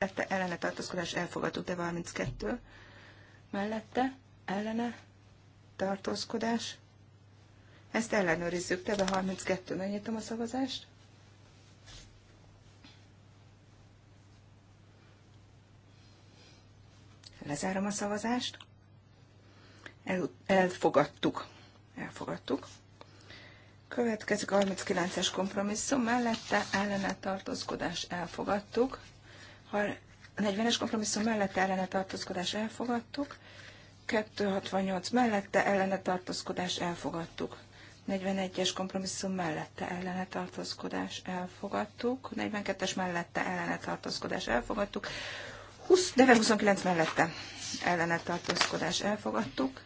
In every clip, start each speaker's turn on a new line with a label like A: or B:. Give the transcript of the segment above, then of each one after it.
A: mellette ellene tartózkodás elfogadtuk, de 32 mellette ellene tartózkodás. Ezt ellenőrizzük, teve 32, megnyitom a szavazást. Lezárom a szavazást. El, elfogadtuk. Elfogadtuk. Következik 39-es kompromisszum mellette, ellene tartózkodás elfogadtuk. A 40-es kompromisszum mellett ellene tartózkodás elfogadtuk. 268 mellette ellene tartózkodás elfogadtuk. 41-es kompromisszum mellette ellene tartózkodás elfogadtuk. 42-es mellette ellene tartózkodás elfogadtuk. 20, 29 mellette ellene tartózkodás elfogadtuk.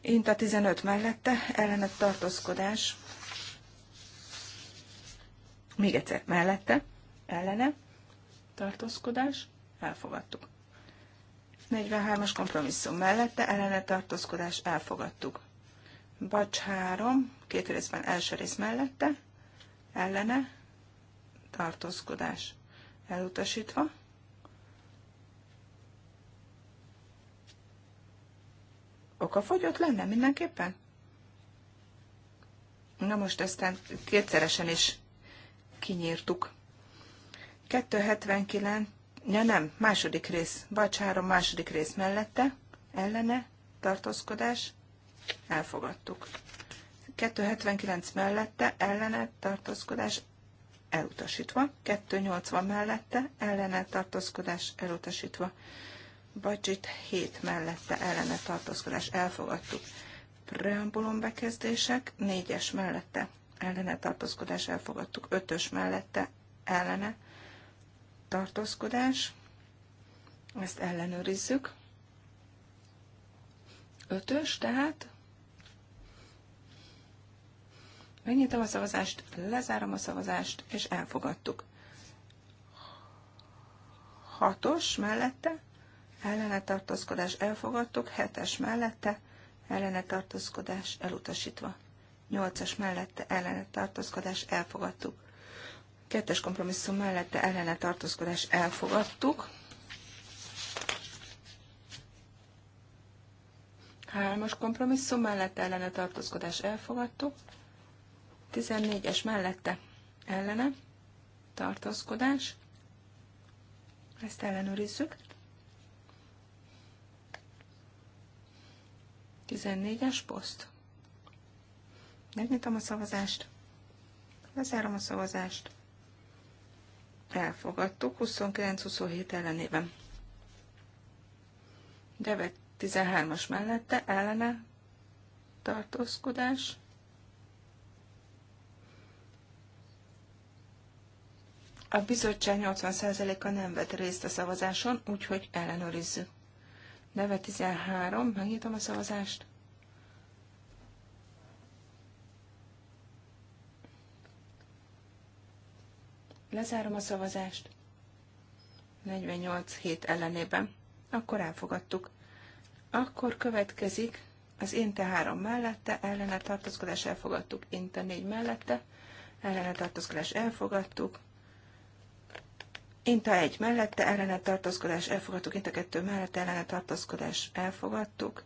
A: Inta 15 mellette ellene tartózkodás. Még egyszer mellette ellene, tartózkodás, elfogadtuk. 43-as kompromisszum mellette, ellene tartózkodás, elfogadtuk. Bacs 3, két részben első rész mellette, ellene, tartózkodás, elutasítva. Okafogyott lenne mindenképpen? Na most ezt kétszeresen is kinyírtuk. 279, ja nem, második rész, Bacs három második rész mellette, ellene, tartózkodás, elfogadtuk. 279 mellette, ellene, tartózkodás, elutasítva. 280 mellette, ellene, tartózkodás, elutasítva. Bacsit 7 mellette, ellene, tartózkodás, elfogadtuk. Preambulum bekezdések, 4-es mellette, ellene, tartózkodás, elfogadtuk. 5-ös mellette, ellene, tartózkodás, ezt ellenőrizzük. Ötös, tehát megnyitom a szavazást, lezárom a szavazást, és elfogadtuk. Hatos mellette, ellene tartózkodás elfogadtuk, hetes mellette, ellene tartózkodás elutasítva. Nyolcas mellette ellene tartózkodás elfogadtuk. Kettes kompromisszum mellette ellene tartózkodás elfogadtuk. Hármas kompromisszum mellette ellene tartózkodás elfogadtuk. 14-es mellette ellene tartózkodás. Ezt ellenőrizzük. 14-es poszt. Megnyitom a szavazást. Lezárom a szavazást elfogadtuk 29-27 ellenében. Devet 13-as mellette ellene tartózkodás. A bizottság 80%-a nem vett részt a szavazáson, úgyhogy ellenőrizzük. Neve 13, megnyitom a szavazást. Lezárom a szavazást. 48 hét ellenében. Akkor elfogadtuk. Akkor következik az Inte 3 mellette, ellene tartózkodás elfogadtuk. Inte 4 mellette, ellene tartózkodás elfogadtuk. Inta 1 mellette, ellene tartózkodás elfogadtuk. Inta 2 mellette, ellene tartózkodás elfogadtuk.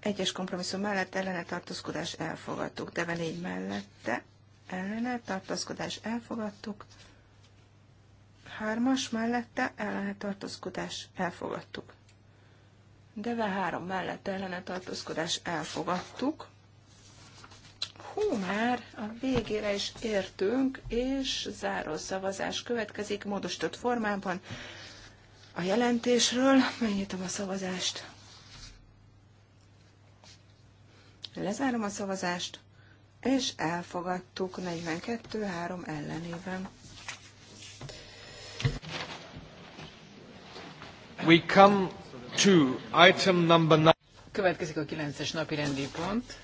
A: Egyes kompromisszum mellett ellene tartózkodás elfogadtuk. Deve 4 mellette, ellene tartózkodás elfogadtuk. Hármas mellette ellene tartózkodás elfogadtuk. Deve három mellette ellene tartózkodás elfogadtuk. Hú, már a végére is értünk, és záró szavazás következik módosított formában a jelentésről. Megnyitom a szavazást. Lezárom a szavazást és elfogadtuk 42-3 ellenében.
B: We come to item number nine. Következik a 9-es
C: napi rendi pont.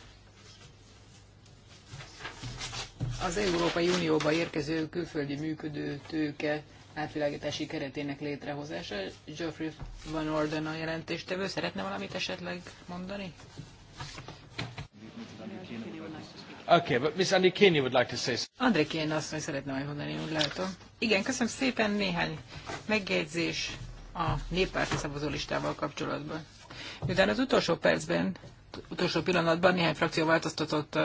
C: Az Európai Unióba érkező külföldi működő tőke átvilágítási keretének létrehozása. Geoffrey Van Orden a jelentéstevő. Szeretne valamit esetleg mondani?
B: Okay, but Miss Andrikén would like to say
C: something. asszony szeretne megmondani, úgy látom. Igen, köszönöm szépen néhány megjegyzés a néppárti szavazólistával kapcsolatban. Miután az utolsó percben, utolsó pillanatban néhány frakció változtatott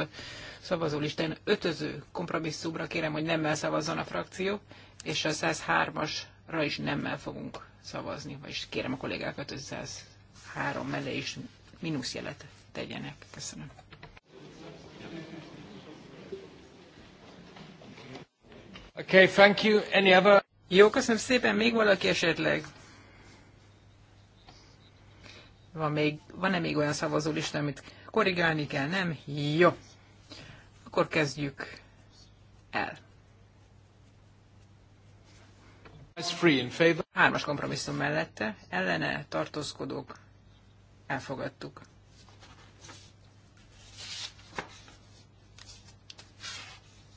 C: szavazólistán ötöző kompromisszumra kérem, hogy nemmel szavazzon a frakció, és a 103-asra is nemmel fogunk szavazni, vagyis kérem a kollégákat, hogy 103 mellé is mínuszjelet tegyenek. Köszönöm. Okay, thank you. Any other? Jó, köszönöm szépen. Még valaki esetleg? Van még, van még olyan szavazólista, amit korrigálni kell, nem? Jó. Akkor kezdjük el. Hármas kompromisszum mellette, ellene tartózkodók, elfogadtuk.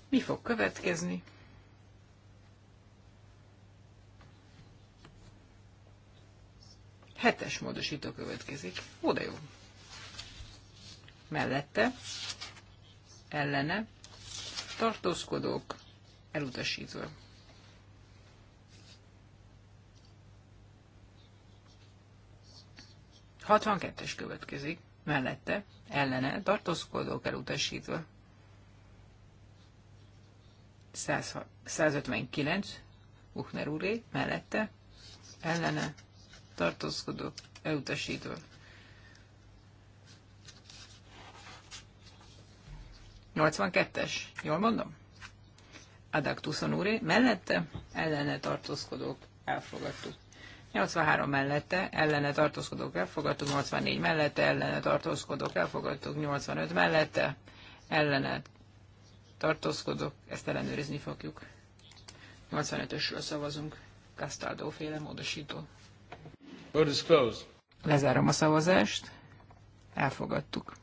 C: Mi fog következni? Hetes módosító következik. Ó, de jó. Mellette, ellene, tartózkodók, elutasítva. Hatvankettes következik. Mellette, ellene, tartózkodók, elutasítva. 159, Buchner úré, mellette, ellene, tartózkodók elutasítva. es jól mondom? Adactus úré, mellette ellene tartózkodók elfogadtuk. 83 mellette ellene tartózkodók elfogadtuk, 84 mellette ellene tartózkodók elfogadtuk, 85 mellette ellene tartózkodók, ezt ellenőrizni fogjuk. 85-ösről szavazunk, Castaldo féle módosító. Lezárom a szavazást. Elfogadtuk.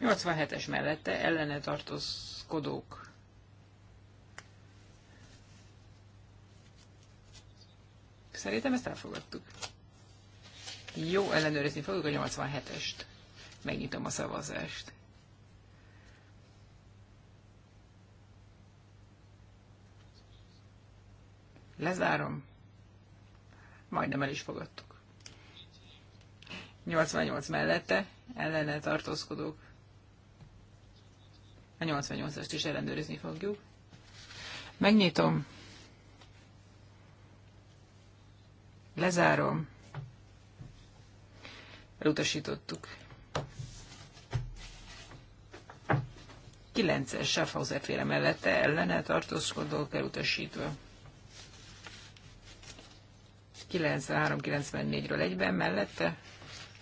C: 87-es mellette ellene tartózkodók. Szerintem ezt elfogadtuk. Jó, ellenőrizni fogjuk a 87-est. Megnyitom a szavazást. Lezárom. Majdnem el is fogadtuk. 88 mellette ellene tartózkodók. A 88-ast is ellenőrizni fogjuk. Megnyitom. Lezárom. Elutasítottuk. 9-es Schaffhauser féle mellette ellene tartózkodók elutasítva. 93-94-ről egyben mellette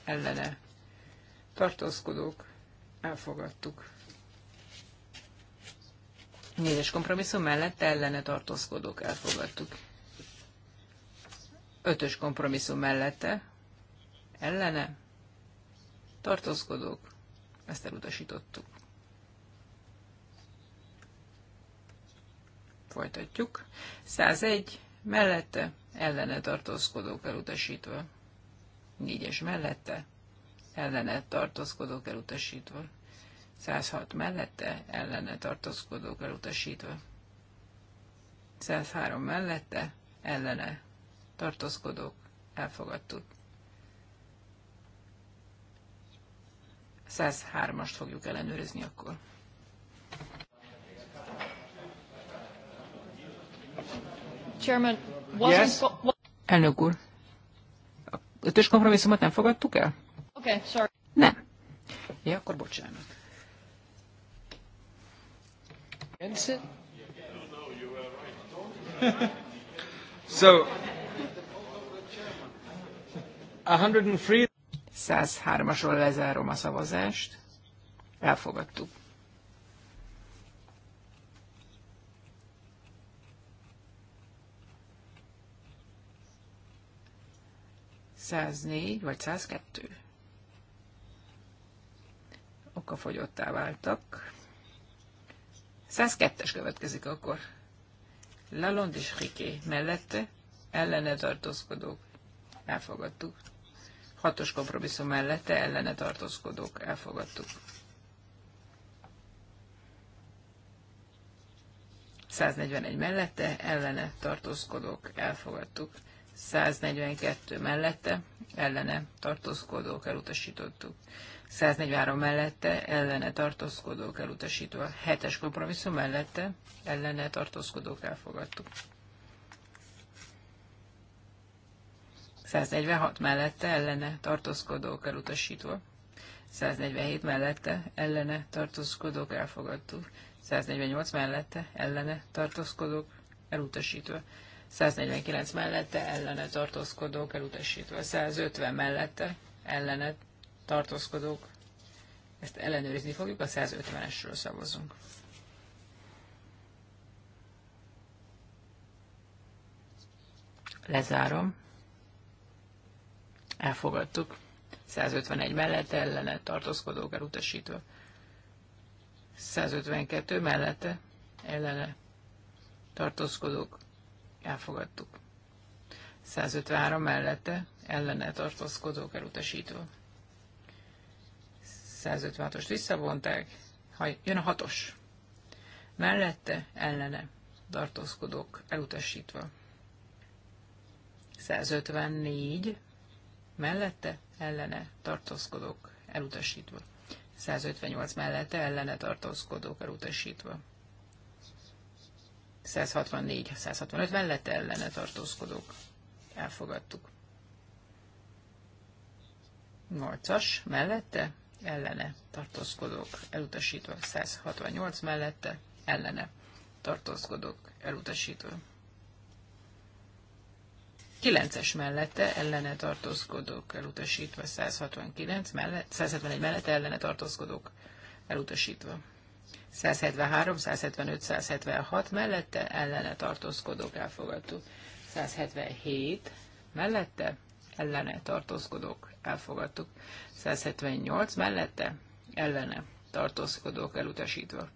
C: ellene tartózkodók elfogadtuk. Négyes kompromisszum mellette, ellene tartózkodók elfogadtuk. Ötös kompromisszum mellette ellene tartózkodók ezt elutasítottuk. Folytatjuk. 101 mellette, ellene tartózkodók elutasítva. Négyes mellette, ellene tartózkodók elutasítva. 106 mellette, ellene tartózkodók elutasítva. 103 mellette, ellene tartózkodók elfogadtuk. 103-ast fogjuk ellenőrizni akkor yes. Elnök úr, a ötös kompromisszumot nem fogadtuk el? Okay, sorry. Nem. Ja, akkor bocsánat. so, 103-asról lezárom a szavazást. Elfogadtuk. 104 vagy 102 okafogyottá váltak. 102-es következik akkor. Lalond és Riké mellette ellene tartózkodók. Elfogadtuk. Hatos kompromisszum mellette ellene tartózkodók. Elfogadtuk. 141 mellette ellene tartózkodók. Elfogadtuk. 142 mellette, ellene tartózkodók elutasítottuk. 143 mellette, ellene tartózkodók elutasítva. 7-es kompromisszum mellette, ellene tartózkodók elfogadtuk. 146 mellette, ellene tartózkodók elutasítva. 147 mellette, ellene tartózkodók elfogadtuk. 148 mellette, ellene tartózkodók elutasítva. 149 mellette ellene tartózkodók elutasítva, 150 mellette ellene tartózkodók. Ezt ellenőrizni fogjuk, a 150-esről szavazunk. Lezárom. Elfogadtuk. 151 mellette ellene tartózkodók elutasítva. 152 mellette ellene tartózkodók elfogadtuk. 153 mellette ellene tartózkodók elutasító. 156-ost visszavonták, ha jön a hatos. Mellette ellene tartózkodók elutasítva. 154 mellette ellene tartózkodók elutasítva. 158 mellette ellene tartózkodók elutasítva. 164-165 mellette ellene tartózkodók. Elfogadtuk. 8-as mellette ellene tartózkodók. Elutasítva 168 mellette ellene tartózkodók. Elutasítva. 9-es mellette ellene tartózkodók elutasítva, 169 mellett, 171 mellette ellene tartózkodók elutasítva. 173, 175, 176 mellette ellene tartózkodók elfogadtuk. 177 mellette ellene tartózkodók elfogadtuk. 178 mellette ellene tartózkodók elutasítva.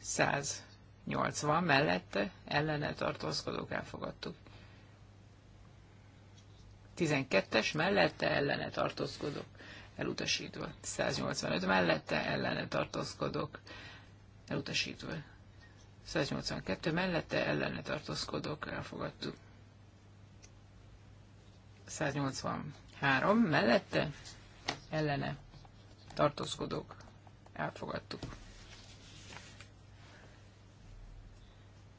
C: 180 mellette ellene tartózkodók elfogadtuk. 12-es mellette ellene tartózkodók elutasítva. 185 mellette ellene tartózkodók elutasítva. 182 mellette ellene tartózkodók elfogadtuk. 183 mellette ellene tartózkodók elfogadtuk.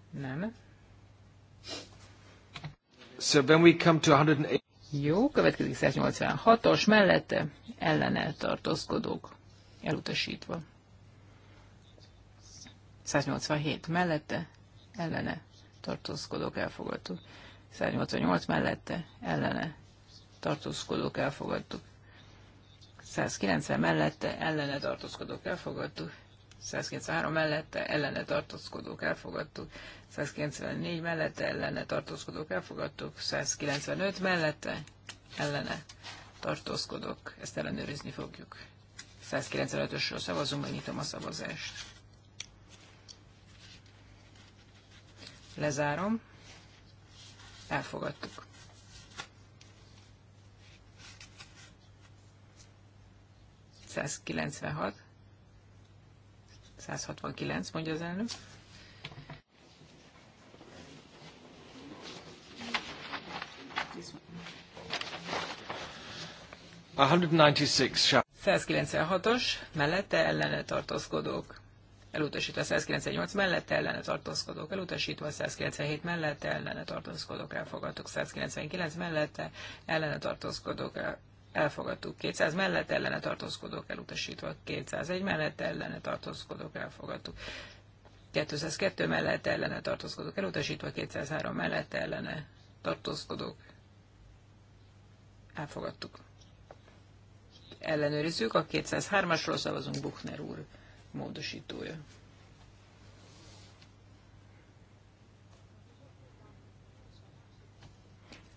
C: Nem.
B: So when we come
C: to 180. Jó, következik 186-os mellette ellene tartózkodók elutasítva. 187 mellette, ellene tartózkodók elfogadtuk. 188 mellette, ellene tartózkodók elfogadtuk. 190 mellette, ellene tartózkodók elfogadtuk. 193 mellette ellene tartózkodók elfogadtuk, 194 mellette ellene tartózkodók elfogadtuk, 195 mellette ellene tartózkodók, ezt ellenőrizni fogjuk. 195-ösről szavazunk, megnyitom a szavazást. Lezárom. Elfogadtuk. Száz kilencvenhat. 169, mondja az elnök.
B: A 196-os
C: mellette ellene tartózkodók elutasítva 198 mellett ellene tartózkodók, elutasítva 197 mellett ellene tartózkodók, elfogadtuk 199 mellette ellene tartózkodók, elfogadtuk 200 mellett ellene tartózkodók, elutasítva 201 mellett ellene tartózkodók, elfogadtuk 202 mellett ellene tartózkodók, elutasítva 203 mellett ellene tartózkodók, elfogadtuk. Ellenőrizzük, a 203-asról szavazunk Buchner úr módosítója.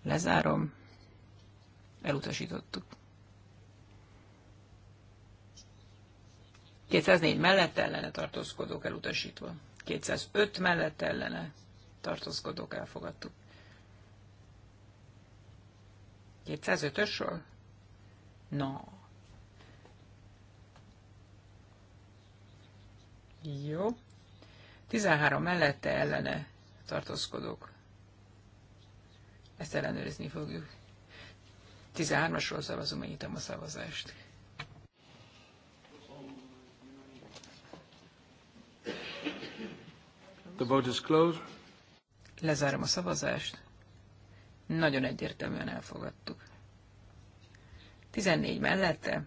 A: Lezárom.
C: Elutasítottuk. 204 mellett ellene tartózkodók elutasítva. 205 mellett ellene tartózkodók elfogadtuk. 205-ösről? Na, no. Jó. 13 mellette ellene tartózkodok. Ezt ellenőrizni fogjuk. 13-asról szavazunk, megnyitom a szavazást.
B: The vote is closed.
C: Lezárom a szavazást. Nagyon egyértelműen elfogadtuk. 14 mellette,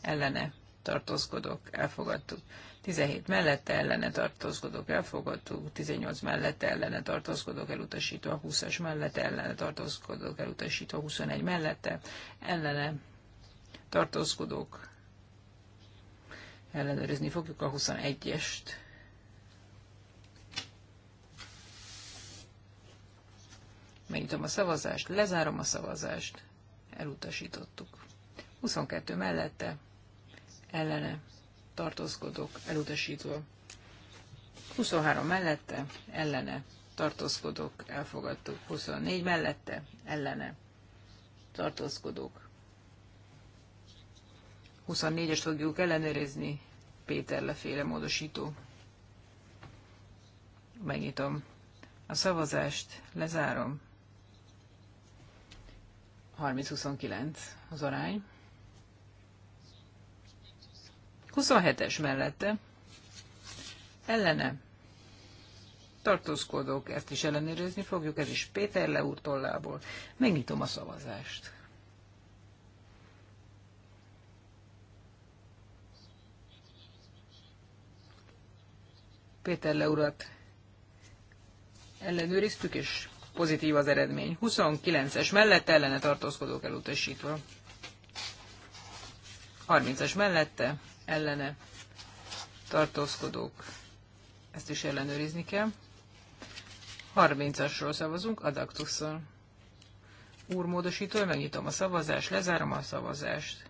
C: ellene tartózkodok, elfogadtuk. 17 mellette ellene tartózkodok, elfogadtuk, 18 mellette ellene tartózkodok, elutasítva, 20-as mellette ellene tartózkodok, elutasítva, 21 mellette ellene tartózkodok, ellenőrizni fogjuk a 21-est. Megnyitom a szavazást, lezárom a szavazást, elutasítottuk. 22 mellette, ellene tartózkodók elutasítva. 23 mellette, ellene, tartózkodók elfogadtuk. 24 mellette, ellene, tartózkodók. 24-est fogjuk ellenőrizni, Péter leféle módosító. Megnyitom a szavazást, lezárom. 30-29 az arány. 27-es mellette ellene tartózkodók, ezt is ellenőrizni fogjuk, ez is Péter Le úr tollából. Megnyitom a szavazást. Péter Le urat ellenőriztük, és pozitív az eredmény. 29-es mellette ellene tartózkodók elutasítva. 30-es mellette ellene tartózkodók, ezt is ellenőrizni kell. 30-asról szavazunk, adaktusszal. Úrmódosító, megnyitom a szavazást, lezárom a szavazást.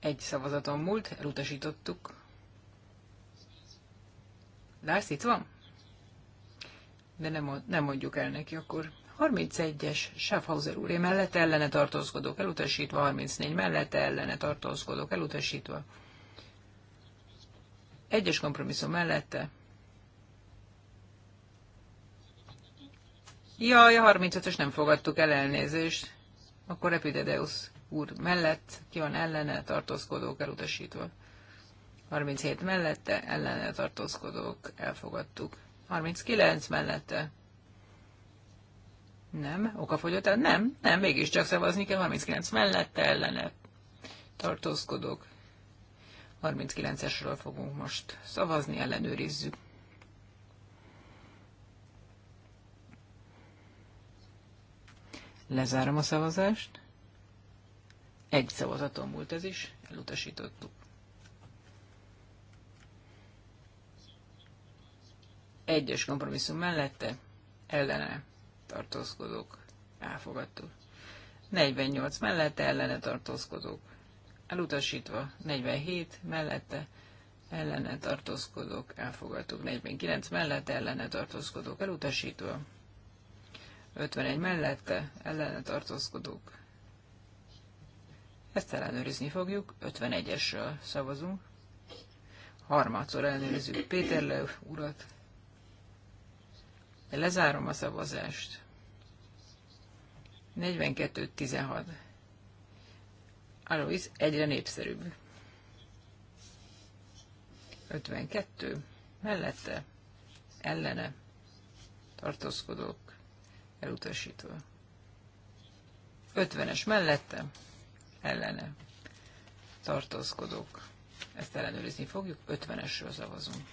C: Egy szavazaton múlt, elutasítottuk. Lász itt van? De nem, nem mondjuk el neki akkor. 31-es Schaffhauser úré mellett ellene tartózkodók elutasítva, 34 mellette ellene tartózkodók elutasítva. Egyes kompromisszum mellette. Jaj, a 35-ös nem fogadtuk el elnézést. Akkor Epidedeus úr mellett ki van ellene tartózkodók elutasítva. 37 mellette ellene tartózkodók elfogadtuk. 39 mellette nem, okafogyott el? Nem, nem, csak szavazni kell 39 mellette ellene. Tartózkodok. 39-esről fogunk most szavazni, ellenőrizzük. Lezárom a szavazást. Egy szavazaton volt ez is, elutasítottuk. Egyes kompromisszum mellette, ellene tartózkodók elfogadtuk. 48 mellette ellene tartózkodók elutasítva, 47 mellette ellene tartózkodók elfogadtuk, 49 mellette ellene tartózkodók elutasítva, 51 mellette ellene tartózkodók. Ezt ellenőrizni fogjuk, 51-esről szavazunk. Harmadszor ellenőrizzük Péter Lev urat. Lezárom a szavazást. 42-16. Alois egyre népszerűbb. 52. Mellette. Ellene. Tartózkodók. Elutasítva. 50-es mellette. Ellene. Tartózkodók. Ezt ellenőrizni fogjuk. 50-esről szavazunk.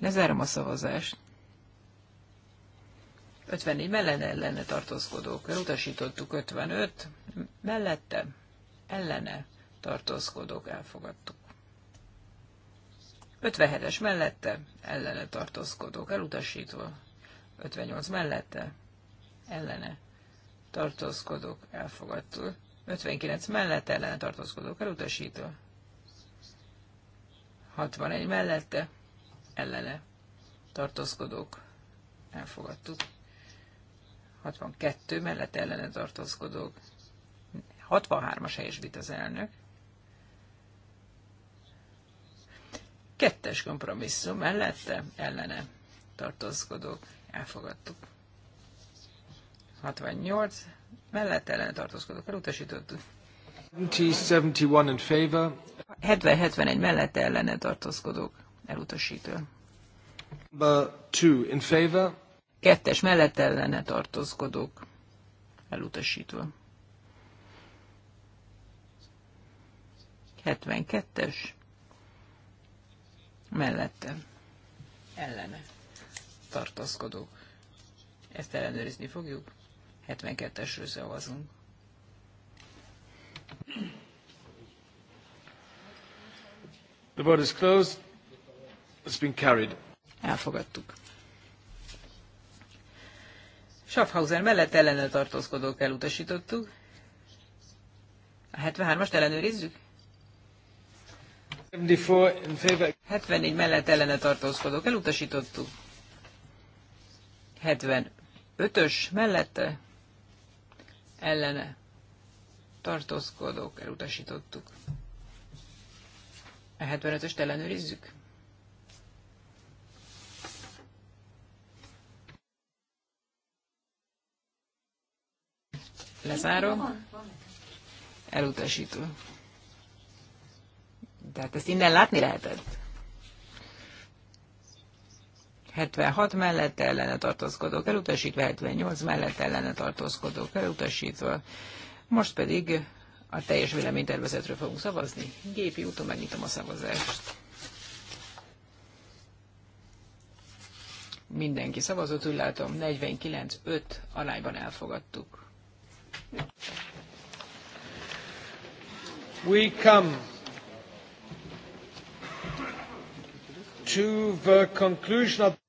C: Lezárom a szavazást. 54 mellene ellene tartózkodók. Elutasítottuk 55, mellette ellene tartózkodók elfogadtuk. 57-es mellette ellene tartózkodók elutasítva. 58 mellette ellene tartózkodók elfogadtuk. 59 mellette ellene tartózkodók elutasítva. 61 mellette ellene tartózkodók elfogadtuk. 62 mellett ellene tartózkodók. 63-as helyesbít az elnök. Kettes kompromisszum mellette ellene tartózkodók. Elfogadtuk. 68 mellett ellene tartózkodók. Elutasítottuk.
B: 70-71 in
C: favor. mellette ellene tartózkodók elutasítő.
B: in favor.
C: Kettes mellett ellene tartózkodók elutasítva. 72-es mellette ellene tartózkodók. Ezt ellenőrizni fogjuk. 72-esről
B: szavazunk. The vote is closed. It's been carried. Elfogadtuk.
C: Schaffhauser mellett
B: ellenőr tartózkodók
C: elutasítottuk. A 73-ast ellenőrizzük? 74 mellett ellene tartózkodók elutasítottuk. 75-ös mellette ellene tartózkodók elutasítottuk. A 75-öst ellenőrizzük? Lezárom. Elutasító. Tehát ezt innen látni lehetett. 76 mellett ellene tartózkodok elutasítva, 78 mellett ellene tartózkodok elutasítva. Most pedig a teljes véleménytervezetről fogunk szavazni. Gépi úton megnyitom a szavazást. Mindenki szavazott, úgy látom, 49-5 arányban elfogadtuk.
B: We come to the conclusion of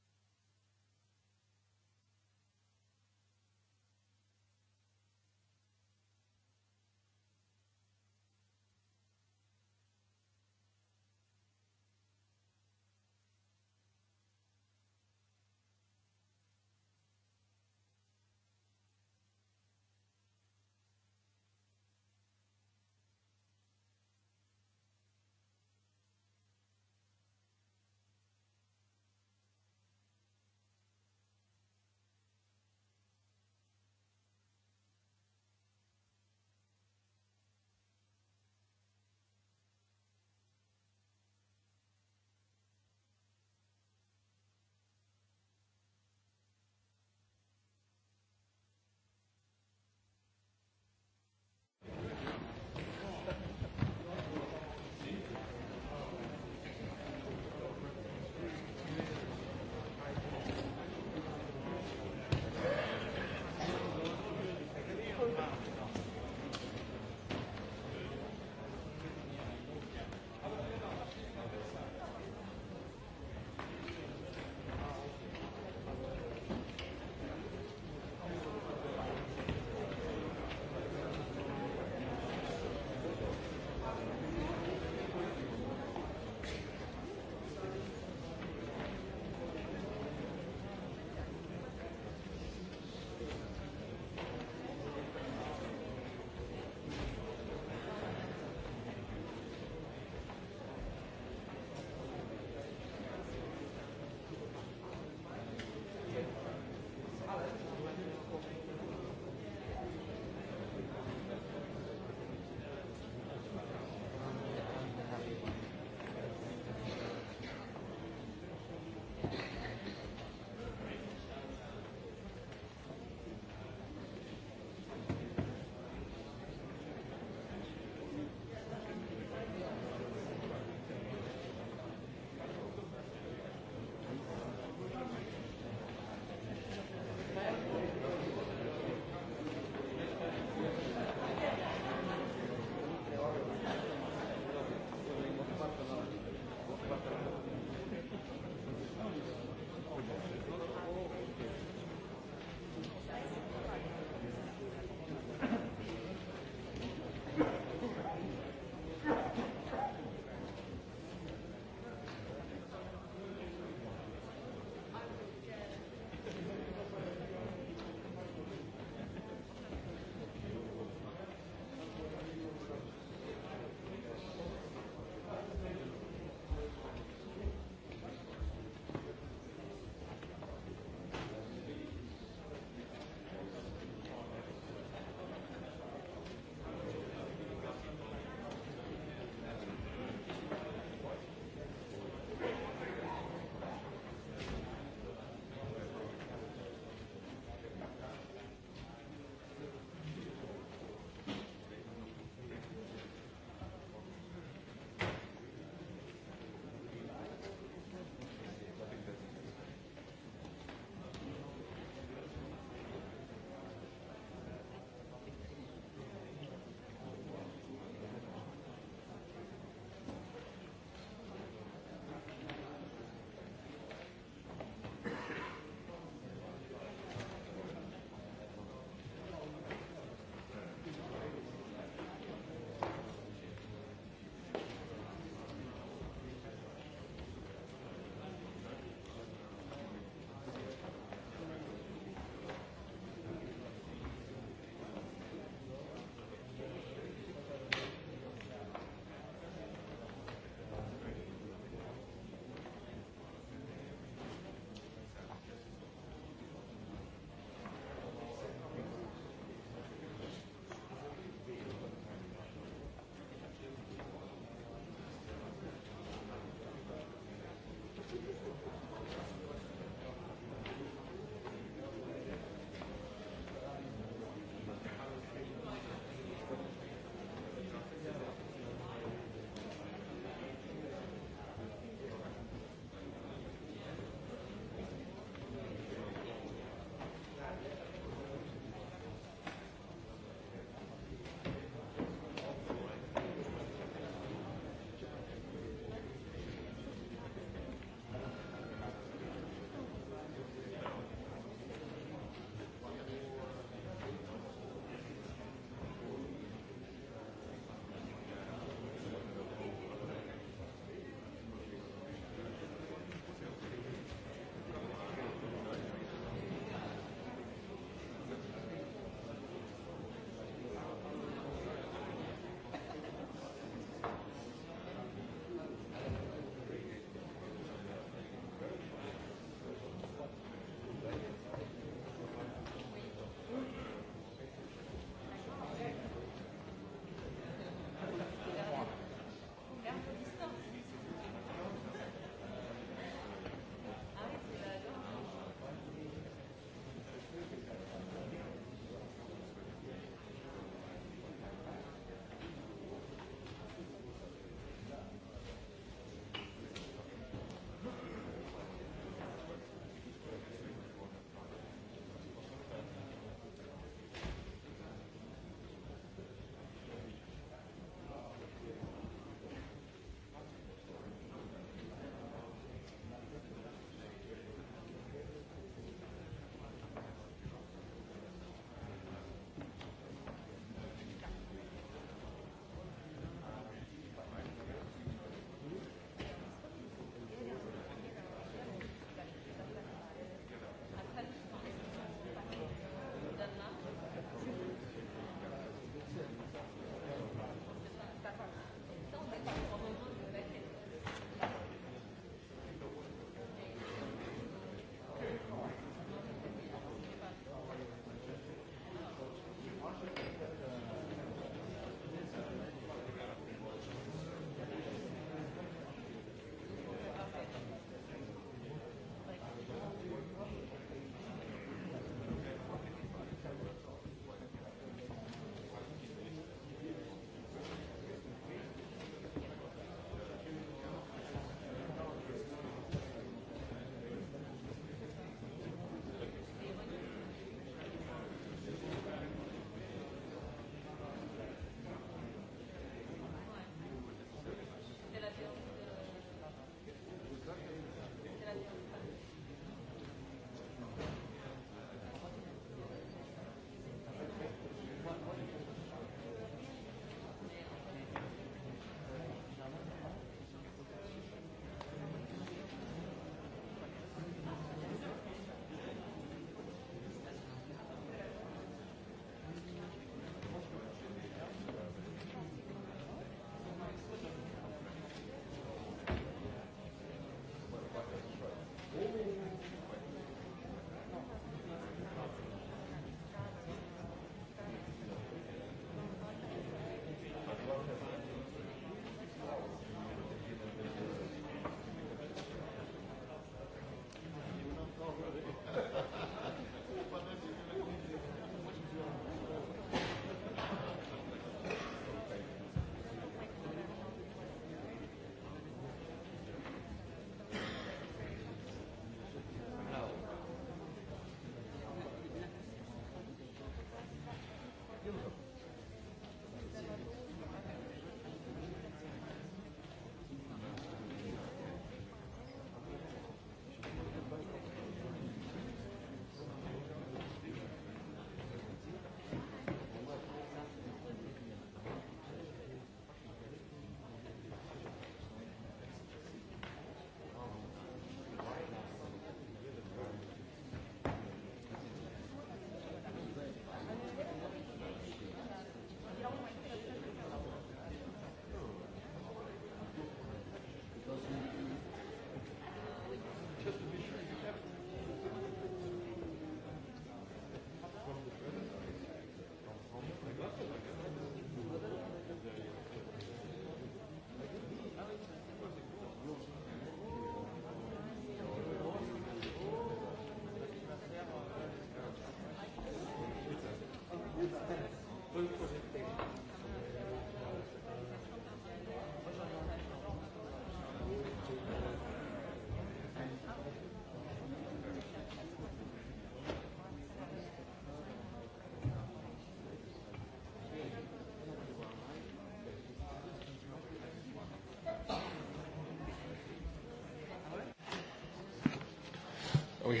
B: Oui.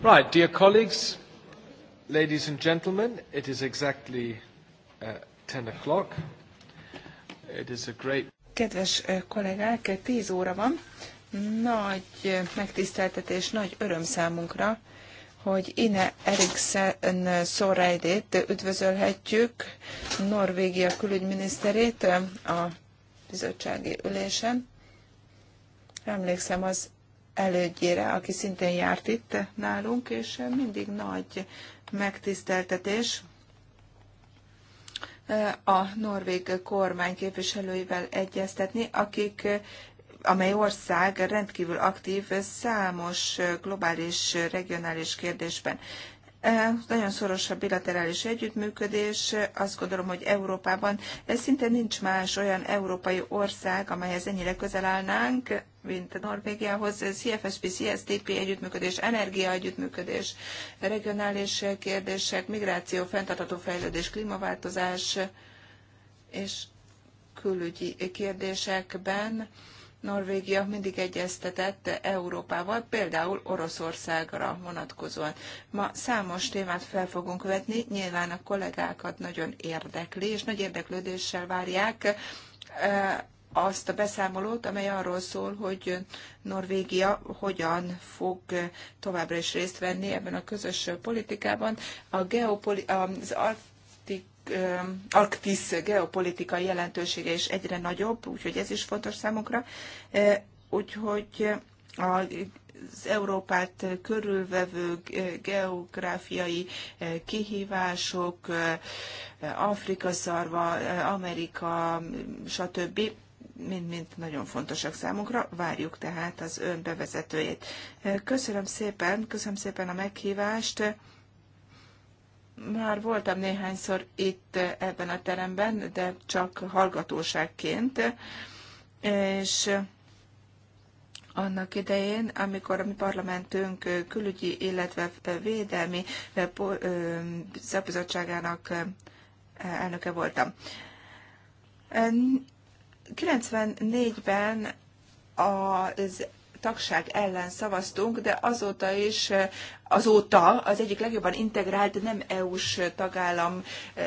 B: Right, dear colleagues, ladies and gentlemen, it is exactly uh, 10 o'clock. It is a great...
A: Kedves uh, kollégák, 10 óra van. Nagy uh, megtiszteltetés, nagy öröm számunkra, hogy Ine Eriksen uh, Soreidét üdvözölhetjük, Norvégia külügyminiszterét a bizottsági ülésen. Emlékszem az elődjére, aki szintén járt itt nálunk, és mindig nagy megtiszteltetés a norvég kormány képviselőivel egyeztetni, akik amely ország rendkívül aktív számos globális, regionális kérdésben. E, nagyon szoros a bilaterális együttműködés. Azt gondolom, hogy Európában szinte nincs más olyan európai ország, amelyhez ennyire közel állnánk, mint Norvégiához, CFSP, CSTP együttműködés, energia együttműködés, regionális kérdések, migráció, fenntartató fejlődés, klímaváltozás és külügyi kérdésekben Norvégia mindig egyeztetett Európával, például Oroszországra vonatkozóan. Ma számos témát fel fogunk vetni, nyilván a kollégákat nagyon érdekli, és nagy érdeklődéssel várják azt a beszámolót, amely arról szól, hogy Norvégia hogyan fog továbbra is részt venni ebben a közös politikában. A geopoli- az Arktis Arktisz geopolitikai jelentősége is egyre nagyobb, úgyhogy ez is fontos számunkra. E, úgyhogy a az Európát körülvevő geográfiai e, kihívások, e, Afrika szarva, Amerika, stb mind-mind nagyon fontosak számunkra. Várjuk tehát az ön bevezetőjét. Köszönöm szépen, köszönöm szépen a meghívást. Már voltam néhányszor itt ebben a teremben, de csak hallgatóságként, és annak idején, amikor a mi parlamentünk külügyi, illetve védelmi szabizottságának elnöke voltam. 94-ben az tagság ellen szavaztunk, de azóta is, azóta az egyik legjobban integrált nem EU-s tagállam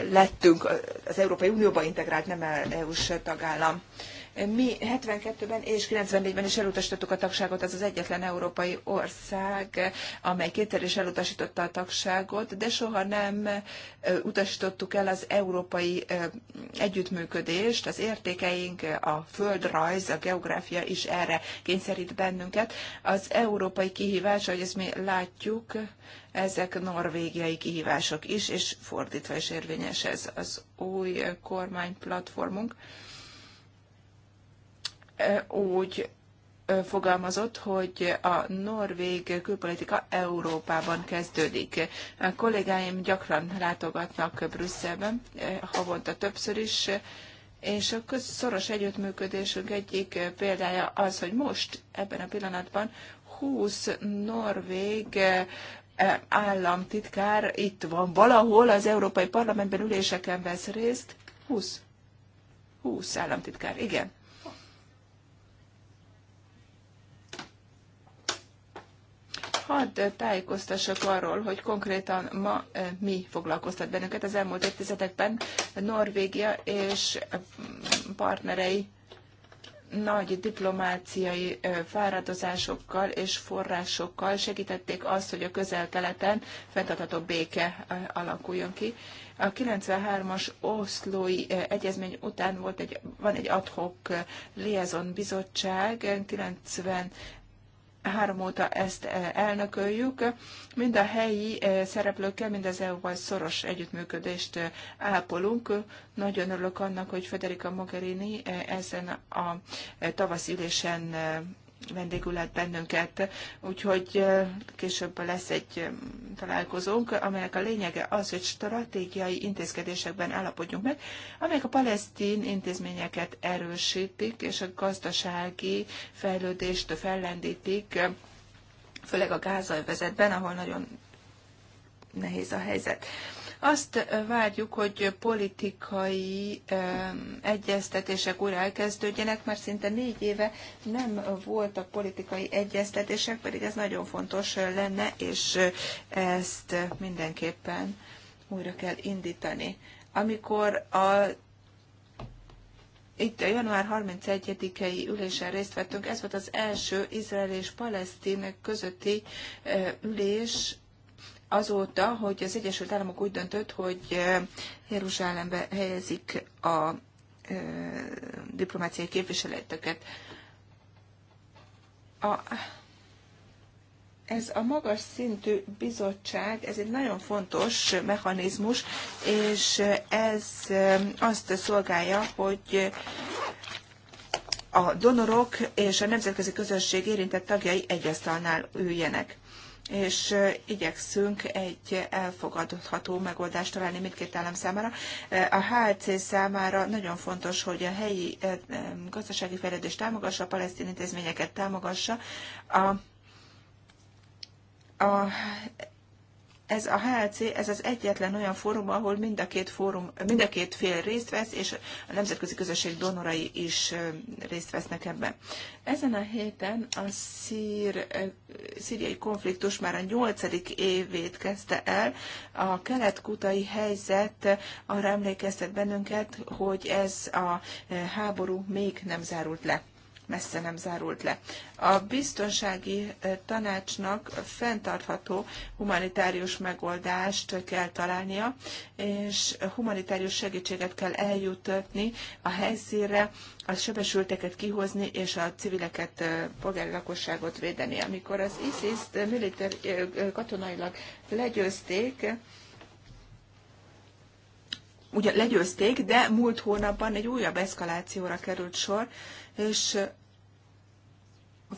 A: lettünk, az Európai Unióba integrált nem EU-s tagállam. Mi 72-ben és 94-ben is elutasítottuk a tagságot, az az egyetlen európai ország, amely kétszer is elutasította a tagságot, de soha nem utasítottuk el az európai együttműködést, az értékeink, a földrajz, a geográfia is erre kényszerít bennünket. Az európai kihívás, ahogy ezt mi látjuk, ezek norvégiai kihívások is, és fordítva is érvényes ez az új kormányplatformunk úgy fogalmazott, hogy a norvég külpolitika Európában kezdődik. A kollégáim gyakran látogatnak Brüsszelben, havonta többször is, és a szoros együttműködésünk egyik példája az, hogy most, ebben a pillanatban 20 norvég államtitkár itt van valahol, az Európai Parlamentben üléseken vesz részt. 20. 20 államtitkár, igen. Hadd eh, tájékoztassak arról, hogy konkrétan ma eh, mi foglalkoztat bennünket az elmúlt évtizedekben. Norvégia és eh, partnerei nagy diplomáciai fáradozásokkal és forrásokkal segítették azt, hogy a közel-keleten fenntartható béke alakuljon ki. A 93-as oszlói egyezmény után volt egy, van egy adhok liaison bizottság, 90 három óta ezt eh, elnököljük. Mind a helyi eh, szereplőkkel, mind az EU-val szoros együttműködést eh, ápolunk. Nagyon örülök annak, hogy Federica Mogherini ezen a tavaszülésen vendégül lát bennünket, úgyhogy később lesz egy találkozónk, amelynek a lényege az, hogy stratégiai intézkedésekben állapodjunk meg, amelyek a palesztin intézményeket erősítik, és a gazdasági fejlődést fellendítik, főleg a gázai vezetben, ahol nagyon nehéz a helyzet. Azt várjuk, hogy politikai egyeztetések újra elkezdődjenek, mert szinte négy éve nem voltak politikai egyeztetések, pedig ez nagyon fontos lenne, és ezt mindenképpen újra kell indítani. Amikor a itt a január 31-i ülésen részt vettünk, ez volt az első izrael és palesztin közötti ülés, azóta, hogy az Egyesült Államok úgy döntött, hogy Jeruzsálembe helyezik a diplomáciai képviseleteket. A, ez a magas szintű bizottság, ez egy nagyon fontos mechanizmus, és ez azt szolgálja, hogy a donorok és a nemzetközi közösség érintett tagjai egy üljenek és igyekszünk egy elfogadható megoldást találni mindkét állam számára. A HLC számára nagyon fontos, hogy a helyi gazdasági fejlődést támogassa, a palesztin intézményeket támogassa, a, a ez a HLC, ez az egyetlen olyan fórum, ahol mind a két, fórum, mind a két fél részt vesz, és a nemzetközi közösség donorai is részt vesznek ebben. Ezen a héten a szír, szíriai konfliktus már a nyolcadik évét kezdte el. A kelet-kutai helyzet arra emlékeztet bennünket, hogy ez a háború még nem zárult le messze nem zárult le. A biztonsági tanácsnak fenntartható humanitárius megoldást kell találnia, és humanitárius segítséget kell eljuttatni a helyszínre, a sebesülteket kihozni és a civileket, polgári lakosságot védeni. Amikor az ISIS-t militer, katonailag legyőzték, ugye legyőzték, de múlt hónapban egy újabb eszkalációra került sor, és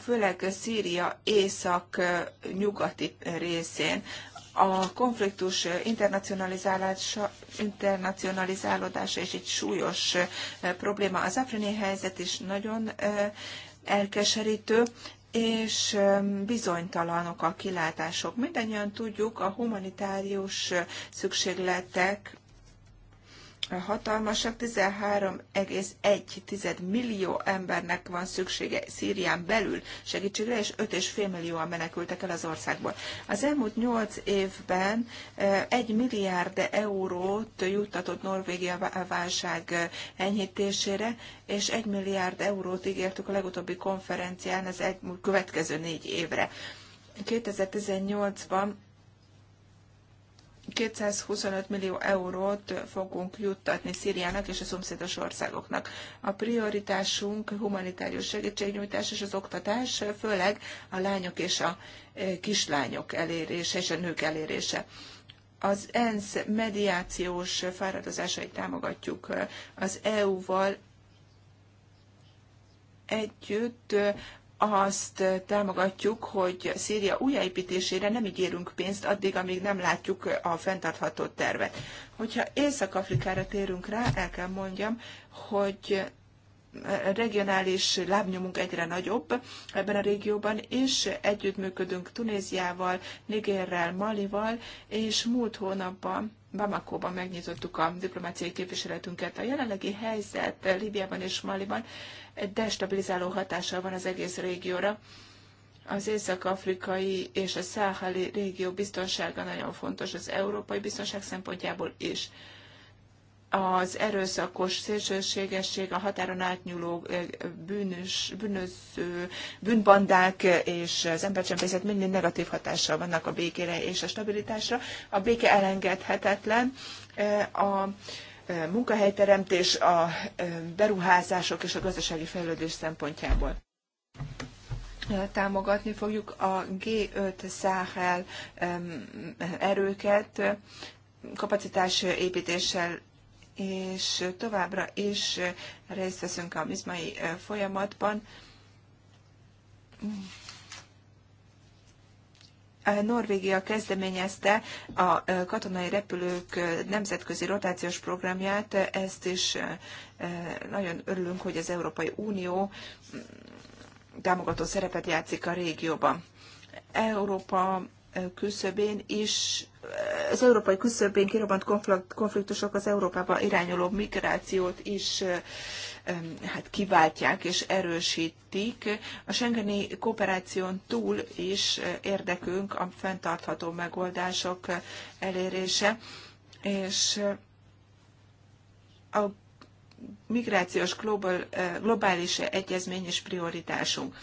A: főleg Szíria észak-nyugati részén. A konfliktus internacionalizálódása és egy súlyos probléma. Az afrini helyzet is nagyon elkeserítő, és bizonytalanok a kilátások. Mindennyian tudjuk, a humanitárius szükségletek hatalmasak, 13,1 millió embernek van szüksége Szírián belül segítségre, és 5,5 millióan menekültek el az országból. Az elmúlt 8 évben 1 milliárd eurót juttatott Norvégia válság enyhítésére, és 1 milliárd eurót ígértük a legutóbbi konferencián az egy, következő négy évre. 2018-ban 225 millió eurót fogunk juttatni Szíriának és a szomszédos országoknak. A prioritásunk humanitárius segítségnyújtás és az oktatás, főleg a lányok és a e, kislányok elérése és a nők elérése. Az ENSZ mediációs fáradozásait támogatjuk az EU-val együtt azt támogatjuk, hogy Szíria újjáépítésére nem ígérünk pénzt addig, amíg nem látjuk a fenntartható tervet. Hogyha Észak-Afrikára térünk rá, el kell mondjam, hogy regionális lábnyomunk egyre nagyobb ebben a régióban, és együttműködünk Tunéziával, Nigérrel, Malival, és múlt hónapban Bamako-ban megnyitottuk a diplomáciai képviseletünket. A jelenlegi helyzet Líbiában és Maliban destabilizáló hatással van az egész régióra. Az észak-afrikai és a száhali régió biztonsága nagyon fontos az európai biztonság szempontjából is. Az erőszakos szélsőségesség, a határon átnyúló bűnös, bűnöző, bűnbandák és az embercsempészet mind negatív hatással vannak a békére és a stabilitásra. A béke elengedhetetlen. A, munkahelyteremtés, a beruházások és a gazdasági fejlődés szempontjából. Támogatni fogjuk a G5 Száhel erőket kapacitás építéssel és továbbra is részt veszünk a bizmai folyamatban Norvégia kezdeményezte a katonai repülők nemzetközi rotációs programját, ezt is nagyon örülünk, hogy az Európai Unió mm, támogató szerepet játszik a régióban. Európa küszöbén is, az európai küszöbén kirobbant konfliktusok az Európába irányuló migrációt is hát kiváltják és erősítik. A Schengeni kooperáción túl is eh, érdekünk a fenntartható megoldások eh, elérése, és eh, a migrációs global, globális egyezmény is prioritásunk.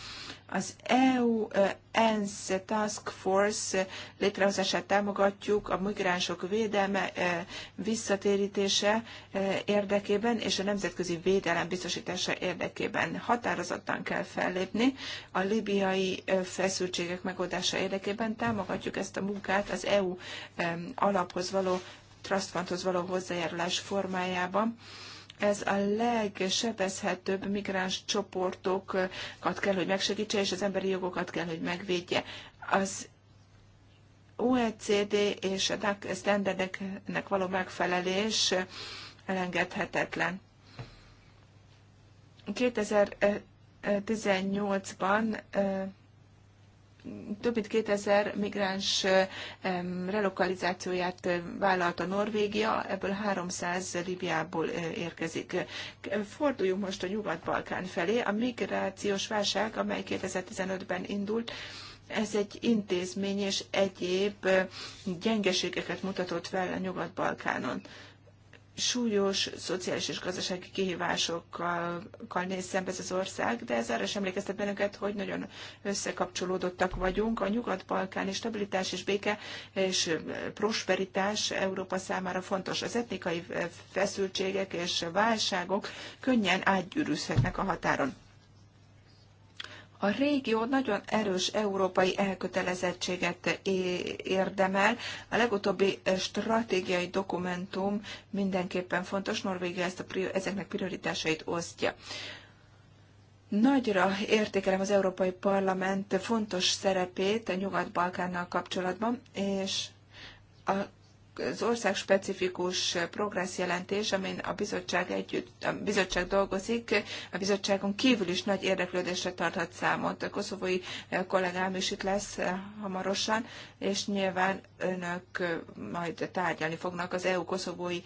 A: Az EU ENSZ Task Force létrehozását támogatjuk a migránsok védelme, visszatérítése érdekében és a nemzetközi védelem biztosítása érdekében. Határozottan kell fellépni a libiai feszültségek megoldása érdekében. Támogatjuk ezt a munkát az EU alaphoz való, Trust való hozzájárulás formájában ez a legsebezhetőbb migráns csoportokat kell, hogy megsegítse, és az emberi jogokat kell, hogy megvédje. Az OECD és a DAC standardeknek való megfelelés elengedhetetlen. 2018-ban több mint 2000 migráns relokalizációját vállalta Norvégia, ebből 300 Libiából érkezik. Forduljunk most a Nyugat-Balkán felé. A migrációs válság, amely 2015-ben indult, ez egy intézmény és egyéb gyengeségeket mutatott fel a Nyugat-Balkánon súlyos szociális és gazdasági kihívásokkal néz szembe ez az ország, de ez arra sem emlékeztet bennünket, hogy nagyon összekapcsolódottak vagyunk. A nyugat-balkáni stabilitás és béke és prosperitás Európa számára fontos. Az etnikai feszültségek és válságok könnyen átgyűrűzhetnek a határon. A régió nagyon erős európai elkötelezettséget érdemel. A legutóbbi eh, stratégiai dokumentum mindenképpen fontos. Norvégia ezt a, ezeknek prioritásait osztja. Nagyra értékelem az Európai Parlament fontos szerepét a Nyugat-Balkánnal kapcsolatban, és a az ország specifikus progressz jelentés, amin a bizottság együtt, a bizottság dolgozik, a bizottságon kívül is nagy érdeklődésre tarthat számot. A koszovói eh, kollégám is itt lesz eh, hamarosan, és nyilván önök eh, majd tárgyalni fognak az EU-koszovói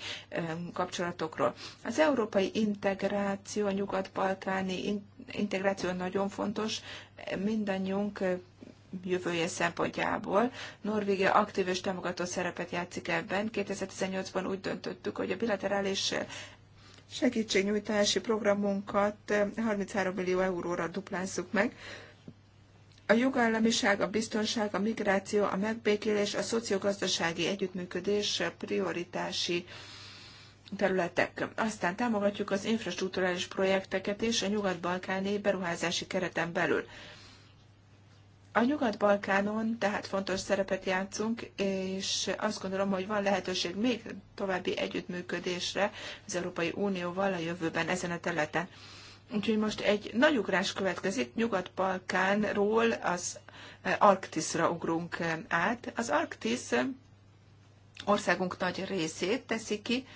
A: kapcsolatokról. Az európai integráció, a nyugat-balkáni integráció nagyon fontos, mindannyiunk jövője szempontjából. Norvégia aktív és támogató szerepet játszik ebben. 2018-ban úgy döntöttük, hogy a bilaterális segítségnyújtási programunkat 33 millió euróra duplázzuk meg. A jogállamiság, a biztonság, a migráció, a megbékélés, a szociogazdasági együttműködés prioritási területek. Aztán támogatjuk az infrastruktúrális projekteket és a nyugat-balkáni beruházási kereten belül. A Nyugat-Balkánon tehát fontos szerepet játszunk, és azt gondolom, hogy van lehetőség még további együttműködésre az Európai Unióval a jövőben ezen a területen. Úgyhogy most egy nagy ugrás következik, Nyugat-Balkánról az e, Arktiszra ugrunk e, át. Az Arktisz országunk nagy részét teszi ki,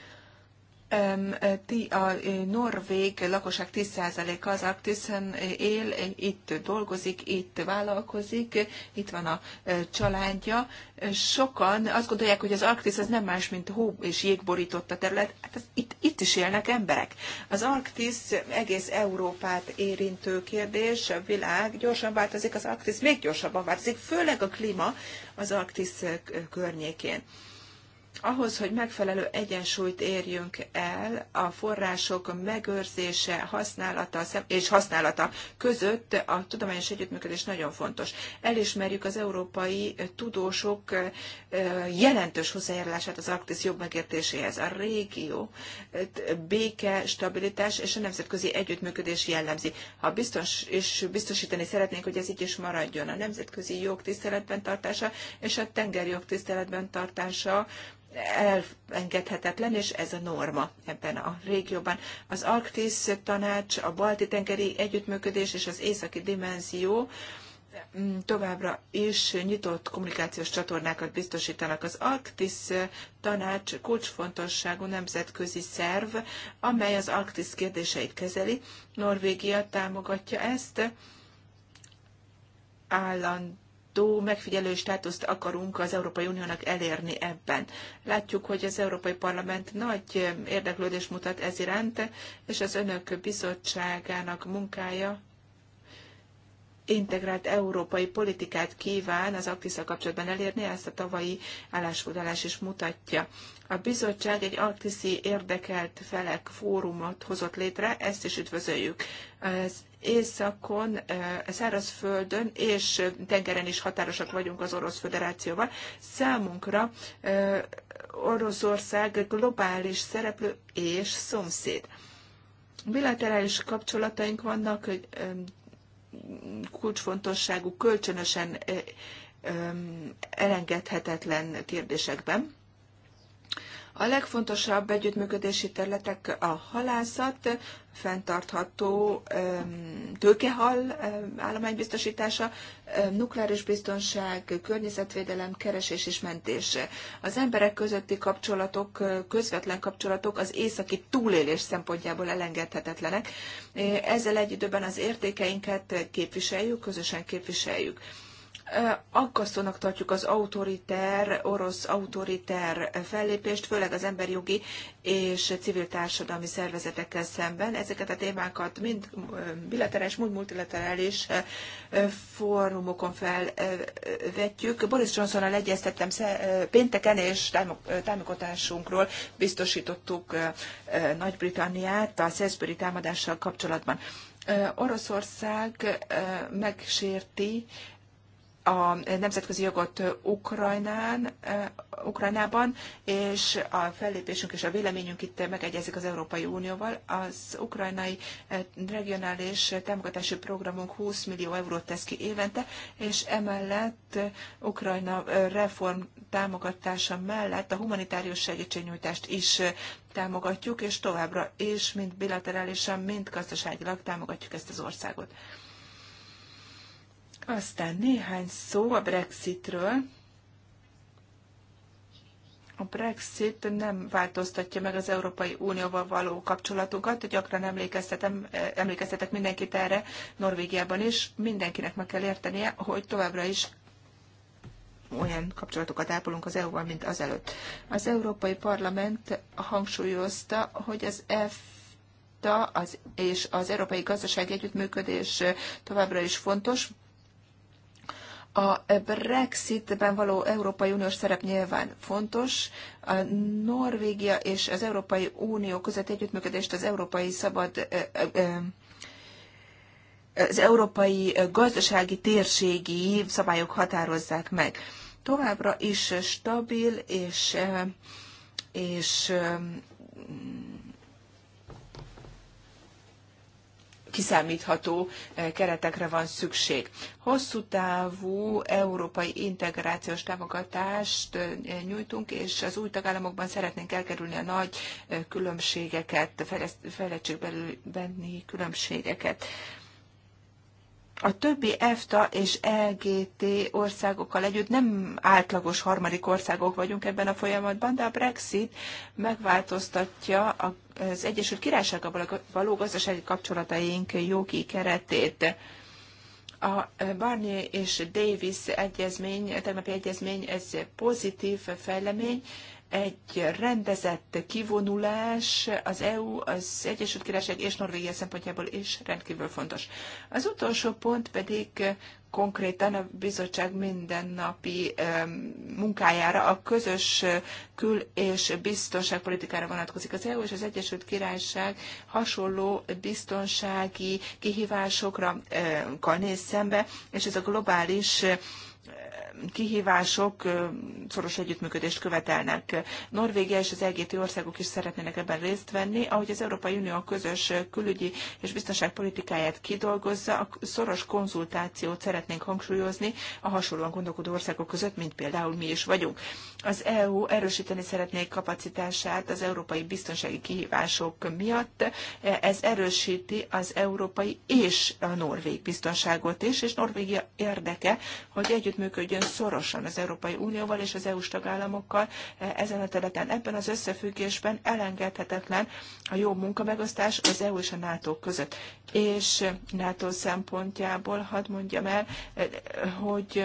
A: a norvég lakosság 10%-a az Arktiszen él, itt dolgozik, itt vállalkozik, itt van a családja. Sokan azt gondolják, hogy az Arktisz az nem más, mint hó és jégborította terület. Hát az, itt, itt is élnek emberek. Az Arktisz egész Európát érintő kérdés, a világ gyorsan változik, az Arktisz még gyorsabban változik, főleg a klíma az Arktisz környékén ahhoz, hogy megfelelő egyensúlyt érjünk el a források megőrzése, használata és használata között a tudományos együttműködés nagyon fontos. Elismerjük az európai tudósok jelentős hozzájárulását az Arktisz jobb megértéséhez. A régió béke, stabilitás és a nemzetközi együttműködés jellemzi. Ha biztos, és biztosítani szeretnénk, hogy ez így is maradjon, a nemzetközi jog tiszteletben tartása és a tengerjog tiszteletben tartása elengedhetetlen, és ez a norma ebben a régióban. Az Arktisz tanács, a Balti-tengeri együttműködés és az északi dimenzió mm, továbbra is nyitott kommunikációs csatornákat biztosítanak. Az Arktisz Tanács kulcsfontosságú nemzetközi szerv, amely az Arktisz kérdéseit kezeli. Norvégia támogatja ezt állandóan állandó megfigyelő státuszt akarunk az Európai Uniónak elérni ebben. Látjuk, hogy az Európai Parlament nagy érdeklődést mutat ez iránt, és az önök bizottságának munkája integrált európai politikát kíván az Arktiszal kapcsolatban elérni, ezt a tavalyi állásfoglalás is mutatja. A bizottság egy aktiszi érdekelt felek fórumot hozott létre, ezt is üdvözöljük. Ez északon, szárazföldön és tengeren is határosak vagyunk az Orosz Föderációval. Számunkra Oroszország globális szereplő és szomszéd. Bilaterális kapcsolataink vannak, kulcsfontosságú, kölcsönösen elengedhetetlen kérdésekben. A legfontosabb együttműködési területek a halászat, fenntartható tőkehal állománybiztosítása, nukleáris biztonság, környezetvédelem, keresés és mentés. Az emberek közötti kapcsolatok, közvetlen kapcsolatok az északi túlélés szempontjából elengedhetetlenek. Ezzel egy időben az értékeinket képviseljük, közösen képviseljük aggasztónak tartjuk az autoriter, orosz autoriter fellépést, főleg az emberi jogi és civil társadalmi szervezetekkel szemben. Ezeket a témákat mind bilaterális, mind multilaterális fórumokon felvetjük. Boris Johnsonnal egyeztettem pénteken, és támogatásunkról biztosítottuk Nagy-Britanniát a Salisbury támadással kapcsolatban. Oroszország megsérti a nemzetközi jogot Ukrajnán, eh, Ukrajnában, és a fellépésünk és a véleményünk itt megegyezik az Európai Unióval. Az ukrajnai eh, regionális támogatási programunk 20 millió eurót tesz ki évente, és emellett eh, Ukrajna reform támogatása mellett a humanitárius segítségnyújtást is támogatjuk, és továbbra is, mind bilaterálisan, mind gazdaságilag támogatjuk ezt az országot. Aztán néhány szó a Brexitről. A Brexit nem változtatja meg az Európai Unióval való kapcsolatunkat. Gyakran emlékeztetem, emlékeztetek mindenkit erre, Norvégiában is. Mindenkinek meg kell értenie, hogy továbbra is olyan kapcsolatokat ápolunk az EU-val, mint azelőtt. Az Európai Parlament hangsúlyozta, hogy az e F az, és az Európai Gazdasági Együttműködés továbbra is fontos, a Brexitben való Európai Uniós szerep nyilván fontos. A Norvégia és az Európai Unió között együttműködést az Európai Szabad az európai gazdasági térségi szabályok határozzák meg. Továbbra is stabil és, és kiszámítható eh, keretekre van szükség. Hosszú távú európai integrációs támogatást eh, nyújtunk, és az új tagállamokban szeretnénk elkerülni a nagy eh, különbségeket, fejlettségbeli különbségeket a többi EFTA és EGT országokkal együtt nem átlagos harmadik országok vagyunk ebben a folyamatban, de a Brexit megváltoztatja az Egyesült Királysággal való gazdasági kapcsolataink jogi keretét. A Barnier és Davis egyezmény, tegnapi egyezmény, ez pozitív fejlemény, egy rendezett kivonulás az EU, az Egyesült Királyság és Norvégia szempontjából is rendkívül fontos. Az utolsó pont pedig konkrétan a bizottság mindennapi munkájára, a közös kül- és biztonságpolitikára vonatkozik. Az EU és az Egyesült Királyság hasonló biztonsági kihívásokra néz szembe, és ez a globális kihívások szoros együttműködést követelnek. Norvégia és az EGT országok is szeretnének ebben részt venni. Ahogy az Európai Unió közös külügyi és biztonságpolitikáját kidolgozza, a szoros konzultációt szeretnénk hangsúlyozni a hasonlóan gondolkodó országok között, mint például mi is vagyunk. Az EU erősíteni szeretné kapacitását az európai biztonsági kihívások miatt. Ez erősíti az európai és a norvég biztonságot is, és Norvégia érdeke, hogy együttműködjön szorosan az Európai Unióval és az EU-s tagállamokkal e, ezen a területen. Ebben az összefüggésben elengedhetetlen a jó munkamegosztás az EU és a NATO között. És NATO szempontjából hadd mondjam el, e, hogy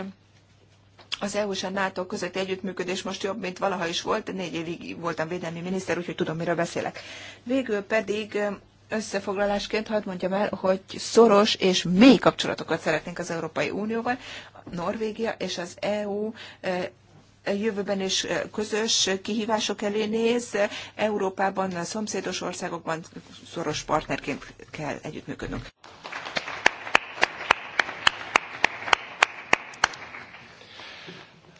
A: az EU és a NATO közötti együttműködés most jobb, mint valaha is volt. Négy évig voltam védelmi miniszter, úgyhogy tudom, miről beszélek. Végül pedig e, összefoglalásként hadd mondjam el, hogy szoros és mély kapcsolatokat szeretnénk az Európai Unióval. Norvégia és az EU jövőben is közös kihívások elé néz. Európában, a szomszédos országokban szoros partnerként kell együttműködnünk.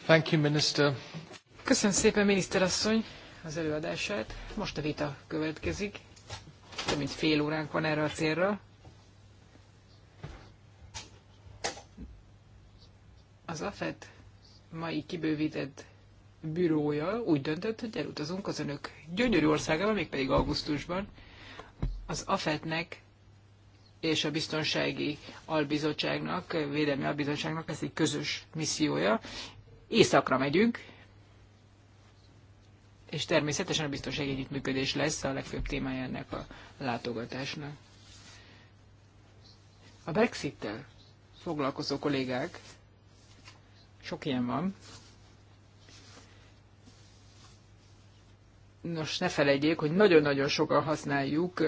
B: Thank you, Minister.
C: Köszönöm szépen, miniszterasszony, az előadását. Most a vita következik. Több mint fél óránk van erre a célra. Az AFET mai kibővített bürója úgy döntött, hogy elutazunk az önök gyönyörű országába, mégpedig augusztusban. Az AFET-nek és a Biztonsági Albizottságnak, Védelmi Albizottságnak ez egy közös missziója. Északra megyünk, és természetesen a biztonsági együttműködés lesz a legfőbb témája ennek a látogatásnak. A Brexit-tel foglalkozó kollégák sok ilyen van. Nos, ne felejtjék, hogy nagyon-nagyon sokan használjuk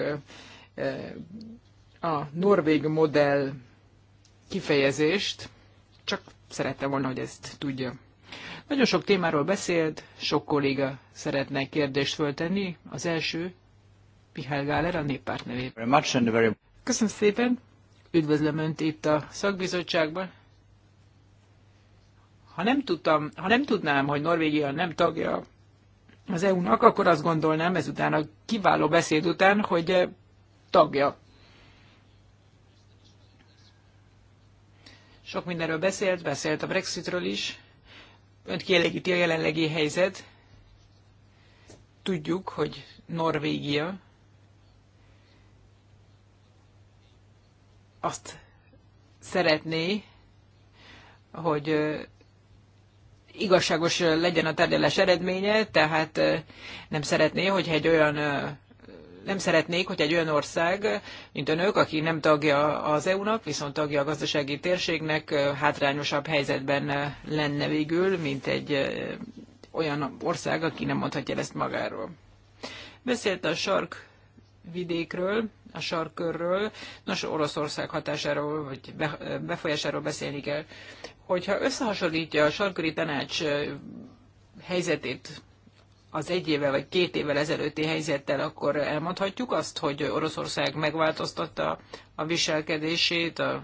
C: a norvég modell kifejezést, csak szerettem volna, hogy ezt tudja. Nagyon sok témáról beszélt, sok kolléga szeretne kérdést föltenni. Az első, Mihály Gáler, a néppárt nevében. Köszönöm szépen, üdvözlöm Önt itt a szakbizottságban. Ha nem, tudtam, ha nem tudnám, hogy Norvégia nem tagja az EU-nak, akkor azt gondolnám ezután a kiváló beszéd után, hogy eh, tagja. Sok mindenről beszélt, beszélt a Brexitről is. Önt kielégíti a jelenlegi helyzet. Tudjuk, hogy Norvégia azt szeretné, hogy eh, igazságos legyen a tárgyalás eredménye, tehát nem szeretné, hogy egy olyan nem szeretnék, hogy egy olyan ország, mint önök, aki nem tagja az EU-nak, viszont tagja a gazdasági térségnek, hátrányosabb helyzetben lenne végül, mint egy olyan ország, aki nem mondhatja ezt magáról. Beszélt a sark vidékről, a sarkörről, nos, Oroszország hatásáról, vagy befolyásáról beszélni kell hogyha összehasonlítja a sarkori tanács helyzetét az egy évvel vagy két évvel ezelőtti helyzettel, akkor elmondhatjuk azt, hogy Oroszország megváltoztatta a viselkedését, a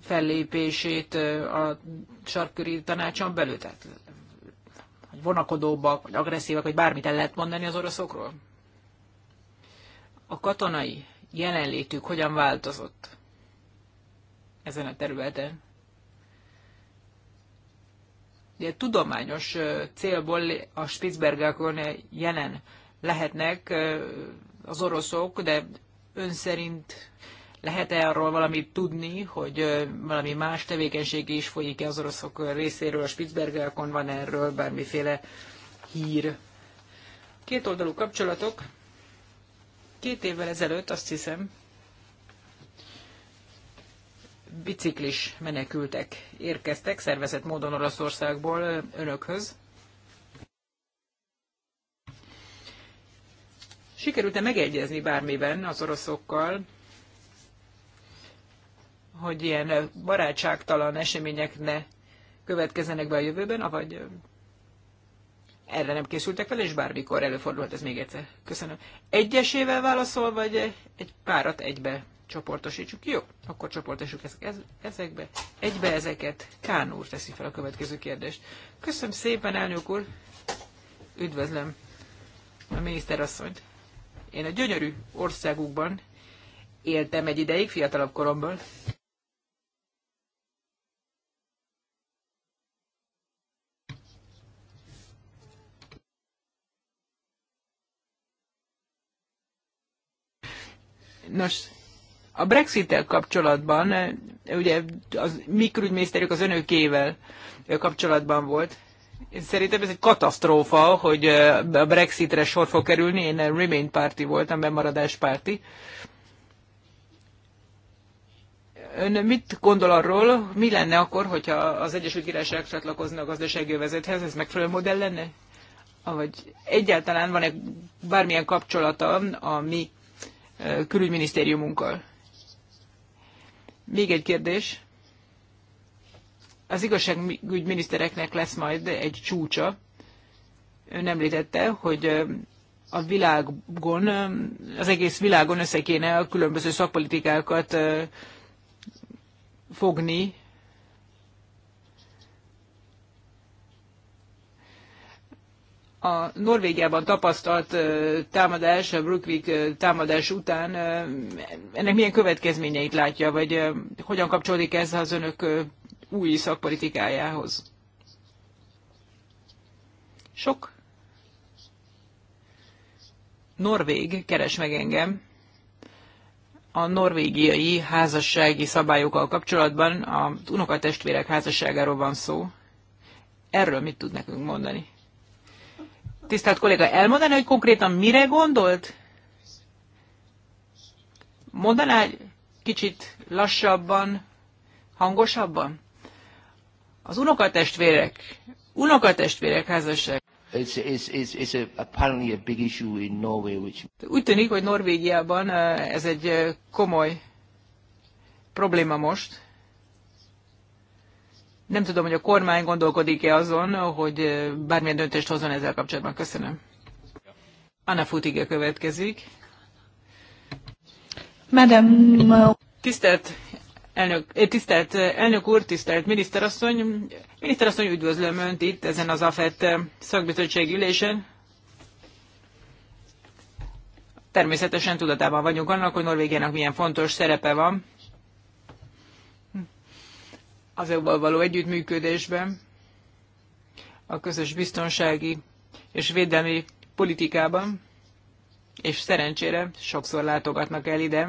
C: fellépését a sarkori tanácson belül? Tehát, hogy vonakodóbbak, vagy agresszívak, vagy bármit el lehet mondani az oroszokról? A katonai jelenlétük hogyan változott ezen a területen? tudományos célból a Spitzbergákon jelen lehetnek az oroszok, de ön szerint lehet-e arról valamit tudni, hogy valami más tevékenység is folyik-e az oroszok részéről, a Spitzbergákon van erről bármiféle hír? Kétoldalú kapcsolatok. Két évvel ezelőtt azt hiszem, biciklis menekültek érkeztek szervezett módon Oroszországból önökhöz. Sikerült-e megegyezni bármiben az oroszokkal, hogy ilyen barátságtalan események ne következzenek be a jövőben, avagy erre nem készültek fel, és bármikor előfordulhat ez még egyszer. Köszönöm. Egyesével válaszol, vagy egy párat egybe? csoportosítsuk. Jó, akkor csoportosítsuk ezekbe. Egybe ezeket. Kán úr teszi fel a következő kérdést. Köszönöm szépen, elnök úr. Üdvözlöm a miniszterasszonyt. Én a gyönyörű országukban éltem egy ideig, fiatalabb koromban. Nos, a Brexit-tel kapcsolatban, eh, ugye az mikrügyminiszterük az önökével eh, kapcsolatban volt, én szerintem ez egy katasztrófa, hogy eh, a Brexitre sor fog kerülni. Én a Remain párti voltam, bemaradás párti. Ön mit gondol arról, mi lenne akkor, hogyha az Egyesült Királyság csatlakozna a gazdasági övezethez, ez megfelelő modell lenne? Vagy egyáltalán van-e bármilyen kapcsolata a mi külügyminisztériumunkkal? Még egy kérdés. Az igazságügyminisztereknek lesz majd egy csúcsa. Ön említette, hogy a világon, az egész világon össze kéne a különböző szakpolitikákat fogni, a Norvégiában tapasztalt támadás, a Brookvik támadás után ennek milyen következményeit látja, vagy hogyan kapcsolódik ez az önök új szakpolitikájához? Sok norvég keres meg engem a norvégiai házassági szabályokkal kapcsolatban, a unokatestvérek házasságáról van szó. Erről mit tud nekünk mondani? tisztelt kolléga elmondaná, hogy konkrétan mire gondolt? Mondaná egy kicsit lassabban, hangosabban? Az unokatestvérek, unokatestvérek
B: házasság. It's, it's, it's, it's a, apparently a big issue in Norway, which...
C: Úgy tűnik, hogy Norvégiában eh, ez egy eh, komoly probléma most. Nem tudom, hogy a kormány gondolkodik-e azon, hogy bármilyen döntést hozzon ezzel kapcsolatban. Köszönöm. Anna Futige következik.
A: Madam... Uh,
C: tisztelt elnök, tisztelt elnök úr, tisztelt miniszterasszony. Miniszterasszony, üdvözlöm Önt itt ezen az AFET szakbizottsági ülésen. Természetesen tudatában vagyunk annak, hogy Norvégiának milyen fontos szerepe van az eu való együttműködésben, a közös biztonsági és védelmi politikában, és szerencsére sokszor látogatnak el ide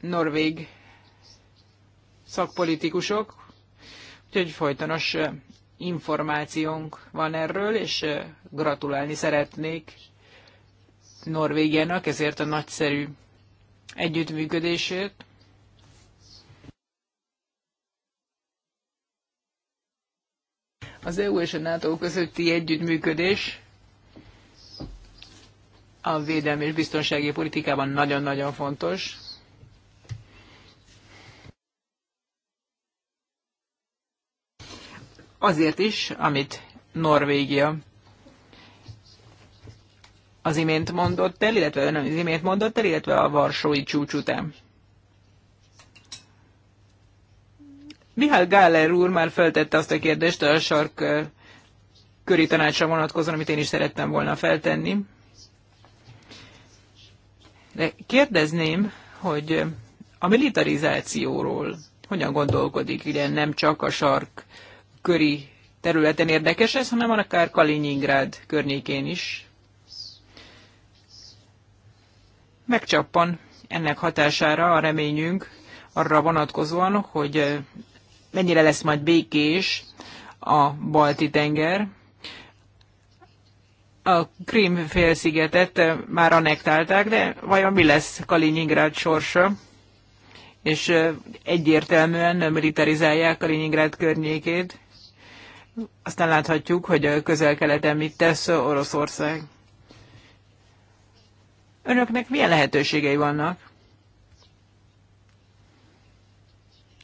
C: norvég szakpolitikusok, úgyhogy folytonos információnk van erről, és gratulálni szeretnék Norvégiának ezért a nagyszerű együttműködését. Az EU és a NATO közötti együttműködés a védelmi és biztonsági politikában nagyon-nagyon fontos. Azért is, amit Norvégia az imént mondott el, illetve nem az imént mondott el, illetve a Varsói csúcs után. Mihály Gáler úr már feltette azt a kérdést a sark köri tanácsra vonatkozóan, amit én is szerettem volna feltenni. De kérdezném, hogy a militarizációról hogyan gondolkodik, ugye nem csak a sark köri területen érdekes ez, hanem akár Kaliningrád környékén is. Megcsappan ennek hatására a reményünk arra vonatkozóan, hogy mennyire lesz majd békés a balti tenger. A Krím félszigetet már anektálták, de vajon mi lesz Kaliningrád sorsa? És egyértelműen militarizálják Kaliningrád környékét. Aztán láthatjuk, hogy a közel-keleten mit tesz Oroszország. Önöknek milyen lehetőségei vannak?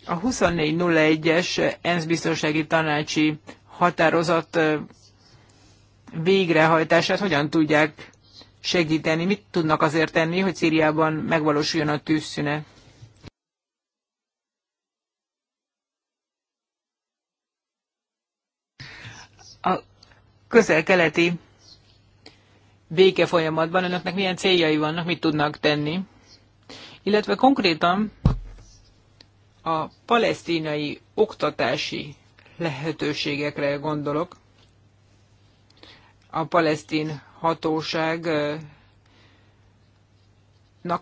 C: A 2401-es ENSZ biztonsági tanácsi határozat végrehajtását hogyan tudják segíteni? Mit tudnak azért tenni, hogy Szíriában megvalósuljon a tűzszüne? A közel-keleti béke folyamatban önöknek milyen céljai vannak, mit tudnak tenni? Illetve konkrétan a palesztinai oktatási lehetőségekre gondolok. A palesztin hatóságnak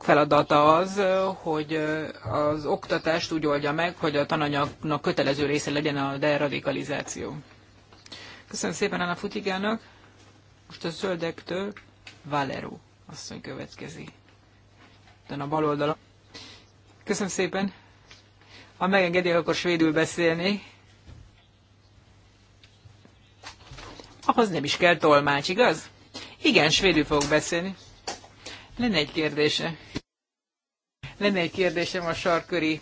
C: feladata az, hogy az oktatást úgy oldja meg, hogy a tananyagnak kötelező része legyen a deradikalizáció. Köszönöm szépen Anna Futigának. Most a zöldektől Valero asszony következik. De a bal oldala. Köszönöm szépen. Ha megengedik, akkor svédül beszélni. Ahhoz nem is kell tolmács, igaz? Igen, svédül fogok beszélni. Lenne egy kérdése. Lenne egy kérdésem a sarköri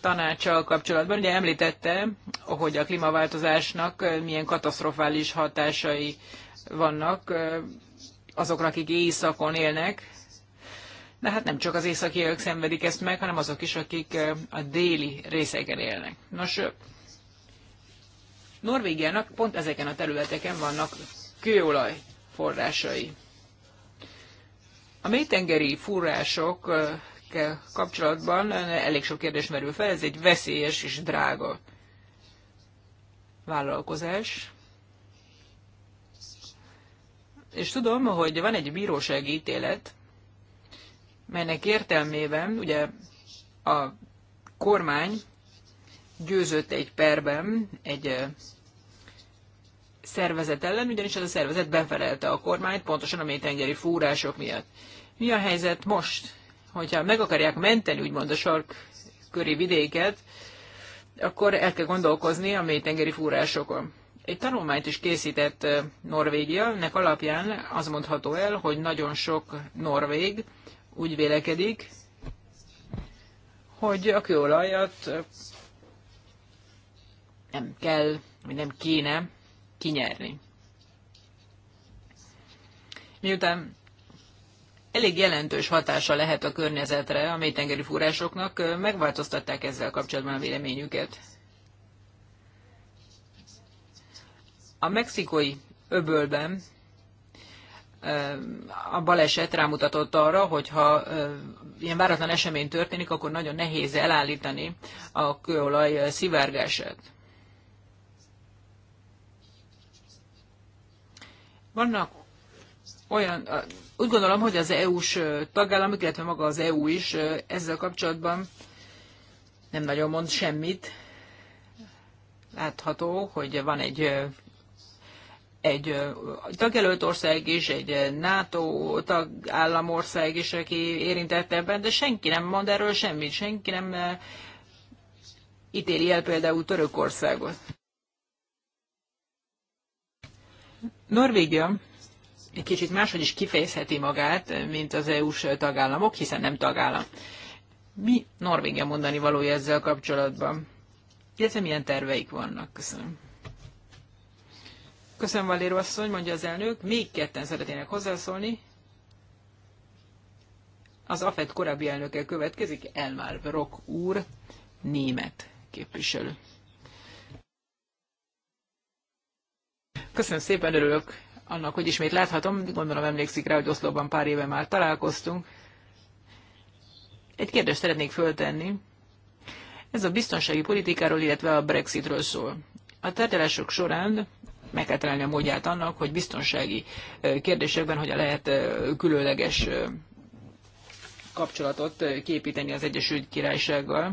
C: tanácsal kapcsolatban. Ugye említette, hogy a klímaváltozásnak eh, milyen katasztrofális hatásai vannak eh, azoknak, akik éjszakon élnek de hát nem csak az északiak szenvedik ezt meg, hanem azok is, akik a déli részeken élnek. Nos, Norvégiának pont ezeken a területeken vannak kőolaj forrásai. A mélytengeri források kapcsolatban elég sok kérdés merül fel, ez egy veszélyes és drága vállalkozás. És tudom, hogy van egy bírósági ítélet, melynek értelmében ugye a kormány győzött egy perben egy szervezet ellen, ugyanis ez a szervezet befelelte a kormányt, pontosan a mélytengeri fúrások miatt. Mi a helyzet most? Hogyha meg akarják menteni, úgymond a sark köri vidéket, akkor el kell gondolkozni a mélytengeri fúrásokon. Egy tanulmányt is készített Norvégia, ennek alapján az mondható el, hogy nagyon sok norvég úgy vélekedik, hogy a kőolajat nem kell, vagy nem kéne kinyerni. Miután elég jelentős hatása lehet a környezetre a mélytengeri fúrásoknak, megváltoztatták ezzel kapcsolatban a véleményüket. A mexikói öbölben a baleset rámutatott arra, hogyha ilyen váratlan esemény történik, akkor nagyon nehéz elállítani a kőolaj szivárgását. Vannak olyan, úgy gondolom, hogy az EU-s tagállamok, illetve maga az EU is ezzel kapcsolatban nem nagyon mond semmit. Látható, hogy van egy egy tagjelölt ország is, egy NATO tagállamország is, aki érintett ebben, de senki nem mond erről semmit, senki nem ítéli el például Törökországot. Norvégia egy kicsit máshogy is kifejezheti magát, mint az EU-s tagállamok, hiszen nem tagállam. Mi Norvégia mondani valója ezzel kapcsolatban? Illetve milyen terveik vannak? Köszönöm. Köszönöm, Valéro asszony, mondja az elnök. Még ketten szeretnének hozzászólni. Az AFET korábbi elnöke következik, Elmar Brock úr, német képviselő. Köszönöm szépen, örülök annak, hogy ismét láthatom. Gondolom emlékszik rá, hogy Oszlóban pár éve már találkoztunk. Egy kérdést szeretnék föltenni. Ez a biztonsági politikáról, illetve a Brexitről szól. A tárgyalások során meg kell találni a módját annak, hogy biztonsági kérdésekben hogyan lehet különleges kapcsolatot képíteni az Egyesült Királysággal.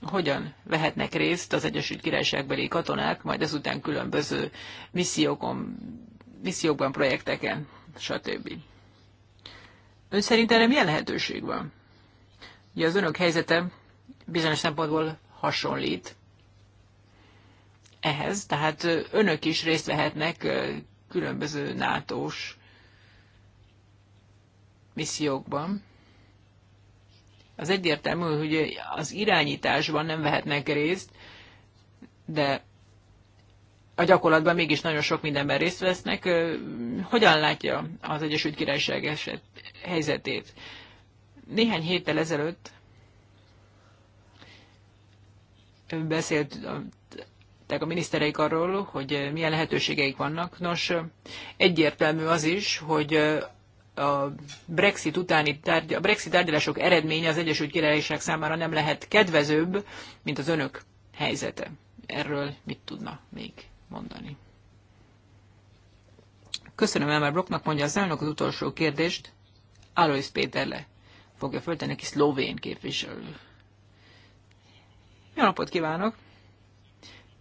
C: Hogyan vehetnek részt az Egyesült Királyságbeli katonák, majd ezután különböző missziókon, missziókban, projekteken, stb. Ön szerint erre milyen lehetőség van? Ugye az önök helyzete bizonyos szempontból hasonlít ehhez, tehát önök is részt vehetnek különböző NATO-s missziókban. Az egyértelmű, hogy az irányításban nem vehetnek részt, de a gyakorlatban mégis nagyon sok mindenben részt vesznek. Hogyan látja az Egyesült Királyság eset, helyzetét? Néhány héttel ezelőtt beszélt a beszéltek a minisztereik arról, hogy eh, milyen lehetőségeik vannak. Nos, eh, egyértelmű az is, hogy eh, a Brexit utáni tárgy, a Brexit tárgyalások eredménye az Egyesült Királyság számára nem lehet kedvezőbb, mint az önök helyzete. Erről mit tudna még mondani? Köszönöm Elmer Brocknak, mondja az elnök az utolsó kérdést. Alois le fogja föltenni, aki szlovén képviselő. Jó napot kívánok!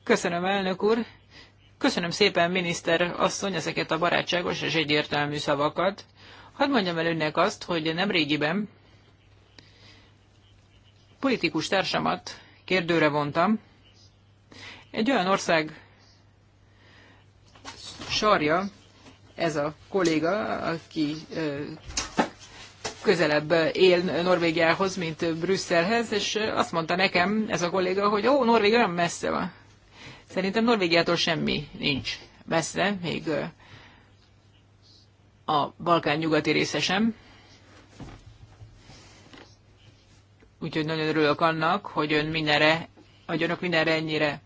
C: Köszönöm, elnök úr. Köszönöm szépen, miniszter asszony, ezeket a barátságos és egyértelmű szavakat. Hadd mondjam el önnek azt, hogy nem régiben politikus társamat kérdőre vontam. Egy olyan ország sarja, ez a kolléga, aki közelebb él Norvégiához, mint Brüsszelhez, és azt mondta nekem ez a kolléga, hogy ó, Norvégia olyan messze van. Szerintem Norvégiától semmi nincs messze, még a Balkán nyugati része sem. Úgyhogy nagyon örülök annak, hogy ön mindenre, hogy önök mindenre ennyire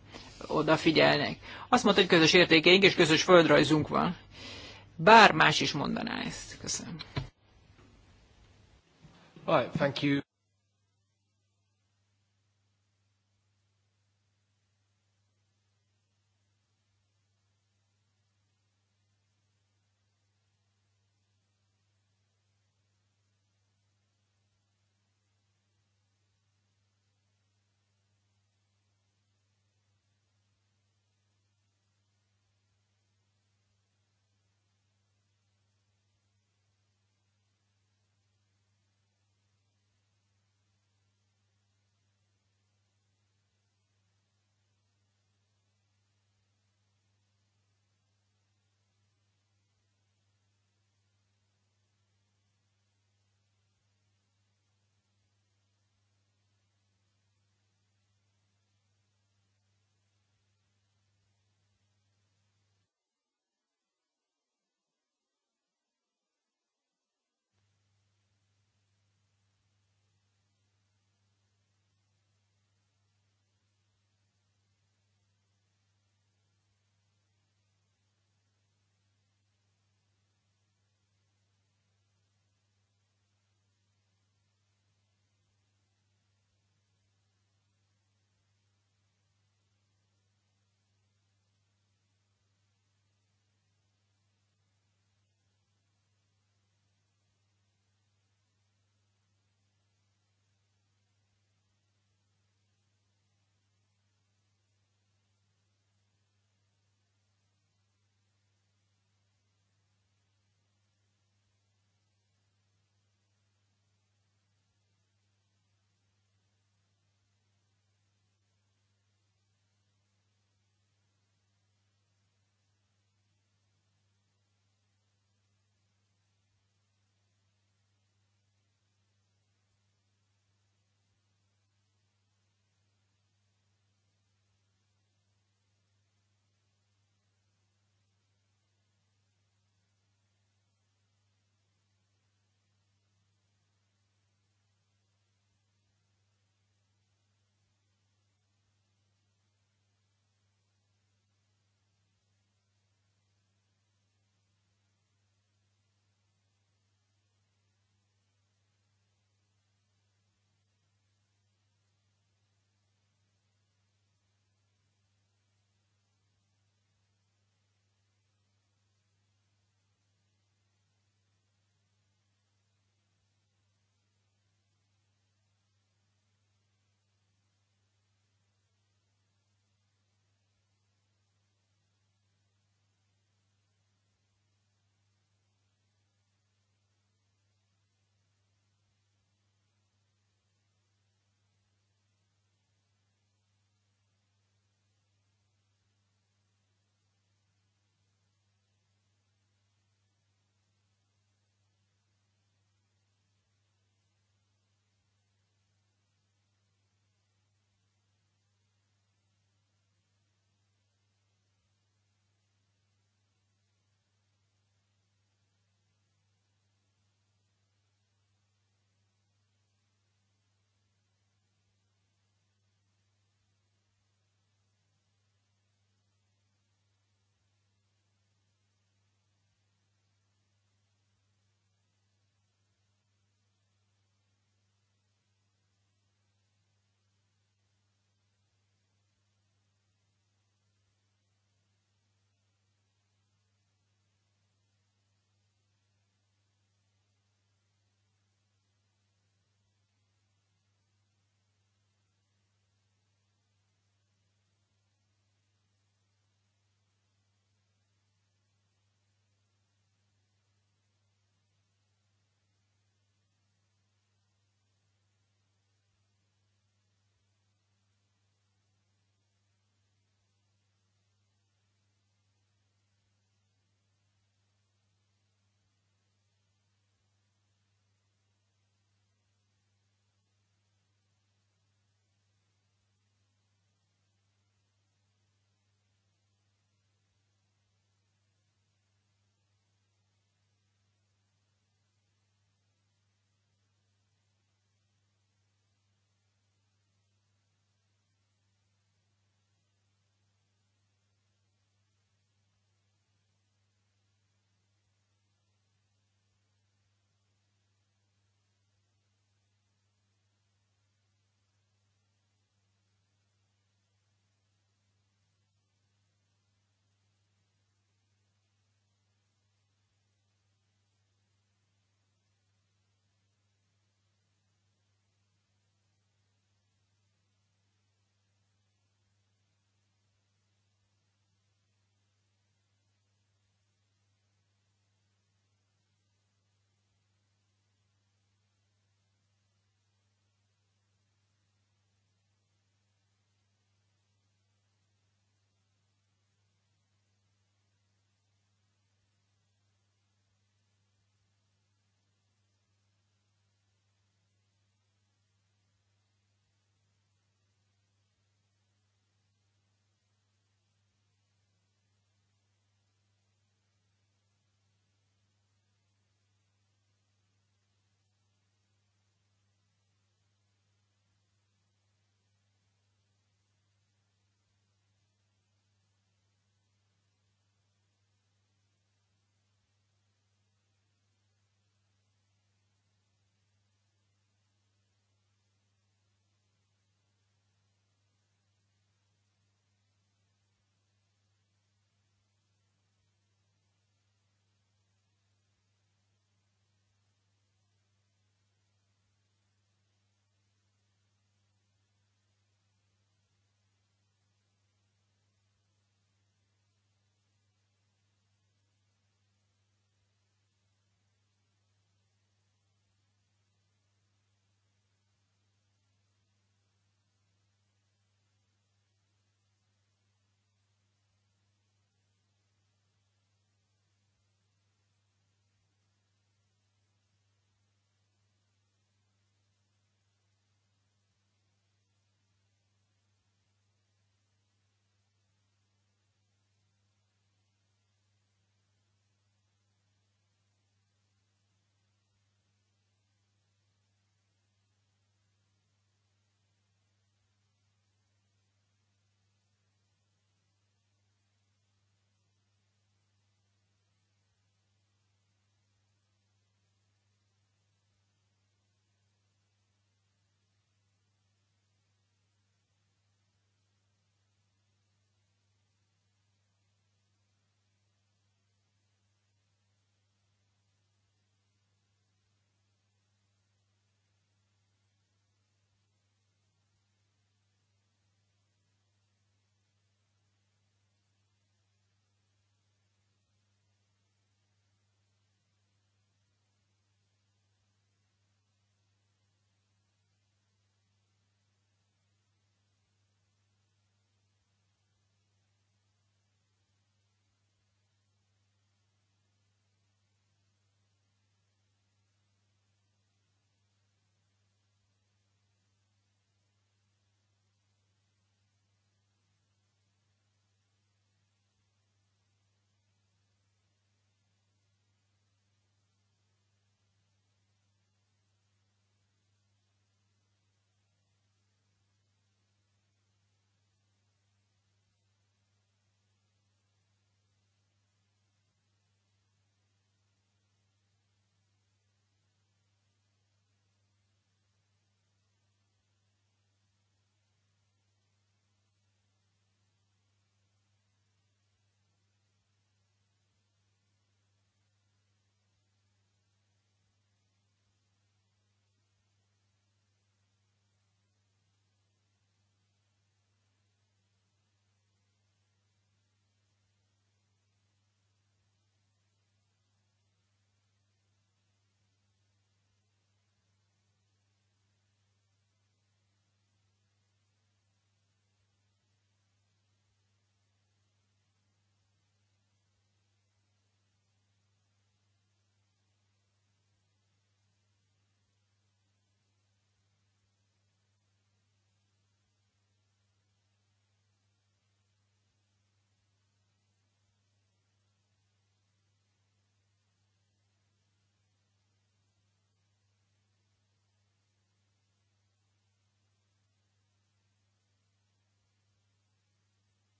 C: odafigyelnek. Azt mondta, hogy közös értékeink és közös földrajzunk van. Bár más is
B: mondaná ezt. Köszönöm. Right, thank you.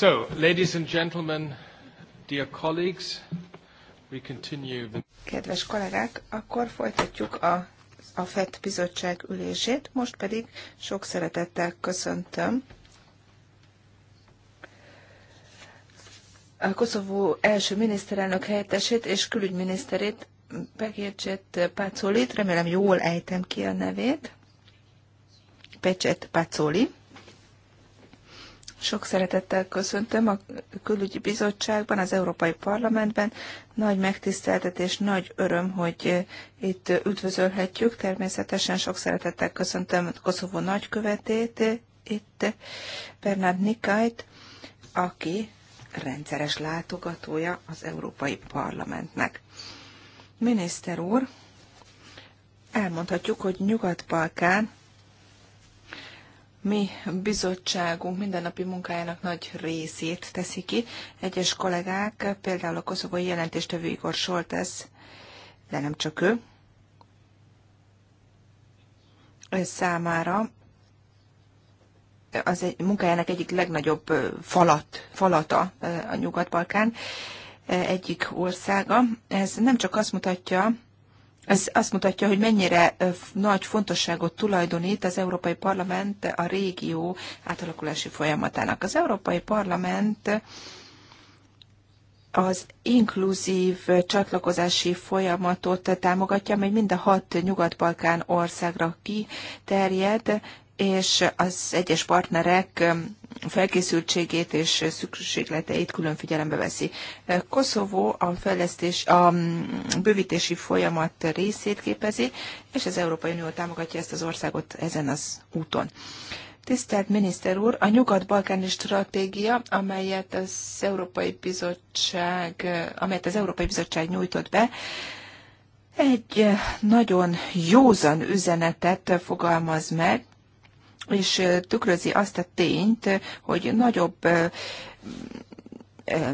B: So, ladies and gentlemen, dear colleagues, we continue the...
A: Kedves kollégák, akkor folytatjuk a, a FED bizottság ülését, most pedig sok szeretettel köszöntöm a Koszovó első miniszterelnök helyettesét és külügyminiszterét, Pekércset Pácolit, remélem jól ejtem ki a nevét, Pecset Pácoli sok szeretettel köszöntöm a Külügyi Bizottságban, az Európai Parlamentben. Nagy megtiszteltetés, nagy öröm, hogy itt üdvözölhetjük. Természetesen sok szeretettel köszöntöm Koszovó nagykövetét, itt Bernard Nikajt, aki rendszeres látogatója az Európai Parlamentnek. Miniszter úr, elmondhatjuk, hogy Nyugat-Balkán mi bizottságunk mindennapi munkájának nagy részét teszi ki. Egyes kollégák, például a koszovói jelentéstevő Igor Soltesz, de nem csak ő, ő számára az egy, munkájának egyik legnagyobb falat, falata a Nyugat-Balkán egyik országa. Ez nem csak azt mutatja, ez azt mutatja, hogy mennyire nagy fontosságot tulajdonít az Európai Parlament a régió átalakulási folyamatának. Az Európai Parlament az inkluzív csatlakozási folyamatot támogatja, amely mind a hat nyugat-balkán országra kiterjed, és az egyes partnerek felkészültségét és szükségleteit külön figyelembe veszi. Koszovó a, fejlesztés, a mm, bővítési folyamat részét képezi, és az Európai Unió támogatja ezt az országot ezen az úton. Tisztelt miniszter úr, a nyugat-balkáni stratégia, amelyet az Európai Bizottság, amelyet az Európai Bizottság nyújtott be, egy nagyon józan üzenetet fogalmaz meg, és tükrözi azt a tényt, hogy nagyobb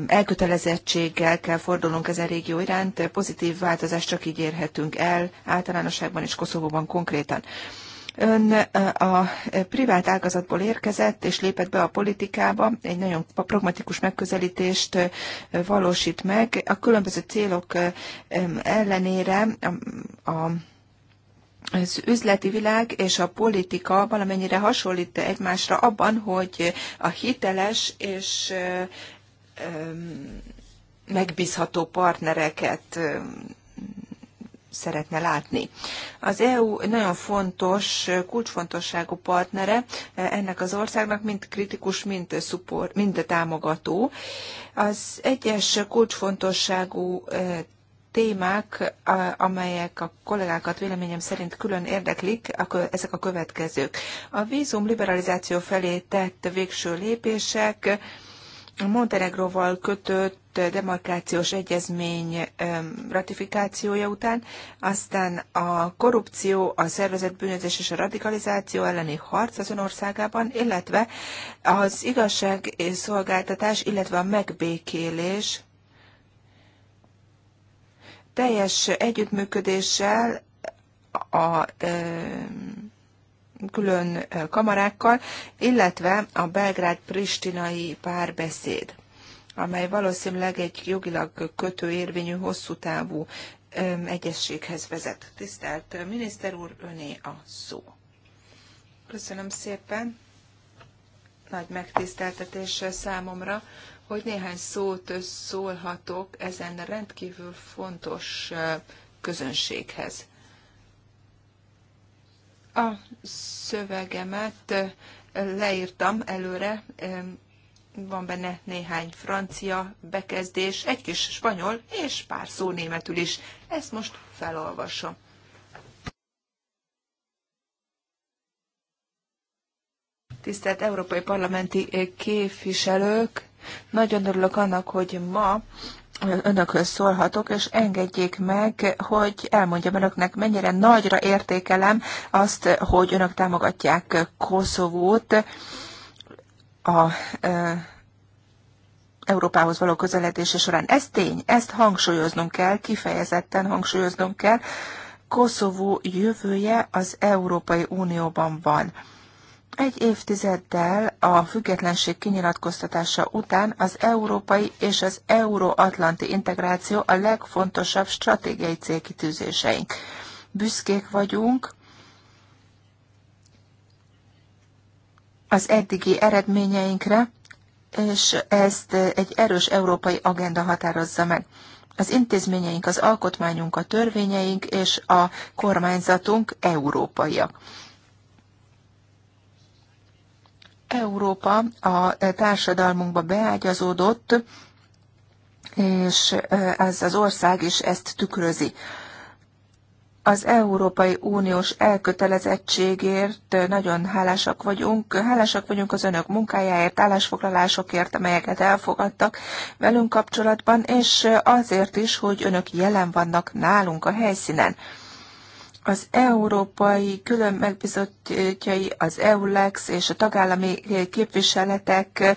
A: elkötelezettséggel kell fordulnunk ezen régió iránt, pozitív változást csak így érhetünk el, általánosságban és Koszovóban konkrétan. Ön a privát ágazatból érkezett és lépett be a politikába, egy nagyon pragmatikus megközelítést valósít meg. A különböző célok ellenére a, a az üzleti világ és a politika valamennyire hasonlít egymásra abban, hogy a hiteles és megbízható partnereket szeretne látni. Az EU nagyon fontos, kulcsfontosságú partnere ennek az országnak, mind kritikus, mind, support, mind támogató. Az egyes kulcsfontosságú témák, amelyek a kollégákat véleményem szerint külön érdeklik, ezek a következők. A vízum liberalizáció felé tett végső lépések, a Montenegróval kötött demarkációs egyezmény ratifikációja után, aztán a korrupció, a szervezett bűnözés és a radikalizáció elleni harc az országában, illetve az igazságszolgáltatás, illetve a megbékélés teljes együttműködéssel a külön kamarákkal, illetve a belgrád-pristinai párbeszéd, amely valószínűleg egy jogilag kötő érvényű, hosszú távú egyességhez vezet. Tisztelt miniszter úr, öné a szó. Köszönöm szépen. Nagy megtiszteltetés számomra, hogy néhány szót szólhatok ezen rendkívül fontos közönséghez. A szövegemet leírtam előre, van benne néhány francia bekezdés, egy kis spanyol és pár szó németül is. Ezt most felolvasom. Tisztelt Európai Parlamenti képviselők! Nagyon örülök annak, hogy ma önökhöz szólhatok, és engedjék meg, hogy elmondjam önöknek, mennyire nagyra értékelem azt, hogy önök támogatják Koszovót a Európához való közeledése során. Ez tény, ezt hangsúlyoznunk kell, kifejezetten hangsúlyoznunk kell. Koszovó jövője az Európai Unióban van. Egy évtizeddel a függetlenség kinyilatkoztatása után az európai és az euróatlanti integráció a legfontosabb stratégiai célkitűzéseink. Büszkék vagyunk az eddigi eredményeinkre, és ezt egy erős európai agenda határozza meg. Az intézményeink, az alkotmányunk, a törvényeink és a kormányzatunk európaiak. Európa a társadalmunkba beágyazódott, és ez az ország is ezt tükrözi. Az Európai Uniós elkötelezettségért nagyon hálásak vagyunk. Hálásak vagyunk az önök munkájáért, állásfoglalásokért, amelyeket elfogadtak velünk kapcsolatban, és azért is, hogy önök jelen vannak nálunk a helyszínen az európai külön megbizottjai, az EULEX és a tagállami képviseletek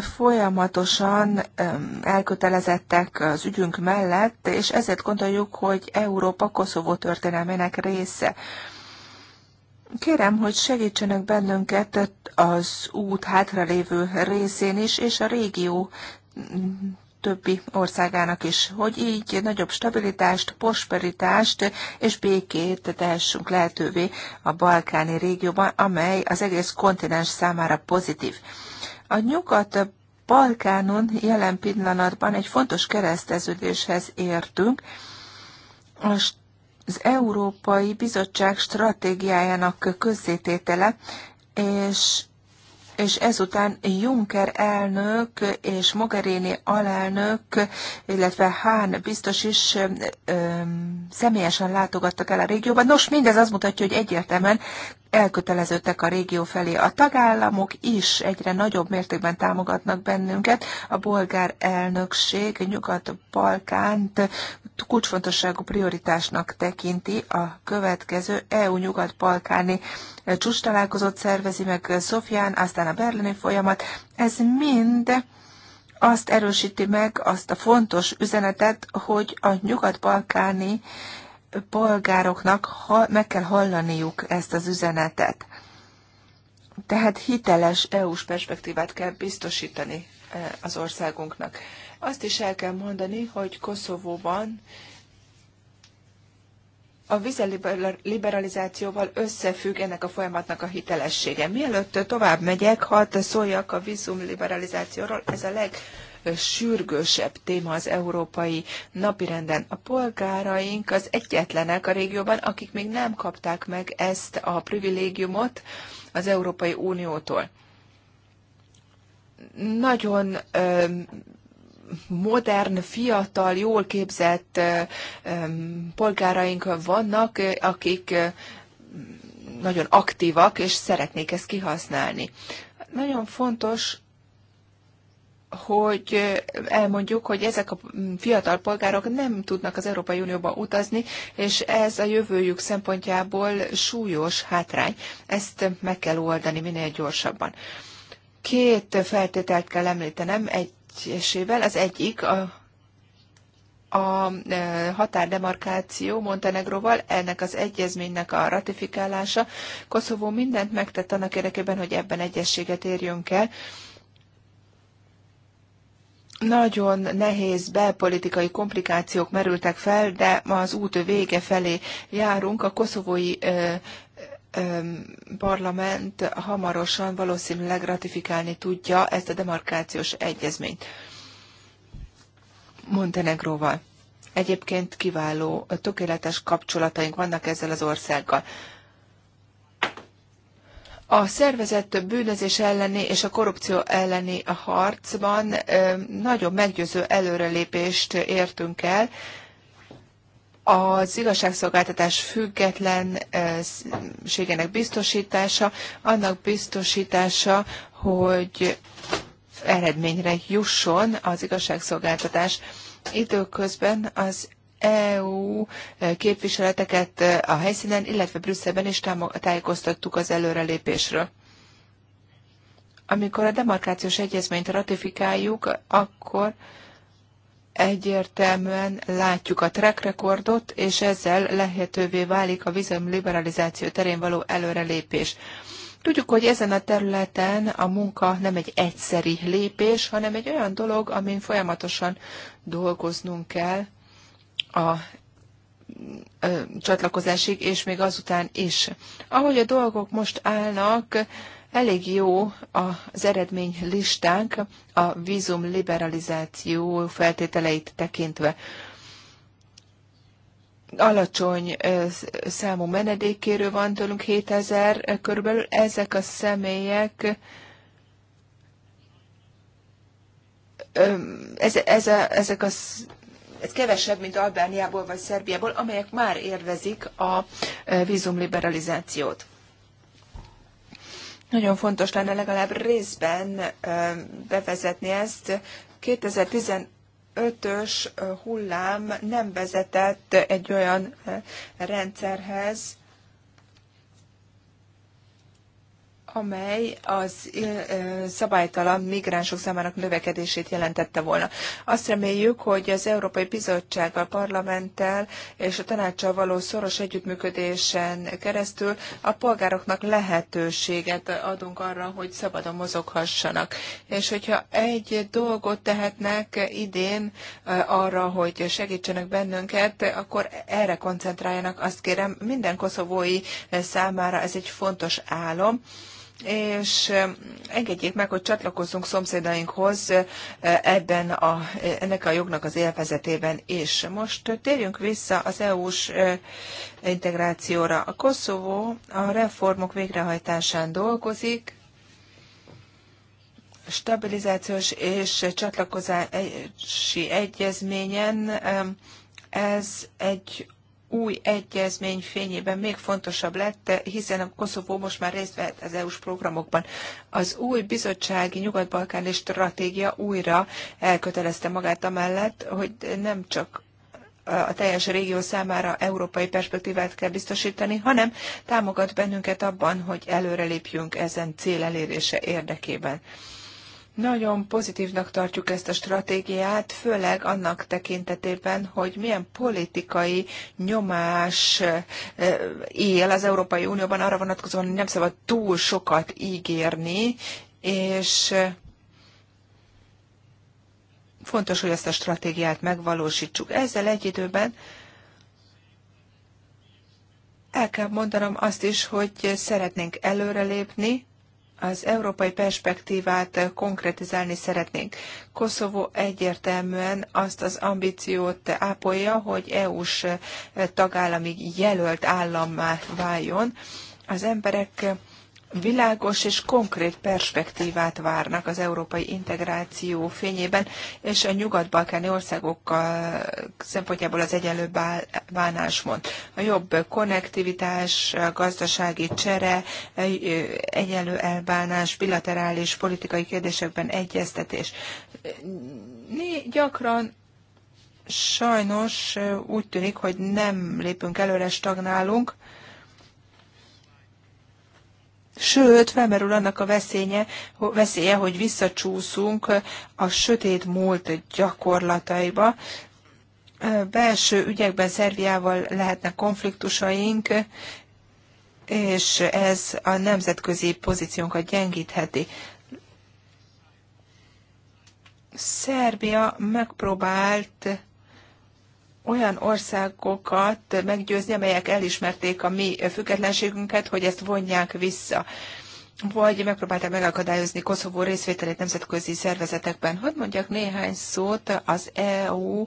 A: folyamatosan elkötelezettek az ügyünk mellett, és ezért gondoljuk, hogy Európa Koszovó történelmének része. Kérem, hogy segítsenek bennünket az út hátralévő részén is, és a régió többi országának is, hogy így nagyobb stabilitást, prosperitást és békét tehessünk lehetővé a balkáni régióban, amely az egész kontinens számára pozitív. A nyugat Balkánon jelen pillanatban egy fontos kereszteződéshez értünk. Az Európai Bizottság stratégiájának közzététele és és ezután Juncker elnök és Mogherini alelnök, illetve Hán biztos is személyesen látogattak el a régióban. Nos, mindez azt mutatja, hogy egyértelműen elköteleződtek a régió felé. A tagállamok is egyre nagyobb mértékben támogatnak bennünket. A bolgár elnökség Nyugat-Balkánt kulcsfontosságú prioritásnak tekinti a következő EU-Nyugat-Balkáni csúcs találkozót szervezi meg Szofián, aztán a berlini folyamat. Ez mind azt erősíti meg azt a fontos üzenetet, hogy a nyugat-balkáni polgároknak meg kell hallaniuk ezt az üzenetet. Tehát hiteles EU-s perspektívát kell biztosítani eh, az országunknak. Azt is el kell mondani, hogy Koszovóban a vízeliberalizációval összefügg ennek a folyamatnak a hitelessége. Mielőtt tovább megyek, hadd szóljak a vízumliberalizációról. Ez a sürgősebb téma az európai napirenden. A polgáraink az egyetlenek a régióban, akik még nem kapták meg ezt a privilégiumot az Európai Uniótól. Nagyon modern, fiatal, jól képzett polgáraink vannak, akik nagyon aktívak, és szeretnék ezt kihasználni. Nagyon fontos, hogy elmondjuk, hogy ezek a fiatal polgárok nem tudnak az Európai Unióba utazni, és ez a jövőjük szempontjából súlyos hátrány. Ezt meg kell oldani minél gyorsabban. Két feltételt kell említenem, egy egyesével. Az egyik a, a e, határdemarkáció Montenegroval, ennek az egyezménynek a ratifikálása. Koszovó mindent megtett annak érdekében, hogy ebben egyességet érjünk el. Nagyon nehéz belpolitikai komplikációk merültek fel, de ma az út vége felé járunk. A koszovói e, parlament hamarosan valószínűleg ratifikálni tudja ezt a demarkációs egyezményt Montenegróval. Egyébként kiváló, tökéletes kapcsolataink vannak ezzel az országgal. A szervezett bűnözés elleni és a korrupció elleni harcban nagyon meggyőző előrelépést értünk el, az igazságszolgáltatás függetlenségének eh, biztosítása, annak biztosítása, hogy eredményre jusson az igazságszolgáltatás. Időközben az EU eh, képviseleteket eh, a helyszínen, illetve Brüsszelben is tájékoztattuk az előrelépésről. Amikor a demarkációs egyezményt ratifikáljuk, akkor egyértelműen látjuk a track recordot, és ezzel lehetővé válik a vízum liberalizáció terén való előrelépés. Tudjuk, hogy ezen a területen a munka nem egy egyszeri lépés, hanem egy olyan dolog, amin folyamatosan dolgoznunk kell a csatlakozásig, és még azután is. Ahogy a dolgok most állnak, Elég jó az eredmény listánk a vízum liberalizáció feltételeit tekintve. Alacsony számú menedékkérő van tőlünk, 7000 körülbelül. Ezek a személyek ez, ez a, ezek az ez kevesebb, mint Albániából vagy Szerbiából, amelyek már érvezik a vízumliberalizációt. Nagyon fontos lenne legalább részben bevezetni ezt. 2015-ös hullám nem vezetett egy olyan rendszerhez, amely az szabálytalan migránsok számának növekedését jelentette volna. Azt reméljük, hogy az Európai bizottság, a Parlamenttel és a tanácssal való szoros együttműködésen keresztül a polgároknak lehetőséget adunk arra, hogy szabadon mozoghassanak. És hogyha egy dolgot tehetnek idén arra, hogy segítsenek bennünket, akkor erre koncentráljanak, azt kérem, minden koszovói számára ez egy fontos álom és eh, engedjék meg, hogy csatlakozzunk szomszédainkhoz eh, ebben a, eh, ennek a jognak az élvezetében is. Most térjünk vissza az EU-s integrációra. A Koszovó a reformok végrehajtásán dolgozik, stabilizációs és csatlakozási egyezményen ez egy új egyezmény fényében még fontosabb lett, hiszen a Koszovó most már részt vehet az EU-s programokban. Az új bizottsági nyugat-balkáni stratégia újra elkötelezte magát amellett, hogy nem csak a teljes régió számára európai perspektívát kell biztosítani, hanem támogat bennünket abban, hogy előrelépjünk ezen cél elérése érdekében. Nagyon pozitívnak tartjuk ezt a stratégiát, főleg annak tekintetében, hogy milyen politikai nyomás él az Európai Unióban arra vonatkozóan, hogy nem szabad túl sokat ígérni, és fontos, hogy ezt a stratégiát megvalósítsuk. Ezzel egy időben el kell mondanom azt is, hogy szeretnénk előrelépni, az európai perspektívát konkretizálni szeretnénk. Koszovó egyértelműen azt az ambíciót ápolja, hogy EU-s tagállami jelölt állammá váljon. Az emberek világos és konkrét perspektívát várnak az európai integráció fényében, és a nyugat-balkáni országokkal szempontjából az egyenlő bánásmód. A jobb konnektivitás, gazdasági csere, egyenlő elbánás, bilaterális politikai kérdésekben egyeztetés. Gyakran sajnos úgy tűnik, hogy nem lépünk előre, stagnálunk, Sőt, felmerül annak a veszélye, veszélye, hogy visszacsúszunk a sötét múlt gyakorlataiba. Belső ügyekben szerviával lehetnek konfliktusaink, és ez a nemzetközi pozíciónkat gyengítheti. Szerbia megpróbált olyan országokat meggyőzni, amelyek elismerték a mi függetlenségünket, hogy ezt vonják vissza vagy megpróbálták megakadályozni Koszovó részvételét nemzetközi szervezetekben. Hogy mondjak néhány szót az EU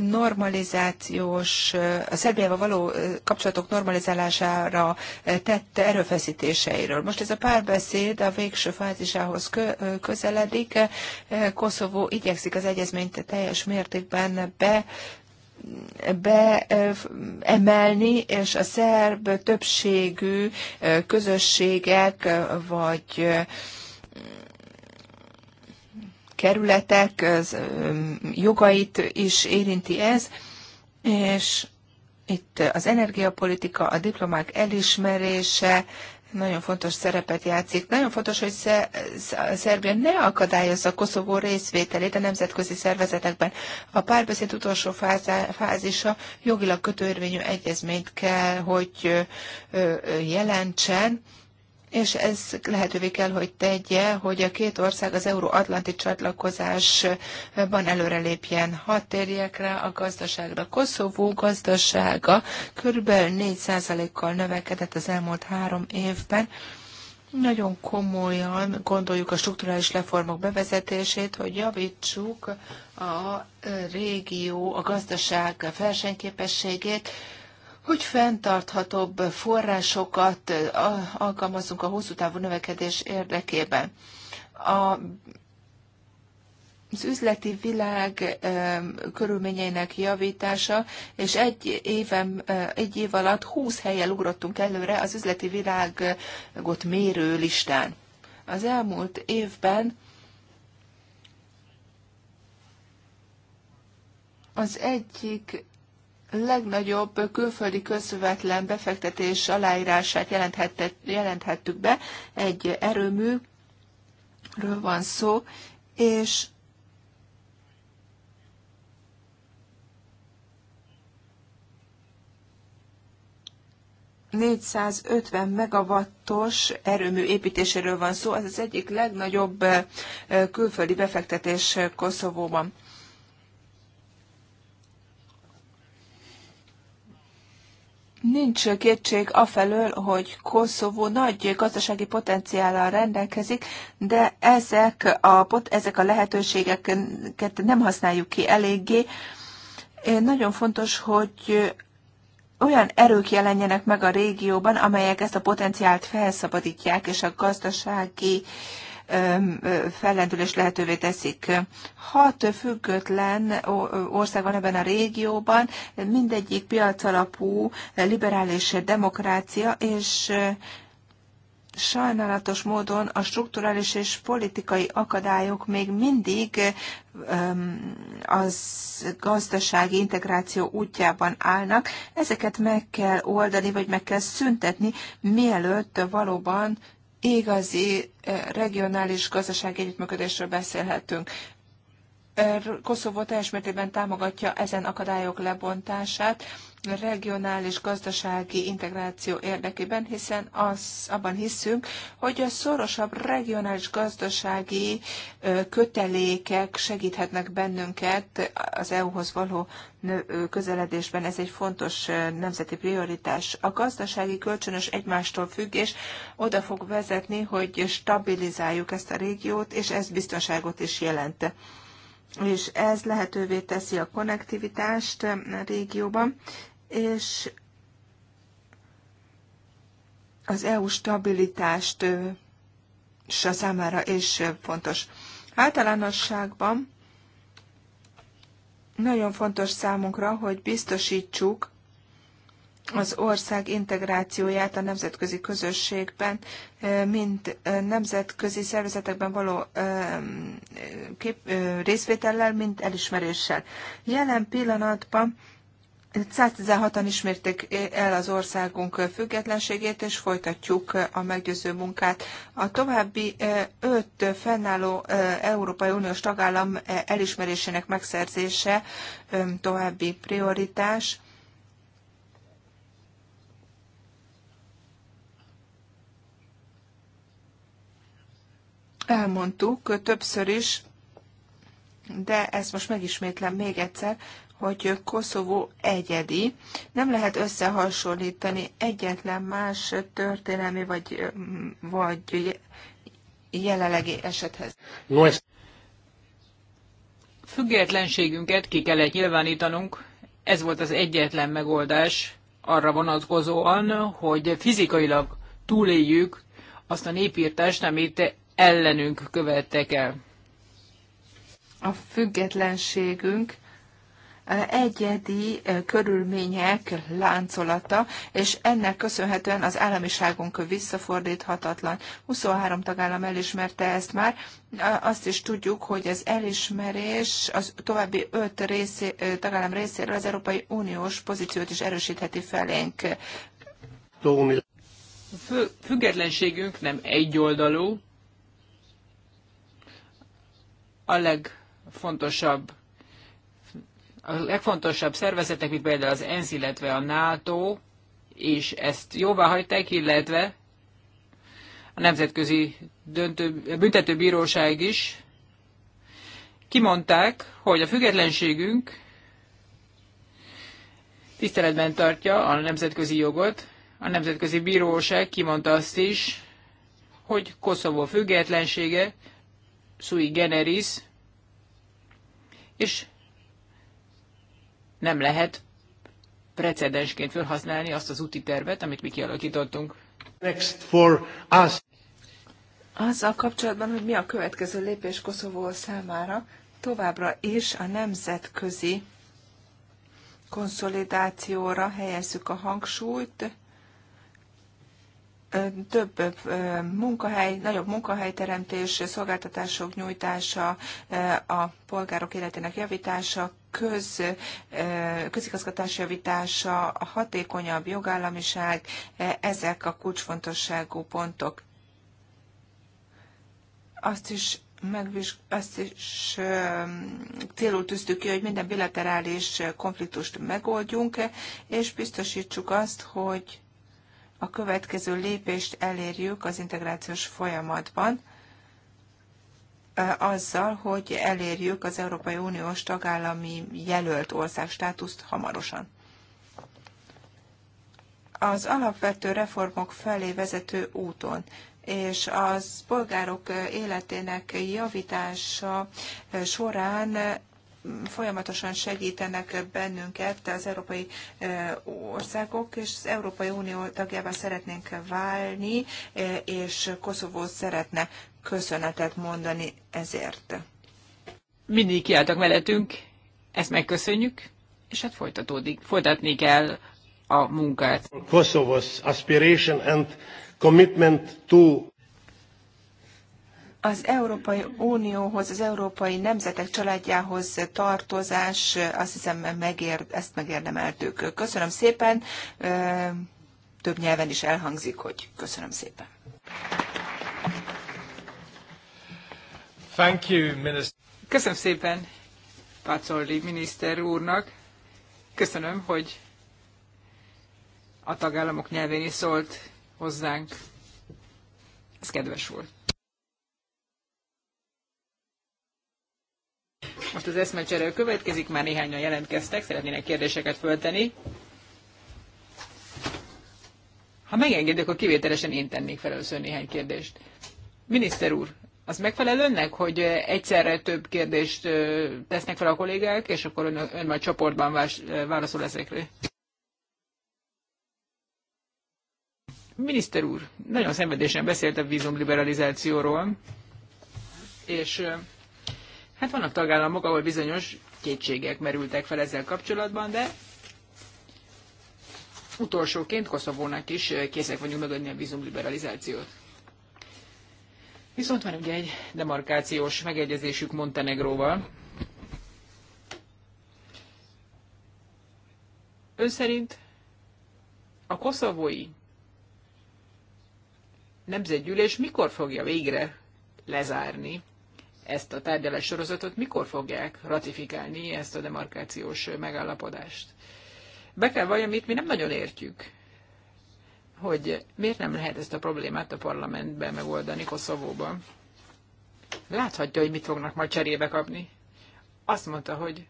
A: normalizációs, a Szerbiával való kapcsolatok normalizálására tett erőfeszítéseiről. Most ez a párbeszéd a végső fázisához közeledik. Koszovó igyekszik az egyezményt teljes mértékben be beemelni, és a szerb többségű közösségek vagy kerületek jogait is érinti ez, és itt az energiapolitika, a diplomák elismerése, nagyon fontos szerepet játszik. Nagyon fontos, hogy Szerbia ne akadályozza Koszovó részvételét a nemzetközi szervezetekben. A párbeszéd utolsó fázisa jogilag kötőérvényű egyezményt kell, hogy jelentsen és ez lehetővé kell, hogy tegye, hogy a két ország az euróatlanti csatlakozásban előrelépjen. hat térjek rá a gazdaságra. Koszovó gazdasága kb. 4%-kal növekedett az elmúlt három évben. Nagyon komolyan gondoljuk a strukturális reformok bevezetését, hogy javítsuk a régió, a gazdaság versenyképességét, hogy fenntarthatóbb forrásokat alkalmazunk a hosszú távú növekedés érdekében. A az üzleti világ körülményeinek javítása, és egy, évem, egy év alatt 20 helyen ugrottunk előre az üzleti világot mérő listán. Az elmúlt évben az egyik legnagyobb külföldi közvetlen befektetés aláírását jelenthettük be. Egy erőműről van szó, és ...450 megawattos erőmű építéséről van szó, ez az egyik legnagyobb eh, külföldi befektetés eh, Koszovóban. Nincs kétség afelől, hogy Koszovó nagy gazdasági potenciállal rendelkezik, de ezek a, ezek a lehetőségeket nem használjuk ki eléggé. Nagyon fontos, hogy olyan erők jelenjenek meg a régióban, amelyek ezt a potenciált felszabadítják, és a gazdasági uh, fellendülés lehetővé teszik. Hat független ország van ebben a régióban, mindegyik piacalapú liberális demokrácia, és sajnálatos módon a strukturális és politikai akadályok még mindig az gazdasági integráció útjában állnak. Ezeket meg kell oldani, vagy meg kell szüntetni, mielőtt valóban igazi regionális gazdasági együttműködésről beszélhetünk. Koszovó teljes mértékben támogatja ezen akadályok lebontását, regionális gazdasági integráció érdekében, hiszen az, abban hiszünk, hogy a szorosabb regionális gazdasági kötelékek segíthetnek bennünket az EU-hoz való közeledésben. Ez egy fontos nemzeti prioritás. A gazdasági kölcsönös egymástól függés oda fog vezetni, hogy stabilizáljuk ezt a régiót, és ez biztonságot is jelent és ez lehetővé teszi a konnektivitást a régióban, és az EU stabilitást számára is fontos. Általánosságban nagyon fontos számunkra, hogy biztosítsuk az ország integrációját a nemzetközi közösségben, mint nemzetközi szervezetekben való kép, részvétellel, mint elismeréssel. Jelen pillanatban 116-an ismerték el az országunk függetlenségét, és folytatjuk a meggyőző munkát. A további öt fennálló Európai Uniós tagállam elismerésének megszerzése további prioritás elmondtuk többször is, de ezt most megismétlem még egyszer, hogy Koszovó egyedi. Nem lehet összehasonlítani egyetlen más történelmi vagy, vagy jelenlegi esethez.
B: No, ez...
C: Függetlenségünket ki kellett nyilvánítanunk. Ez volt az egyetlen megoldás arra vonatkozóan, hogy fizikailag túléljük azt a népírtást, amit ellenünk követtek
A: el. A függetlenségünk egyedi körülmények láncolata, és ennek köszönhetően az államiságunk visszafordíthatatlan. 23 tagállam elismerte ezt már. Azt is tudjuk, hogy az elismerés az további 5 részé, tagállam részéről az Európai Uniós pozíciót is erősítheti felénk.
B: A
A: függetlenségünk nem egyoldalú,
C: a legfontosabb a legfontosabb szervezetek, mint például az ENSZ, illetve a NATO, és ezt jóvá hagyták, illetve a Nemzetközi Döntő, Büntetőbíróság is kimondták, hogy a függetlenségünk tiszteletben tartja a nemzetközi jogot. A Nemzetközi Bíróság kimondta azt is, hogy Koszovó függetlensége sui generis, és nem lehet precedensként felhasználni azt az úti tervet, amit mi kialakítottunk.
A: Next for us. Azzal kapcsolatban, hogy mi a következő lépés Koszovó számára, továbbra is a nemzetközi konszolidációra helyezzük a hangsúlyt, több munkahely, nagyobb munkahelyteremtés, szolgáltatások nyújtása, a polgárok életének javítása, köz, közigazgatás javítása, a hatékonyabb jogállamiság, ezek a kulcsfontosságú pontok. Azt is megvizs- azt is célul tűztük ki, hogy minden bilaterális konfliktust megoldjunk, és biztosítsuk azt, hogy a következő lépést elérjük az integrációs folyamatban, azzal, hogy elérjük az Európai Uniós tagállami jelölt ország státuszt hamarosan. Az alapvető reformok felé vezető úton és az polgárok életének javítása során folyamatosan segítenek bennünket az európai országok, és az Európai Unió tagjává szeretnénk válni, és Koszovó szeretne köszönetet mondani ezért. Mindig
C: kiálltak mellettünk, ezt megköszönjük, és hát folytatódik, folytatni kell a munkát.
B: aspiration and commitment to
A: az Európai Unióhoz, az európai nemzetek családjához tartozás, azt hiszem, megér, ezt megérdemeltük. Köszönöm szépen. Több nyelven is elhangzik, hogy köszönöm szépen.
B: Thank you, minister.
C: Köszönöm szépen Pácolli miniszter úrnak. Köszönöm, hogy a tagállamok nyelvén is szólt hozzánk. Ez kedves volt. Most az eszmecsere következik, már néhányan jelentkeztek, szeretnének kérdéseket fölteni. Ha megengedek, akkor kivételesen én tennék fel először néhány kérdést. Miniszter úr, az megfelel önnek, hogy egyszerre több kérdést tesznek fel a kollégák, és akkor ön, ön majd csoportban vás, válaszol ezekre? Miniszter úr, nagyon szenvedésen beszélt a vízumliberalizációról, és Hát vannak tagállamok, ahol bizonyos kétségek merültek fel ezzel kapcsolatban, de utolsóként Koszovónak is készek vagyunk megadni a vízumliberalizációt. Viszont van ugye egy demarkációs megegyezésük Montenegróval. Ön szerint a koszovói nemzetgyűlés mikor fogja végre lezárni ezt a tárgyalás sorozatot, mikor fogják ratifikálni ezt a demarkációs megállapodást. Be kell valljam, itt mi nem nagyon értjük, hogy miért nem lehet ezt a problémát a parlamentben megoldani Koszovóban. Láthatja, hogy mit fognak majd cserébe kapni. Azt mondta, hogy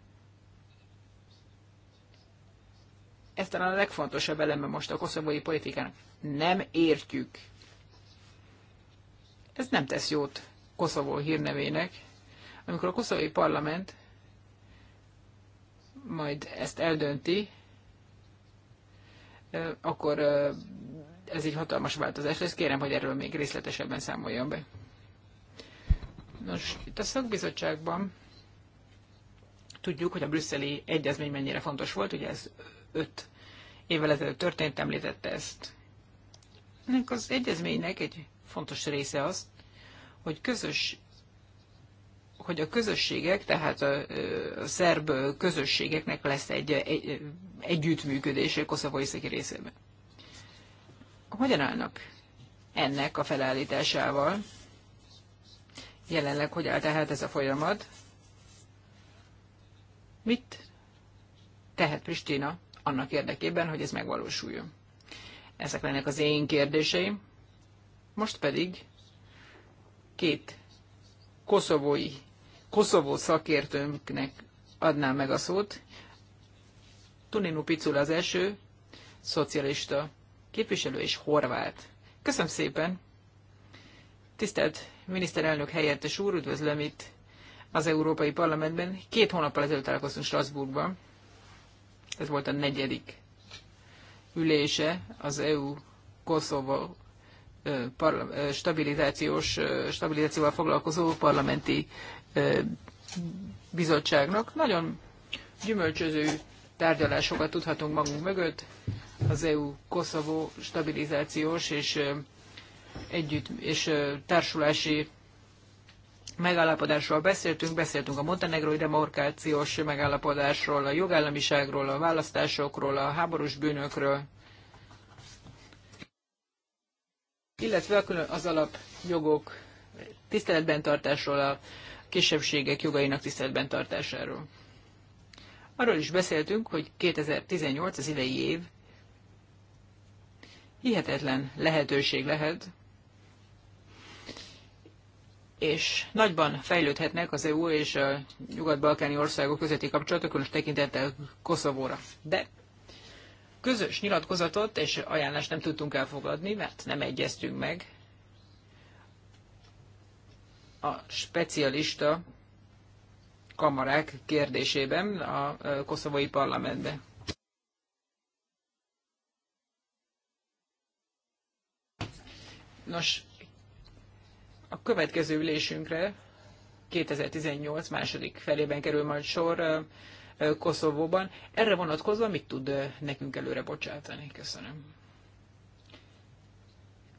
C: ez talán a legfontosabb eleme most a koszovói politikának. Nem értjük. Ez nem tesz jót Koszovó hírnevének, amikor a koszovói parlament majd ezt eldönti, akkor ez egy hatalmas változás lesz. Kérem, hogy erről még részletesebben számoljon be. Nos, itt a szakbizottságban tudjuk, hogy a brüsszeli egyezmény mennyire fontos volt, ugye ez öt évvel ezelőtt történt, említette ezt. Ennek az egyezménynek egy fontos része az, hogy közös hogy a közösségek, tehát a, a szerb közösségeknek lesz egy, egy együttműködése koszovói szeki részében. Hogyan állnak ennek a felállításával? Jelenleg hogy áll tehát ez a folyamat? Mit tehet Pristina annak érdekében, hogy ez megvalósuljon? Ezek lennek az én kérdéseim. Most pedig két koszovói, koszovó szakértőnknek adnám meg a szót. Tuninu Picul az első, szocialista képviselő és horvát. Köszönöm szépen! Tisztelt miniszterelnök helyettes úr, üdvözlöm itt az Európai Parlamentben. Két hónappal ezelőtt találkoztunk Strasbourgban. Ez volt a negyedik ülése az EU Koszovó stabilizációs, stabilizációval foglalkozó parlamenti bizottságnak. Nagyon gyümölcsöző tárgyalásokat tudhatunk magunk mögött. Az EU-Koszovó stabilizációs és együtt és társulási megállapodásról beszéltünk, beszéltünk a montenegrói demarkációs megállapodásról, a jogállamiságról, a választásokról, a háborús bűnökről, illetve az alapjogok tiszteletben tartásról, a kisebbségek jogainak tiszteletben tartásáról. Arról is beszéltünk, hogy 2018 az idei év hihetetlen lehetőség lehet, és nagyban fejlődhetnek az EU és a nyugat-balkáni országok közötti kapcsolatok, különös tekintettel Koszovóra. De közös nyilatkozatot és ajánlást nem tudtunk elfogadni, mert nem egyeztünk meg a specialista kamarák kérdésében a koszovói parlamentben. Nos, a következő ülésünkre 2018 második felében kerül majd sor Koszovóban. Erre vonatkozva mit tud nekünk előre bocsátani? Köszönöm.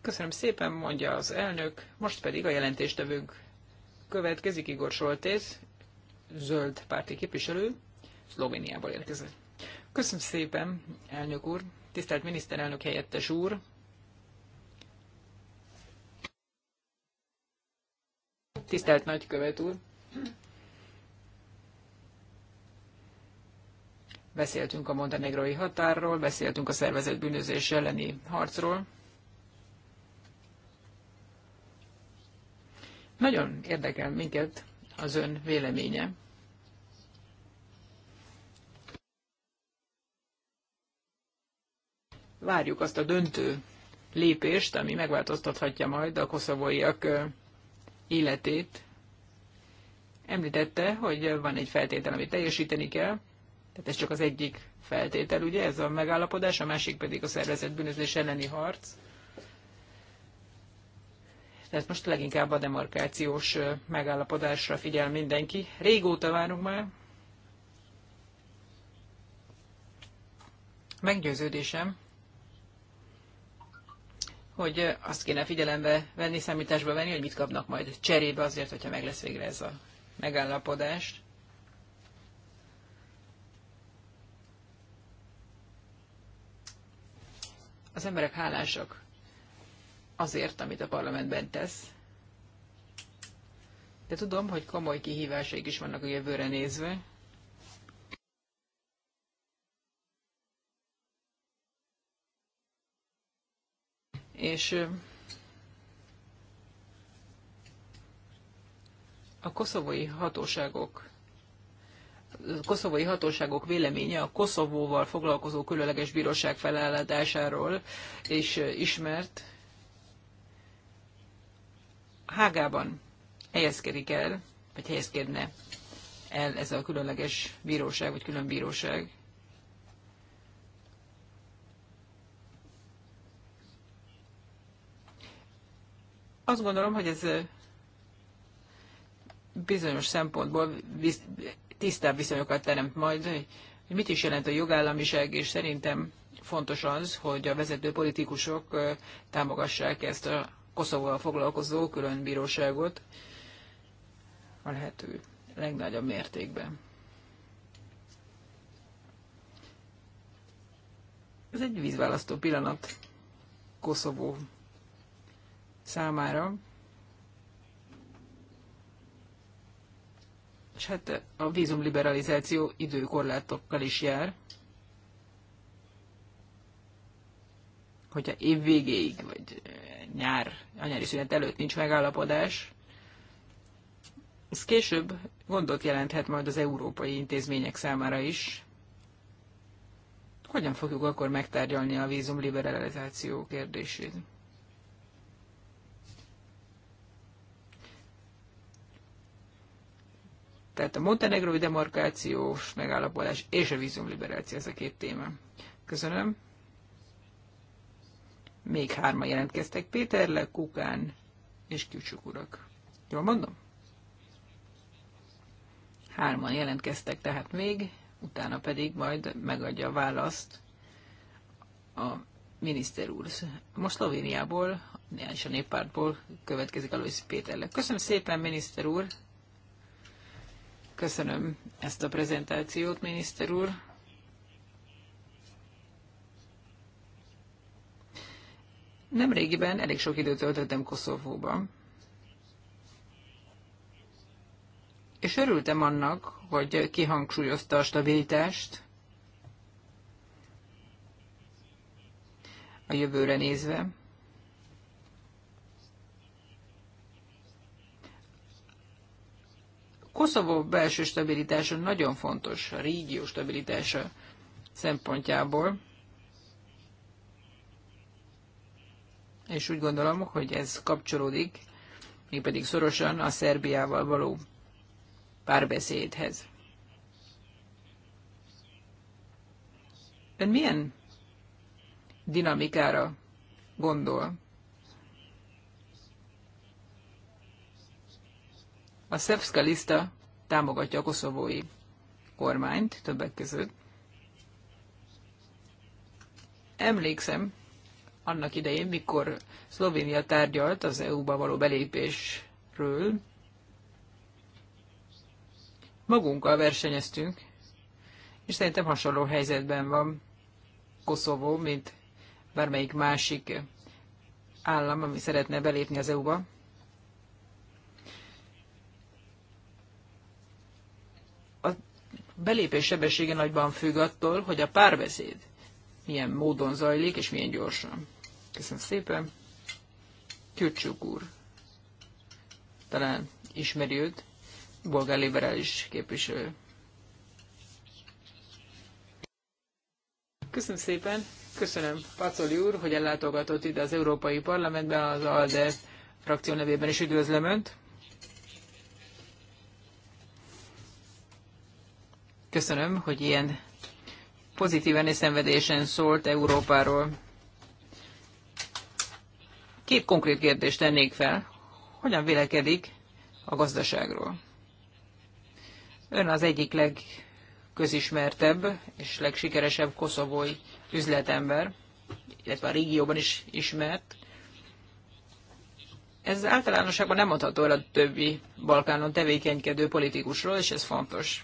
C: Köszönöm szépen, mondja az elnök. Most pedig a jelentéstevők következik Igor Soltész, zöld párti képviselő, Szlovéniából érkezett. Köszönöm szépen, elnök úr, tisztelt miniszterelnök helyettes úr. Tisztelt nagykövet úr. Beszéltünk a montenegrói határról, beszéltünk a szervezett bűnözés elleni harcról. Nagyon érdekel minket az ön véleménye. Várjuk azt a döntő lépést, ami megváltoztathatja majd a koszovóiak életét. Említette, hogy van egy feltétel, amit teljesíteni kell. Tehát ez csak az egyik feltétel, ugye ez a megállapodás, a másik pedig a szervezett bűnözés elleni harc. Tehát most leginkább a demarkációs megállapodásra figyel mindenki. Régóta várunk már. Meggyőződésem, hogy azt kéne figyelembe venni, számításba venni, hogy mit kapnak majd cserébe azért, hogyha meg lesz végre ez a megállapodást. az emberek hálásak azért, amit a parlamentben tesz. De tudom, hogy komoly kihívásaik is vannak a jövőre nézve. És a koszovói hatóságok koszovói hatóságok véleménye a Koszovóval foglalkozó különleges bíróság felállításáról és ismert. Hágában helyezkedik el, vagy helyezkedne el ez a különleges bíróság, vagy külön bíróság. Azt gondolom, hogy ez bizonyos szempontból tisztább viszonyokat teremt majd, hogy mit is jelent a jogállamiság, és szerintem fontos az, hogy a vezető politikusok támogassák ezt a Koszovóval foglalkozó külön bíróságot a lehető legnagyobb mértékben. Ez egy vízválasztó pillanat Koszovó számára. és hát a vízumliberalizáció időkorlátokkal is jár. Hogyha év végéig, vagy nyár, a nyári szünet előtt nincs megállapodás, ez később gondot jelenthet majd az európai intézmények számára is. Hogyan fogjuk akkor megtárgyalni a vízum liberalizáció kérdését? Tehát a montenegrói demarkációs megállapodás és a vízumliberáció, ez a két téma. Köszönöm. Még hárma jelentkeztek, Péter, Le, Kukán és Kücsuk urak. Jól mondom? Hárman jelentkeztek tehát még, utána pedig majd megadja a választ a miniszter úr. Most Szlovéniából, és a néppártból következik Alois Péterle. Köszönöm szépen, miniszter úr, Köszönöm ezt a prezentációt, miniszter úr. Nemrégiben elég sok időt töltöttem Koszovóban, és örültem annak, hogy kihangsúlyozta a stabilitást a jövőre nézve. Koszovó belső stabilitása nagyon fontos, a régió stabilitása szempontjából. És úgy gondolom, hogy ez kapcsolódik, mégpedig szorosan a Szerbiával való párbeszédhez. Ön milyen dinamikára gondol? A Szevszka lista támogatja a koszovói kormányt többek között. Emlékszem, annak idején, mikor Szlovénia tárgyalt az EU-ba való belépésről, magunkkal versenyeztünk, és szerintem hasonló helyzetben van Koszovó, mint bármelyik másik állam, ami szeretne belépni az EU-ba. belépés sebessége nagyban függ attól, hogy a párbeszéd milyen módon zajlik, és milyen gyorsan. Köszönöm szépen. Kürcsuk úr. Talán ismeri őt. Bolgár liberális képviselő. Köszönöm szépen. Köszönöm Pacoli úr, hogy ellátogatott ide az Európai Parlamentben, az ALDE frakció nevében is üdvözlöm Önt. Köszönöm, hogy ilyen pozitíven és szenvedésen szólt Európáról. Két konkrét kérdést tennék fel. Hogyan vélekedik a gazdaságról? Ön az egyik legközismertebb és legsikeresebb koszovói üzletember, illetve a régióban is ismert. Ez általánosságban nem mondható el a többi Balkánon tevékenykedő politikusról, és ez fontos.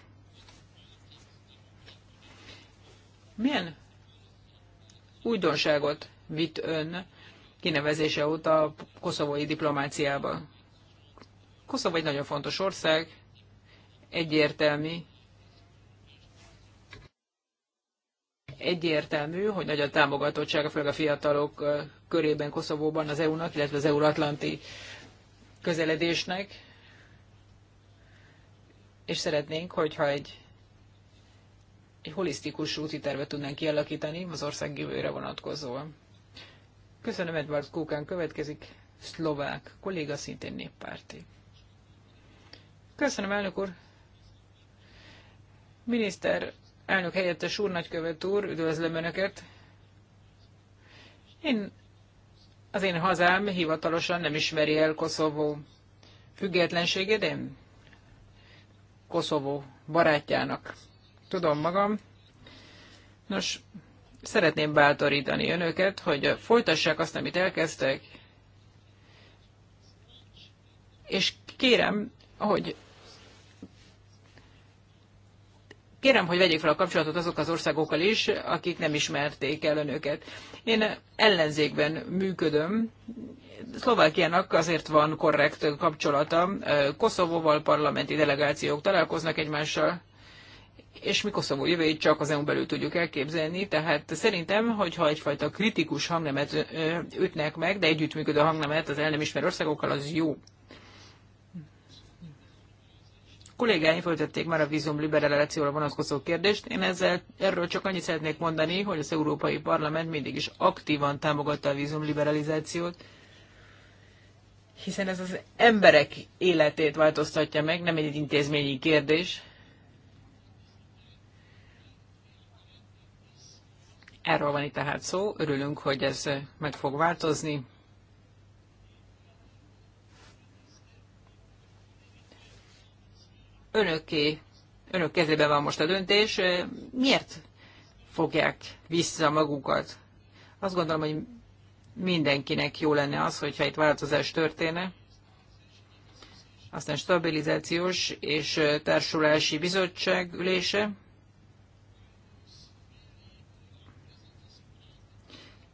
C: Milyen újdonságot vitt ön kinevezése óta a koszovói diplomáciába? Koszovó egy nagyon fontos ország, egyértelmű, egyértelmű, hogy nagy a támogatottsága, főleg a fiatalok körében Koszovóban az EU-nak, illetve az euróatlanti közeledésnek. És szeretnénk, hogyha egy egy holisztikus úti tervet tudnánk kialakítani az ország jövőre vonatkozóan. Köszönöm, Edward Kókán következik, szlovák kolléga, szintén néppárti. Köszönöm, elnök úr. Miniszter, elnök helyettes úr, nagykövet úr, üdvözlöm Önöket. Én, az én hazám hivatalosan nem ismeri el Koszovó függetlenségét, én Koszovó barátjának tudom magam. Nos, szeretném bátorítani önöket, hogy folytassák azt, amit elkezdtek, és kérem, hogy kérem, hogy vegyék fel a kapcsolatot azok az országokkal is, akik nem ismerték el önöket. Én ellenzékben működöm. Szlovákiának azért van korrekt kapcsolata. Koszovóval parlamenti delegációk találkoznak egymással és mi Koszovó jövőjét csak az EU belül tudjuk elképzelni, tehát szerintem, hogyha egyfajta kritikus hangnemet ütnek meg, de együttműködő hangnemet az el nem ismer országokkal, az jó. Kollégáim folytatték már a vízum liberalizációra vonatkozó kérdést. Én ezzel, erről csak annyit szeretnék mondani, hogy az Európai Parlament mindig is aktívan támogatta a vízum liberalizációt, hiszen ez az emberek életét változtatja meg, nem egy intézményi kérdés Erről van itt tehát szó, örülünk, hogy ez meg fog változni. Önöké, önök kezében van most a döntés. Miért fogják vissza magukat? Azt gondolom, hogy mindenkinek jó lenne az, hogyha itt változás történne. Aztán stabilizációs és társulási bizottság ülése.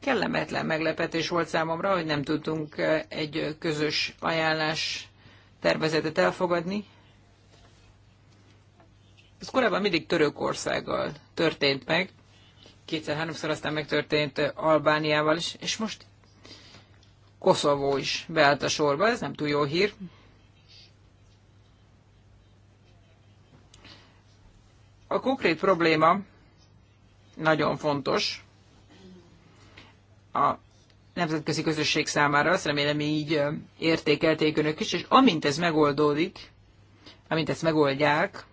C: kellemetlen meglepetés volt számomra, hogy nem tudtunk eh, egy eh, közös ajánlás tervezetet elfogadni. Ez korábban mindig Törökországgal történt meg, kétszer-háromszor aztán megtörtént eh, Albániával is, és most Koszovó is beállt a sorba, ez nem túl jó hír. A konkrét probléma nagyon fontos, a nemzetközi közösség számára. Azt remélem így értékelték önök is, és amint ez megoldódik, amint ezt megoldják,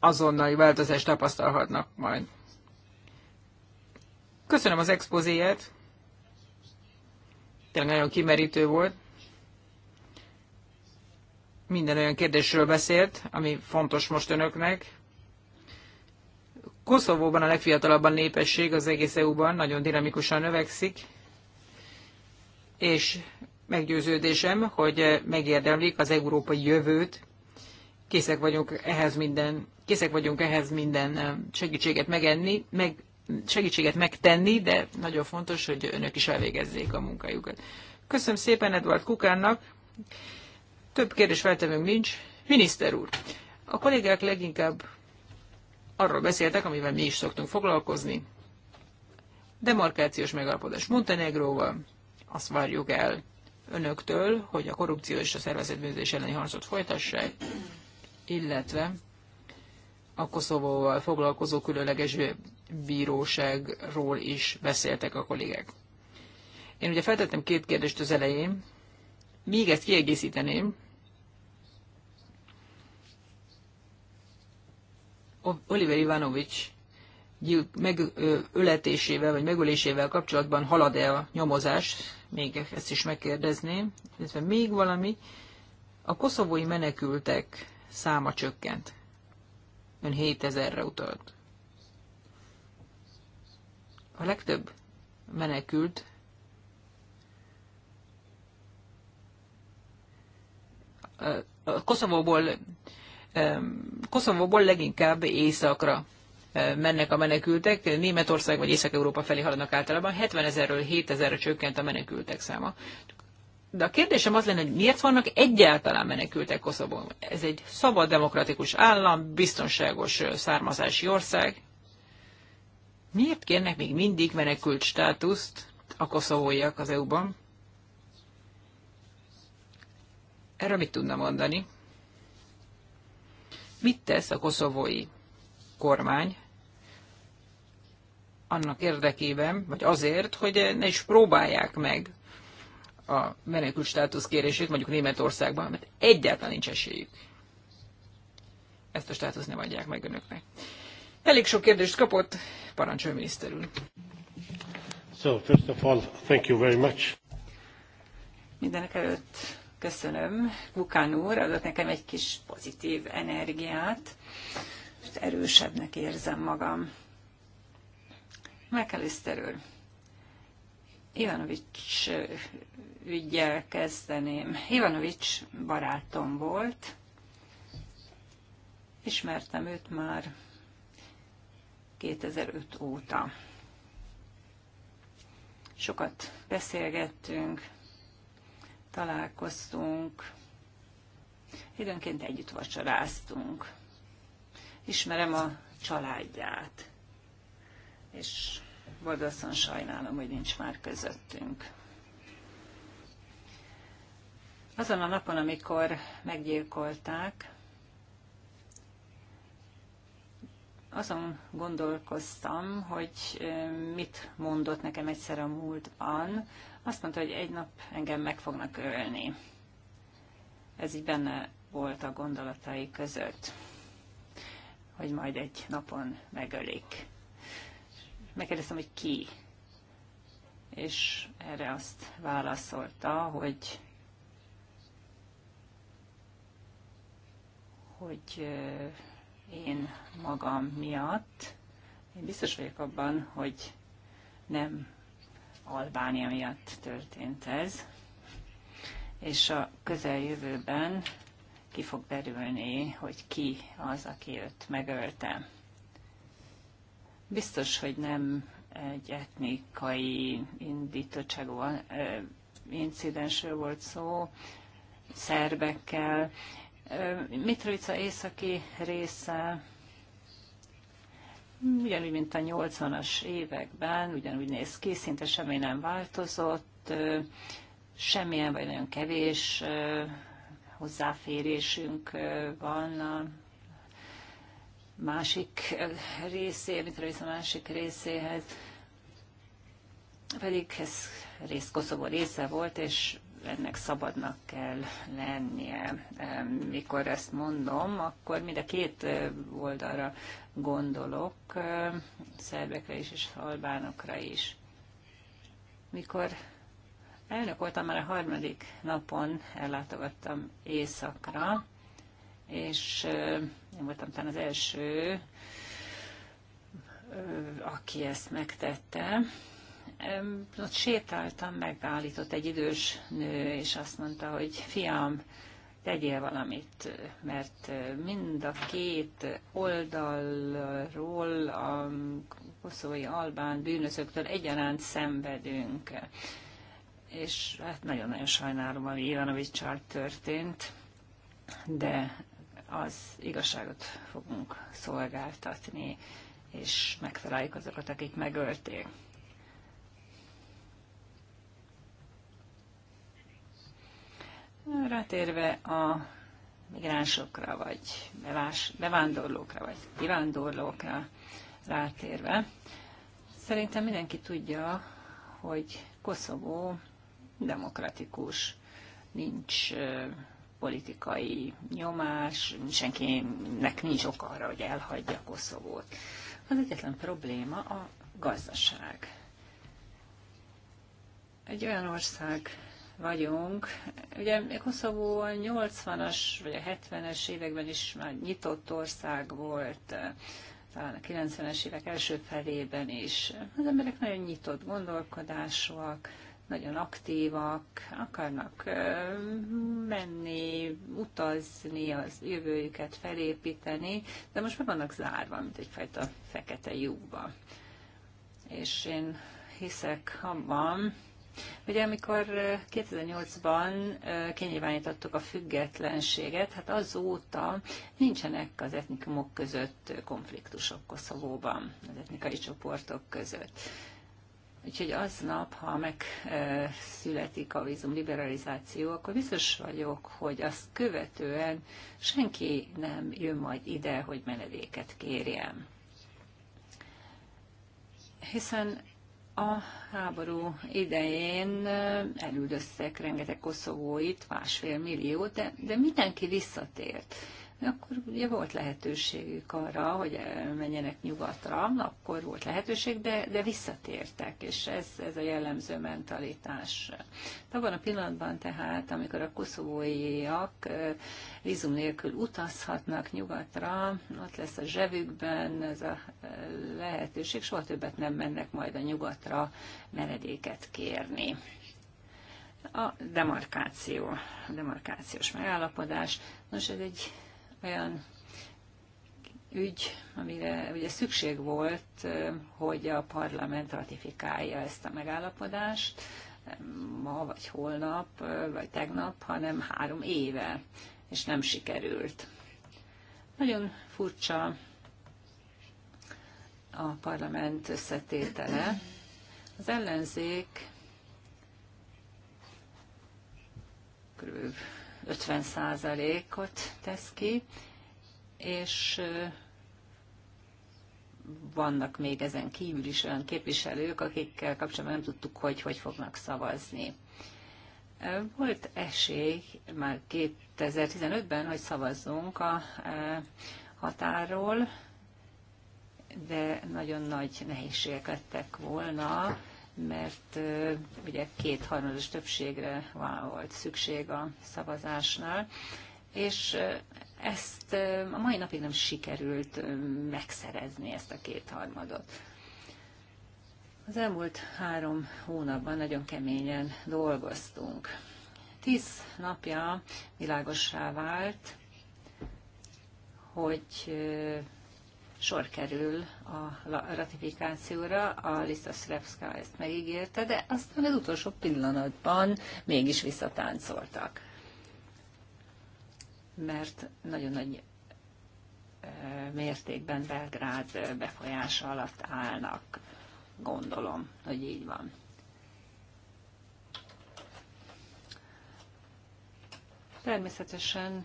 C: azonnali változást tapasztalhatnak majd. Köszönöm az expozéját. Tényleg nagyon kimerítő volt. Minden olyan kérdésről beszélt, ami fontos most önöknek. Koszovóban a legfiatalabb a népesség az egész EU-ban, nagyon dinamikusan növekszik, és meggyőződésem, hogy megérdemlik az európai jövőt. Készek vagyunk ehhez minden, készek vagyunk ehhez minden eh, segítséget megenni, meg, segítséget megtenni, de nagyon fontos, hogy önök is elvégezzék a munkájukat. Köszönöm szépen Edward Kukánnak. Több kérdés feltevünk nincs. Miniszter úr, a kollégák leginkább arról beszéltek, amivel mi is szoktunk foglalkozni. Demarkációs megállapodás Montenegróval, azt várjuk el önöktől, hogy a korrupció és a szervezetbűnözés elleni harcot folytassák, illetve a Koszovóval foglalkozó különleges bíróságról is beszéltek a kollégák. Én ugye feltettem két kérdést az elején, még ezt kiegészíteném, Oliver Ivanovics megöletésével vagy megölésével kapcsolatban halad-e a nyomozás? Még ezt is megkérdezném. Illetve még valami. A koszovói menekültek száma csökkent. Ön 7000-re utalt. A legtöbb menekült a Koszovóból Koszovóból leginkább északra mennek a menekültek, Németország vagy Észak-Európa felé haladnak általában, 70 ezerről 7 ezerre csökkent a menekültek száma. De a kérdésem az lenne, hogy miért vannak egyáltalán menekültek Koszovóban? Ez egy szabad, demokratikus állam, biztonságos származási ország. Miért kérnek még mindig menekült státuszt a koszovóiak az EU-ban? Erről mit tudna mondani? Mit tesz a koszovói kormány annak érdekében, vagy azért, hogy ne is próbálják meg a menekült státusz kérését mondjuk Németországban, mert egyáltalán nincs esélyük. Ezt a státuszt nem adják meg önöknek. Elég sok kérdést kapott, parancsolj miniszter úr.
B: So, first of all, thank you very much.
D: Mindenek előtt Köszönöm, Bukán úr, adott nekem egy kis pozitív energiát. Most erősebbnek érzem magam. McAllister úr, Ivanovics ügyjel kezdeném. Ivanovics barátom volt, ismertem őt már 2005 óta. Sokat beszélgettünk, találkoztunk, időnként együtt vacsoráztunk. Ismerem a családját, és borzasztóan sajnálom, hogy nincs már közöttünk. Azon a napon, amikor meggyilkolták, azon gondolkoztam, hogy mit mondott nekem egyszer a múltban, azt mondta, hogy egy nap engem meg fognak ölni. Ez így benne volt a gondolatai között, hogy majd egy napon megölik. Megkérdeztem, hogy ki, és erre azt válaszolta, hogy hogy én magam miatt, én biztos vagyok abban, hogy nem Albánia miatt történt ez, és a közeljövőben ki fog derülni, hogy ki az, aki őt megölte. Biztos, hogy nem egy etnikai indítottságú incidensről volt szó, szerbekkel. Mitrovica északi része ugyanúgy, mint a 80-as években, ugyanúgy néz ki, szinte semmi nem változott, semmilyen vagy nagyon kevés hozzáférésünk van a másik részé, mint a másik részéhez, pedig ez rész Koszovó része volt, és ennek szabadnak kell lennie. Mikor ezt mondom, akkor mind a két oldalra gondolok, szerbekre is és albánokra is. Mikor elnök voltam, már a harmadik napon ellátogattam éjszakra, és én voltam talán az első, aki ezt megtette, ott sétáltam, megállított egy idős nő, és azt mondta, hogy fiam, tegyél valamit, mert mind a két oldalról a koszovói albán bűnözöktől egyaránt szenvedünk. És hát nagyon-nagyon sajnálom, ami Ivanovicsal történt, de az igazságot fogunk szolgáltatni, és megtaláljuk azokat, akik megölték. Rátérve a migránsokra, vagy bevás, bevándorlókra, vagy kivándorlókra rátérve, szerintem mindenki tudja, hogy Koszovó demokratikus, nincs politikai nyomás, senkinek nincs oka arra, hogy elhagyja Koszovót. Az egyetlen probléma a gazdaság. Egy olyan ország vagyunk. Ugye Koszovó 80-as vagy a 70-es években is már nyitott ország volt, talán a 90-es évek első felében is. Az emberek nagyon nyitott gondolkodásúak, nagyon aktívak, akarnak menni, utazni, az jövőjüket felépíteni, de most meg vannak zárva, mint egyfajta fekete lyukba. És én hiszek abban, Ugye amikor 2008-ban kinyilvánítottuk a függetlenséget, hát azóta nincsenek az etnikumok között konfliktusok Koszovóban, az etnikai csoportok között. Úgyhogy aznap, ha megszületik a vízum liberalizáció, akkor biztos vagyok, hogy azt követően senki nem jön majd ide, hogy menedéket kérjen. Hiszen a háború idején elüldöztek rengeteg koszovóit, másfél millió, de, de mindenki visszatért akkor ugye volt lehetőségük arra, hogy menjenek nyugatra, akkor volt lehetőség, de, de visszatértek, és ez, ez a jellemző mentalitás. Abban a pillanatban tehát, amikor a koszovóiak vízum nélkül utazhatnak nyugatra, ott lesz a zsebükben ez a lehetőség, soha többet nem mennek majd a nyugatra menedéket kérni a demarkáció, a demarkációs megállapodás. Nos, ez egy olyan ügy, amire ugye szükség volt, hogy a parlament ratifikálja ezt a megállapodást, ma, vagy holnap, vagy tegnap, hanem három éve, és nem sikerült. Nagyon furcsa a parlament összetétele. Az ellenzék 50%-ot tesz ki, és vannak még ezen kívül is olyan képviselők, akikkel kapcsolatban nem tudtuk, hogy hogy fognak szavazni. Volt esély már 2015-ben, hogy szavazzunk a határól, de nagyon nagy nehézségek lettek volna mert ugye két harmados többségre volt szükség a szavazásnál, és ezt a mai napig nem sikerült megszerezni ezt a kétharmadot. Az elmúlt három hónapban nagyon keményen dolgoztunk. Tíz napja világossá vált, hogy sor kerül a ratifikációra, a Lisa Srebska ezt megígérte, de aztán az utolsó pillanatban mégis visszatáncoltak. Mert nagyon nagy mértékben Belgrád befolyása alatt állnak. Gondolom, hogy így van. Természetesen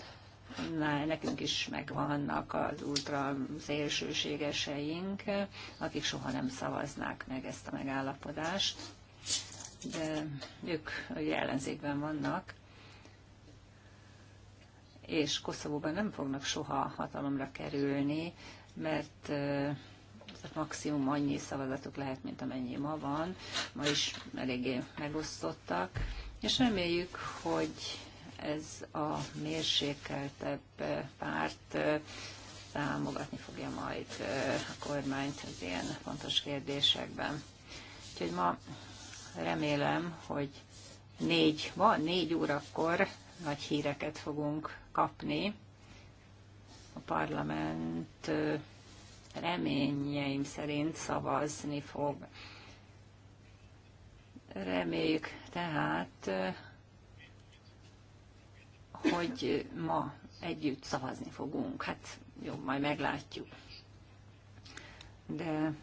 D: nekünk is megvannak az ultra szélsőségeseink, akik soha nem szavaznák meg ezt a megállapodást, de ők ugye ellenzékben vannak, és Koszovóban nem fognak soha hatalomra kerülni, mert maximum annyi szavazatuk lehet, mint amennyi ma van. Ma is eléggé megosztottak, és reméljük, hogy ez a mérsékeltebb párt támogatni fogja majd a kormányt az ilyen fontos kérdésekben. Úgyhogy ma remélem, hogy négy, ma négy órakor nagy híreket fogunk kapni. A parlament reményeim szerint szavazni fog. Reméljük tehát, hogy ma együtt szavazni fogunk. Hát jó, majd meglátjuk. De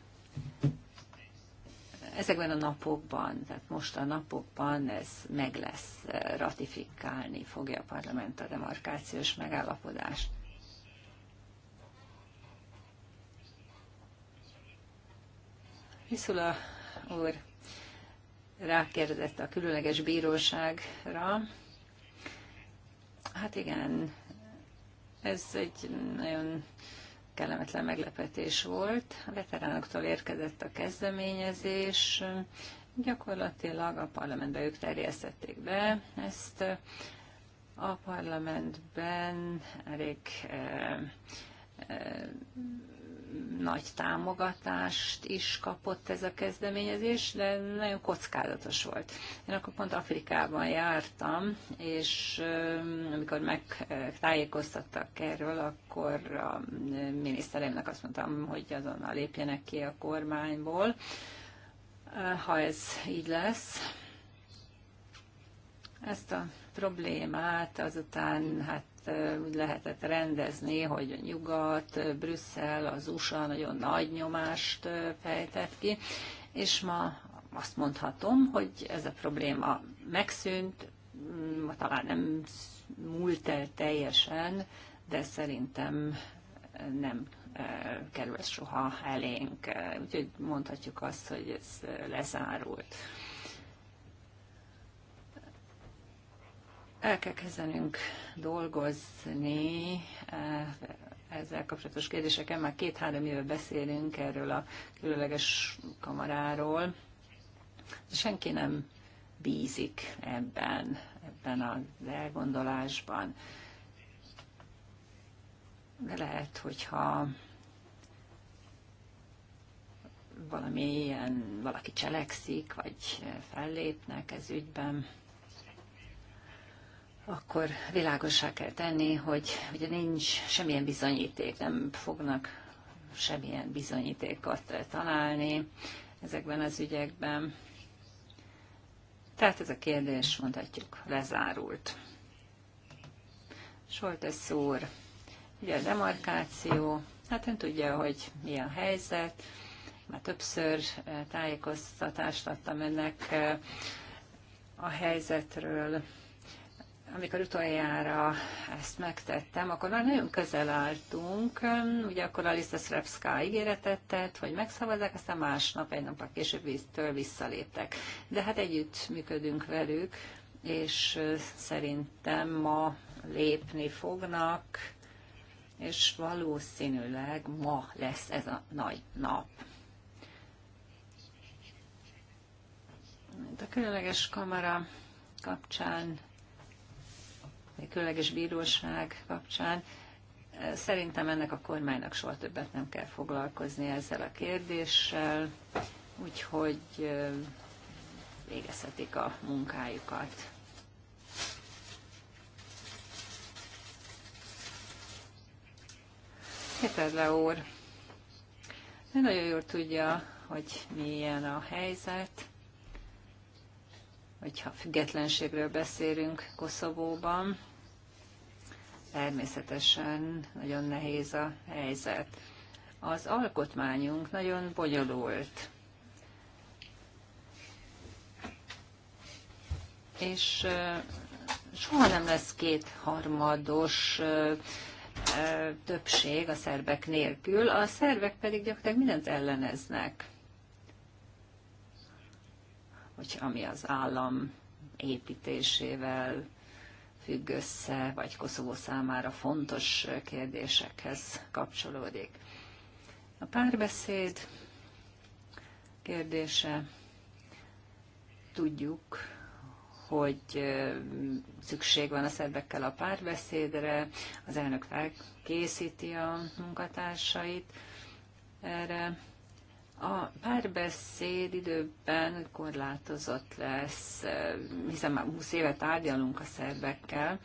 D: ezekben a napokban, tehát most a napokban ez meg lesz, ratifikálni fogja a parlament a demarkációs megállapodást. Viszula úr rákérdezett a különleges bíróságra, Hát igen, ez egy nagyon kellemetlen meglepetés volt. A veteránoktól érkezett a kezdeményezés, gyakorlatilag a parlamentbe ők terjesztették be ezt. A parlamentben elég eh, eh, nagy támogatást is kapott ez a kezdeményezés, de nagyon kockázatos volt. Én akkor pont Afrikában jártam, és amikor megtájékoztattak erről, akkor a miniszteremnek azt mondtam, hogy azonnal lépjenek ki a kormányból, ha ez így lesz. Ezt a problémát azután hát úgy lehetett rendezni, hogy a nyugat, Brüsszel, az USA nagyon nagy nyomást fejtett ki, és ma azt mondhatom, hogy ez a probléma megszűnt, talán nem múlt el teljesen, de szerintem nem kerül soha elénk. Úgyhogy mondhatjuk azt, hogy ez lezárult. El kell kezdenünk dolgozni eh, ezzel kapcsolatos kérdéseken. Már két-három éve beszélünk erről a különleges kamaráról. Senki nem bízik ebben, ebben az elgondolásban. De lehet, hogyha valami ilyen, valaki cselekszik, vagy fellépnek ez ügyben, akkor világosá kell tenni, hogy ugye nincs semmilyen bizonyíték, nem fognak semmilyen bizonyítékot találni ezekben az ügyekben. Tehát ez a kérdés, mondhatjuk, lezárult. Soltesz úr, ugye a demarkáció, hát ön tudja, hogy mi a helyzet, már többször eh, tájékoztatást adtam ennek eh, a helyzetről, amikor utoljára ezt megtettem, akkor már nagyon közel álltunk. Ugye akkor a Lisa Srepska ígéretet tett, hogy megszavazzák, aztán másnap, egy a később visszaléptek. De hát együtt működünk velük, és szerintem ma lépni fognak, és valószínűleg ma lesz ez a nagy nap. A különleges kamera kapcsán különleges bíróság kapcsán. Szerintem ennek a kormánynak soha többet nem kell foglalkozni ezzel a kérdéssel, úgyhogy végezhetik a munkájukat. Hétedle úr, ő nagyon jól tudja, hogy milyen a helyzet, hogyha függetlenségről beszélünk Koszovóban, természetesen nagyon nehéz a helyzet. Az alkotmányunk nagyon bonyolult. És soha nem lesz kétharmados többség a szerbek nélkül, a szervek pedig gyakorlatilag mindent elleneznek, hogy ami az állam építésével, függ össze, vagy Koszovó számára fontos kérdésekhez kapcsolódik. A párbeszéd kérdése. Tudjuk, hogy szükség van a szerbekkel a párbeszédre, az elnök felkészíti a munkatársait erre, a párbeszéd időben korlátozott lesz, hiszen már 20 éve tárgyalunk a szerbekkel,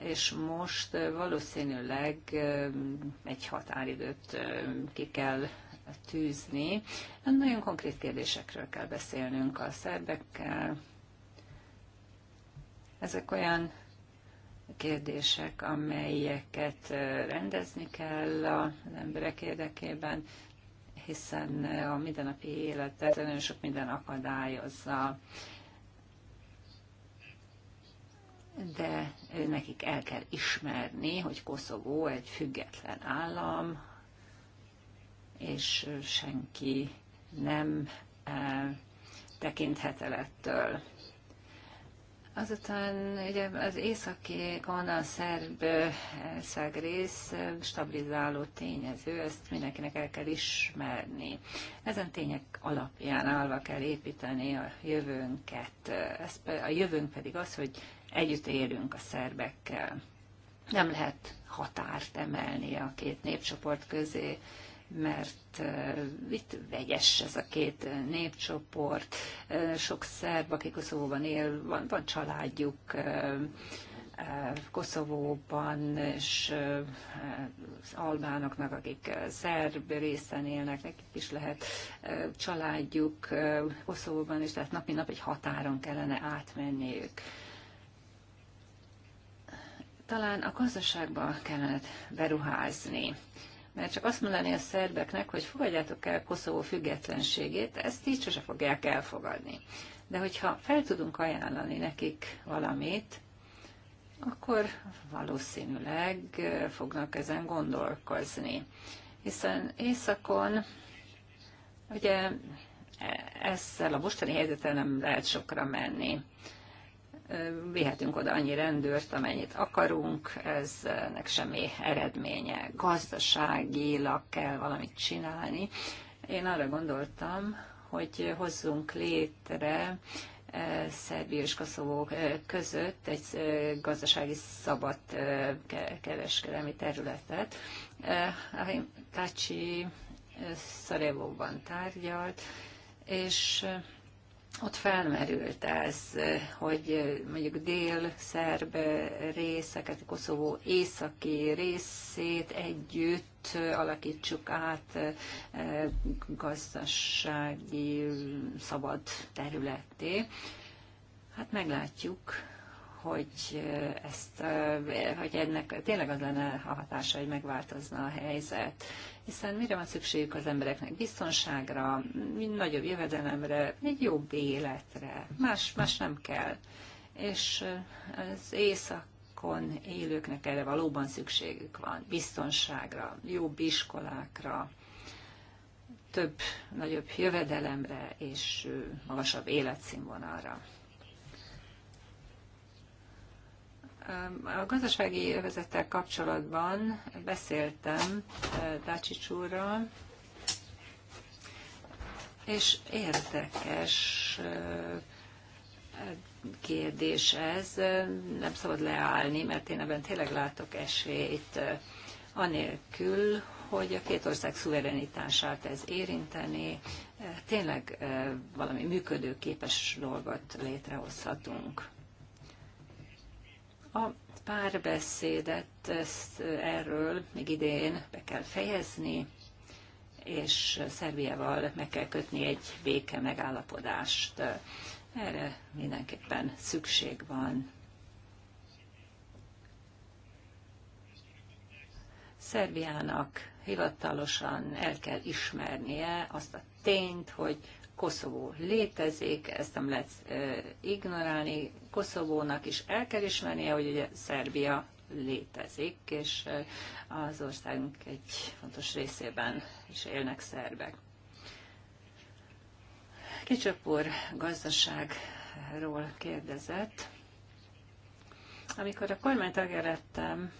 D: és most valószínűleg egy határidőt ki kell tűzni. Nagyon konkrét kérdésekről kell beszélnünk a szerbekkel. Ezek olyan kérdések, amelyeket rendezni kell az emberek érdekében, hiszen a mindennapi életet nagyon sok minden akadályozza. De nekik el kell ismerni, hogy Koszovó egy független állam, és senki nem eh, tekinthetelettől. ettől. Azután ugye az északi a szerb szegrész stabilizáló tényező, ezt mindenkinek el kell ismerni. Ezen tények alapján állva kell építeni a jövőnket. Ez, a jövőnk pedig az, hogy együtt élünk a szerbekkel. Nem lehet határt emelni a két népcsoport közé mert itt vegyes ez a két népcsoport, sok szerb, akik Koszovóban él, van, van családjuk, Koszovóban, és az albánoknak, akik szerb részen élnek, nekik is lehet családjuk Koszovóban, és tehát napi nap egy határon kellene átmenniük. Talán a gazdaságba kellene beruházni mert csak azt mondani a szerbeknek, hogy fogadjátok el Koszovó függetlenségét, ezt így sose fogják elfogadni. De hogyha fel tudunk ajánlani nekik valamit, akkor valószínűleg fognak ezen gondolkozni. Hiszen északon, ugye e- ezzel a mostani helyzetel nem lehet sokra menni vihetünk oda annyi rendőrt, amennyit akarunk, ez ennek semmi eredménye. Gazdaságilag kell valamit csinálni. Én arra gondoltam, hogy hozzunk létre eh, Szerbia és Kaszovó eh, között egy eh, gazdasági szabad kereskedelmi területet. Tácsi Szarevóban tárgyalt, és ott felmerült ez, hogy eh, mondjuk dél-szerb részeket, Koszovó északi részét együtt alakítsuk át eh, gazdasági szabad területé. Hát meglátjuk, hogy, eh, ezt, eh, hogy ennek tényleg az lenne a hatása, hogy megváltozna a helyzet. Hiszen mire van szükségük az embereknek? Biztonságra, nagyobb jövedelemre, egy jobb életre. Más, más nem kell. És eh, az észak élőknek erre valóban szükségük van. Biztonságra, jobb iskolákra, több, nagyobb jövedelemre és magasabb életszínvonalra. A gazdasági övezettel kapcsolatban beszéltem eh, Dácsics úrral, és érdekes eh, kérdés ez. Nem szabad leállni, mert én ebben tényleg látok esélyt, anélkül, hogy a két ország szuverenitását ez érinteni, eh, tényleg valami működőképes dolgot létrehozhatunk. A párbeszédet ezt, erről még idén be kell fejezni, és Szerbiával meg kell kötni egy béke megállapodást. Erre mindenképpen szükség van. Szerbiának hivatalosan el kell ismernie azt a tényt, hogy Koszovó létezik, ezt nem lehet ignorálni. Koszovónak is el kell ismernie, hogy ugye Szerbia létezik, és az országunk egy fontos részében is élnek szerbek. Kicsöp úr gazdaságról kérdezett. Amikor a kormányt lettem,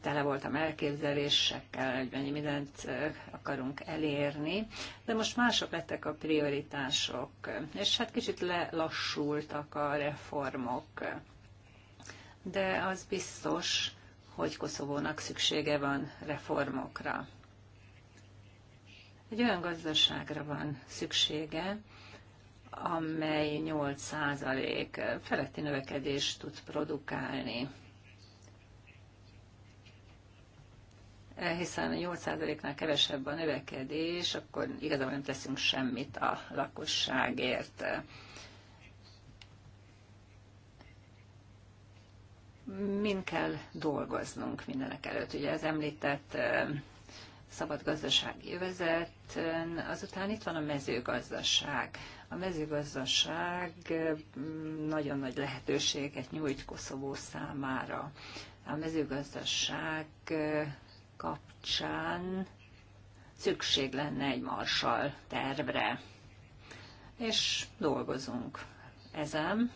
D: tele voltam elképzelésekkel, hogy mennyi mindent akarunk elérni, de most mások lettek a prioritások, és hát kicsit lelassultak a reformok. De az biztos, hogy Koszovónak szüksége van reformokra. Egy olyan gazdaságra van szüksége, amely 8% feletti növekedést tud produkálni hiszen 8%-nál kevesebb a növekedés, akkor igazából nem teszünk semmit a lakosságért. Min kell dolgoznunk mindenek előtt? Ugye az említett szabad gazdasági övezet, azután itt van a mezőgazdaság. A mezőgazdaság nagyon nagy lehetőséget nyújt Koszovó számára. A mezőgazdaság kapcsán szükség lenne egy marsal tervre. És dolgozunk ezen.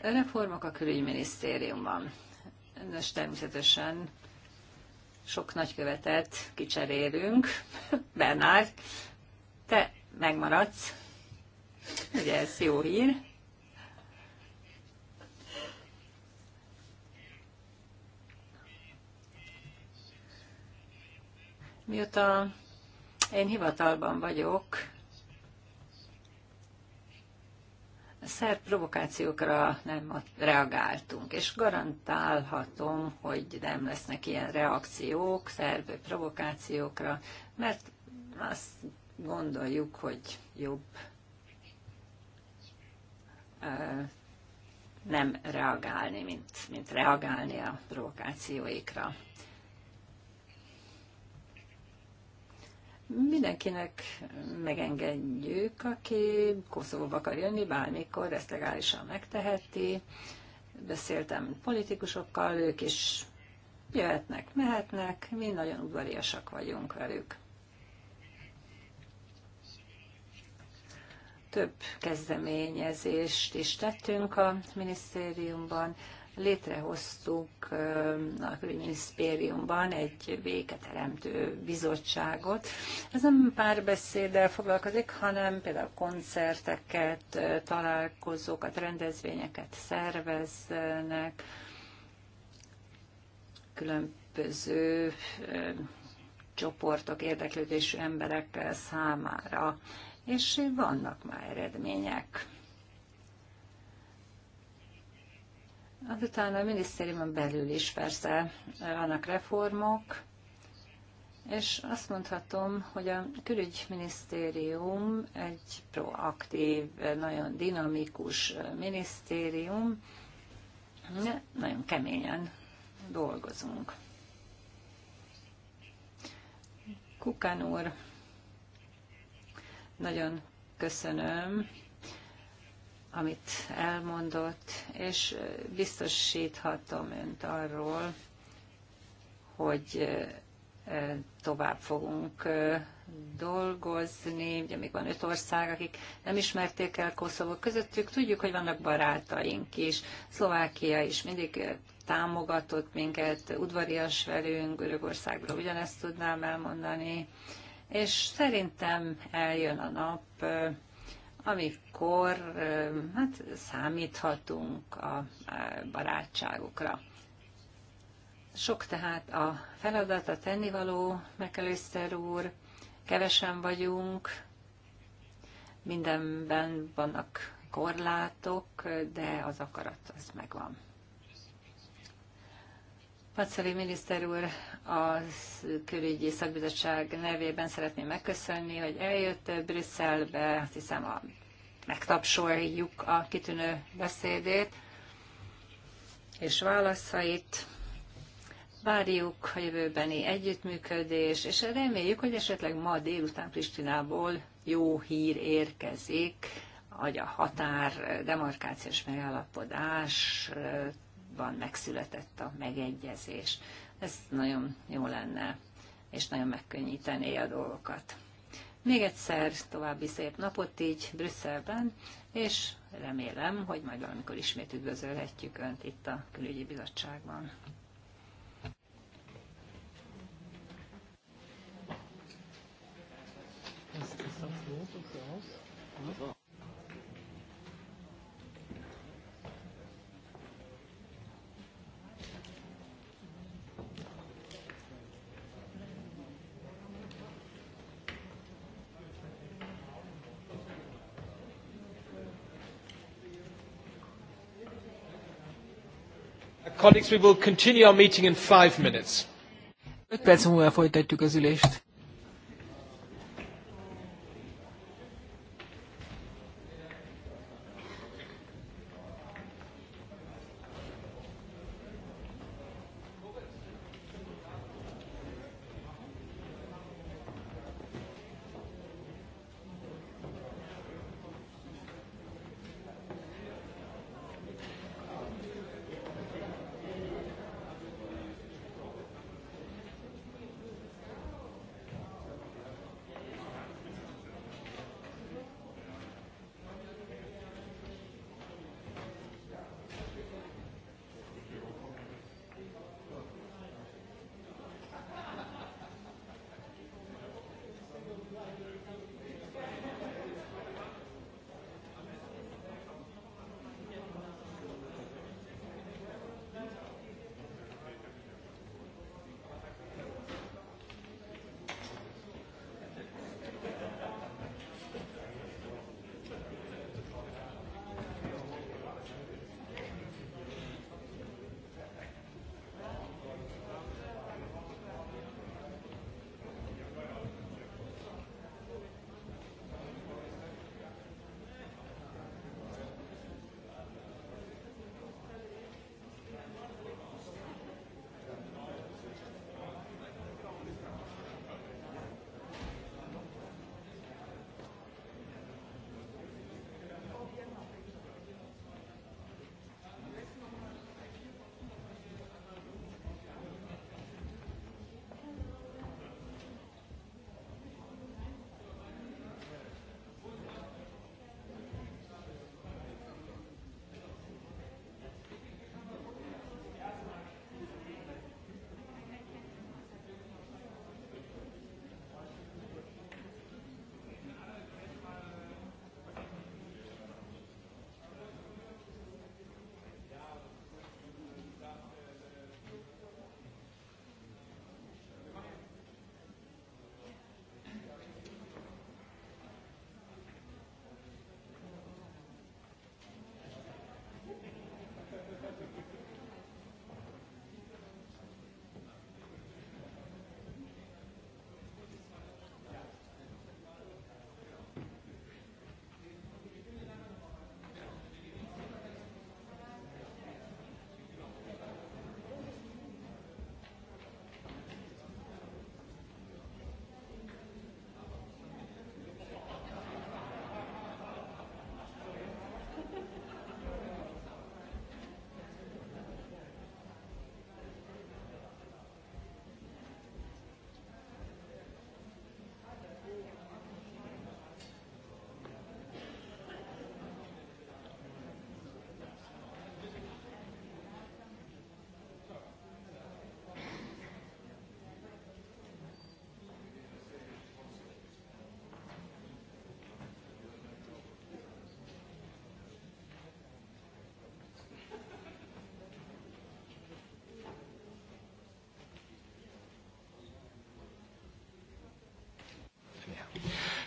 D: Reformok a külügyminisztériumban. Nos, természetesen sok nagykövetet kicserélünk. Bernár, te megmaradsz. Ugye ez jó hír. Mióta én hivatalban vagyok, szerb provokációkra nem reagáltunk, és garantálhatom, hogy nem lesznek ilyen reakciók szerb provokációkra, mert azt gondoljuk, hogy jobb nem reagálni, mint, mint reagálni a provokációikra. mindenkinek megengedjük, aki Koszovóba akar jönni, bármikor ezt legálisan megteheti. Beszéltem politikusokkal, ők is jöhetnek, mehetnek, mi nagyon udvariasak vagyunk velük. Több kezdeményezést is tettünk a minisztériumban, létrehoztuk a külügyminisztériumban egy béketeremtő bizottságot. Ez nem párbeszéddel foglalkozik, hanem például koncerteket, találkozókat, rendezvényeket szerveznek, különböző csoportok, érdeklődésű emberek számára, és vannak már eredmények. Azután hát a minisztériumon belül is persze vannak reformok, és azt mondhatom, hogy a külügyminisztérium egy proaktív, nagyon dinamikus minisztérium, nagyon keményen dolgozunk. Kukán úr, nagyon köszönöm amit elmondott, és biztosíthatom önt arról, hogy tovább fogunk dolgozni, ugye még van öt ország, akik nem ismerték el Koszovó közöttük, tudjuk, hogy vannak barátaink is. Szlovákia is mindig támogatott minket, udvarias velünk, Görögországról ugyanezt tudnám elmondani, és szerintem eljön a nap, amikor hát, számíthatunk a barátságukra. Sok tehát a feladat, a tennivaló, Mekelőszer úr, kevesen vagyunk, mindenben vannak korlátok, de az akarat az megvan. Paceli miniszter úr, a külügyi szakbizottság nevében szeretném megköszönni, hogy eljött Brüsszelbe, azt hiszem a, megtapsoljuk a kitűnő beszédét és válaszait. Várjuk a jövőbeni együttműködés, és reméljük, hogy esetleg ma délután Pristinából jó hír érkezik, hogy a határ demarkációs megállapodás ban megszületett a megegyezés. Ez nagyon jó lenne, és nagyon megkönnyítené a dolgokat. Még egyszer további szép napot így Brüsszelben, és remélem, hogy majd valamikor ismét üdvözölhetjük Önt itt a Külügyi Bizottságban.
B: Ist das so? Colleagues, we will continue our meeting five minutes.
C: 5 perc múlva folytatjuk az ülést.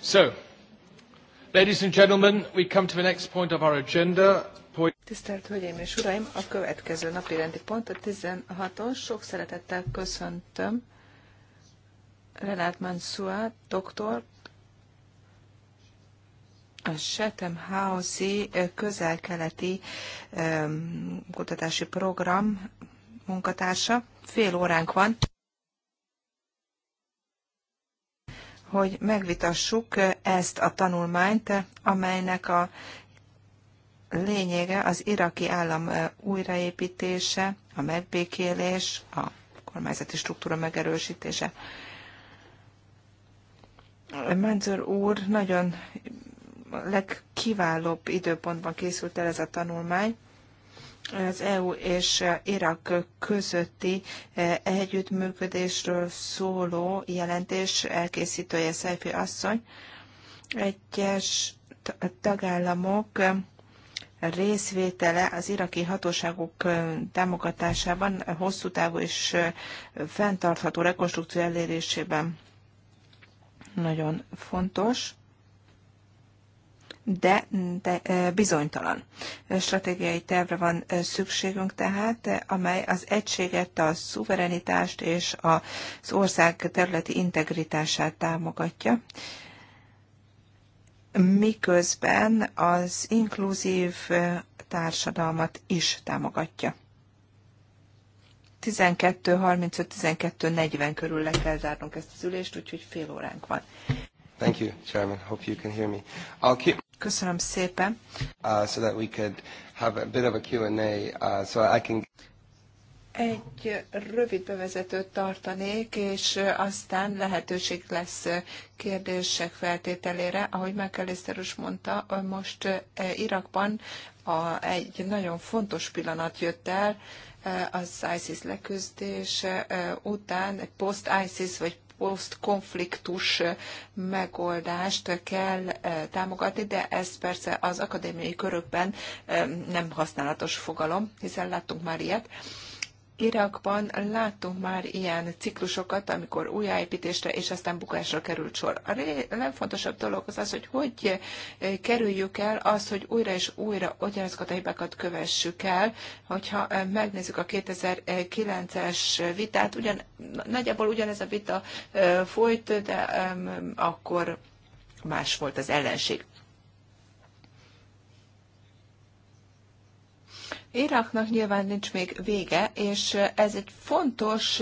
B: So, ladies and gentlemen, we come to the next point of our agenda. Point...
A: Tisztelt Hölgyeim és Uraim, a következő napi rendi pont a 16-os. Sok szeretettel köszöntöm Renát Mansua, doktor, a Shetem House-i közel-keleti um, kutatási program munkatársa. Fél óránk van. hogy megvitassuk ezt a tanulmányt, amelynek a lényege az iraki állam újraépítése, a megbékélés, a kormányzati struktúra megerősítése. Mentor úr nagyon legkiválóbb időpontban készült el ez a tanulmány, az EU és Irak közötti e, együttműködésről szóló jelentés elkészítője Szefi asszony. Egyes tagállamok részvétele az iraki hatóságok e, támogatásában, hosszú távú és e, fenntartható rekonstrukció elérésében nagyon fontos de, de bizonytalan stratégiai tervre van szükségünk tehát, amely az egységet, a szuverenitást és az ország területi integritását támogatja miközben az inkluzív társadalmat is támogatja. 12.35-12.40 körül le kell zárnunk ezt az ülést, úgyhogy fél óránk van. Thank you, Chairman. Hope you can hear me. I'll keep... Köszönöm szépen. Uh, so that we could have a bit of a Q&A, uh, so I can... Egy rövid bevezetőt tartanék, és aztán lehetőség lesz kérdések feltételére. Ahogy McAllister is mondta, most eh, Irakban a, egy nagyon fontos pillanat jött el, eh, az ISIS leküzdése eh, után, egy post-ISIS vagy posztkonfliktus megoldást kell eh, támogatni, de ez persze az akadémiai körökben eh, nem használatos fogalom, hiszen láttunk már ilyet. Irakban láttunk már ilyen ciklusokat, amikor újjáépítésre és aztán bukásra került sor. A legfontosabb dolog az az, hogy hogy eh, kerüljük el azt, hogy újra és újra ugyanazokat a hibákat kövessük el, hogyha eh, megnézzük a 2009-es vitát, ugyan, nagyjából ugyanez a vita eh, folyt, de akkor más volt az ellenség. Iraknak nyilván nincs még vége, és ez egy fontos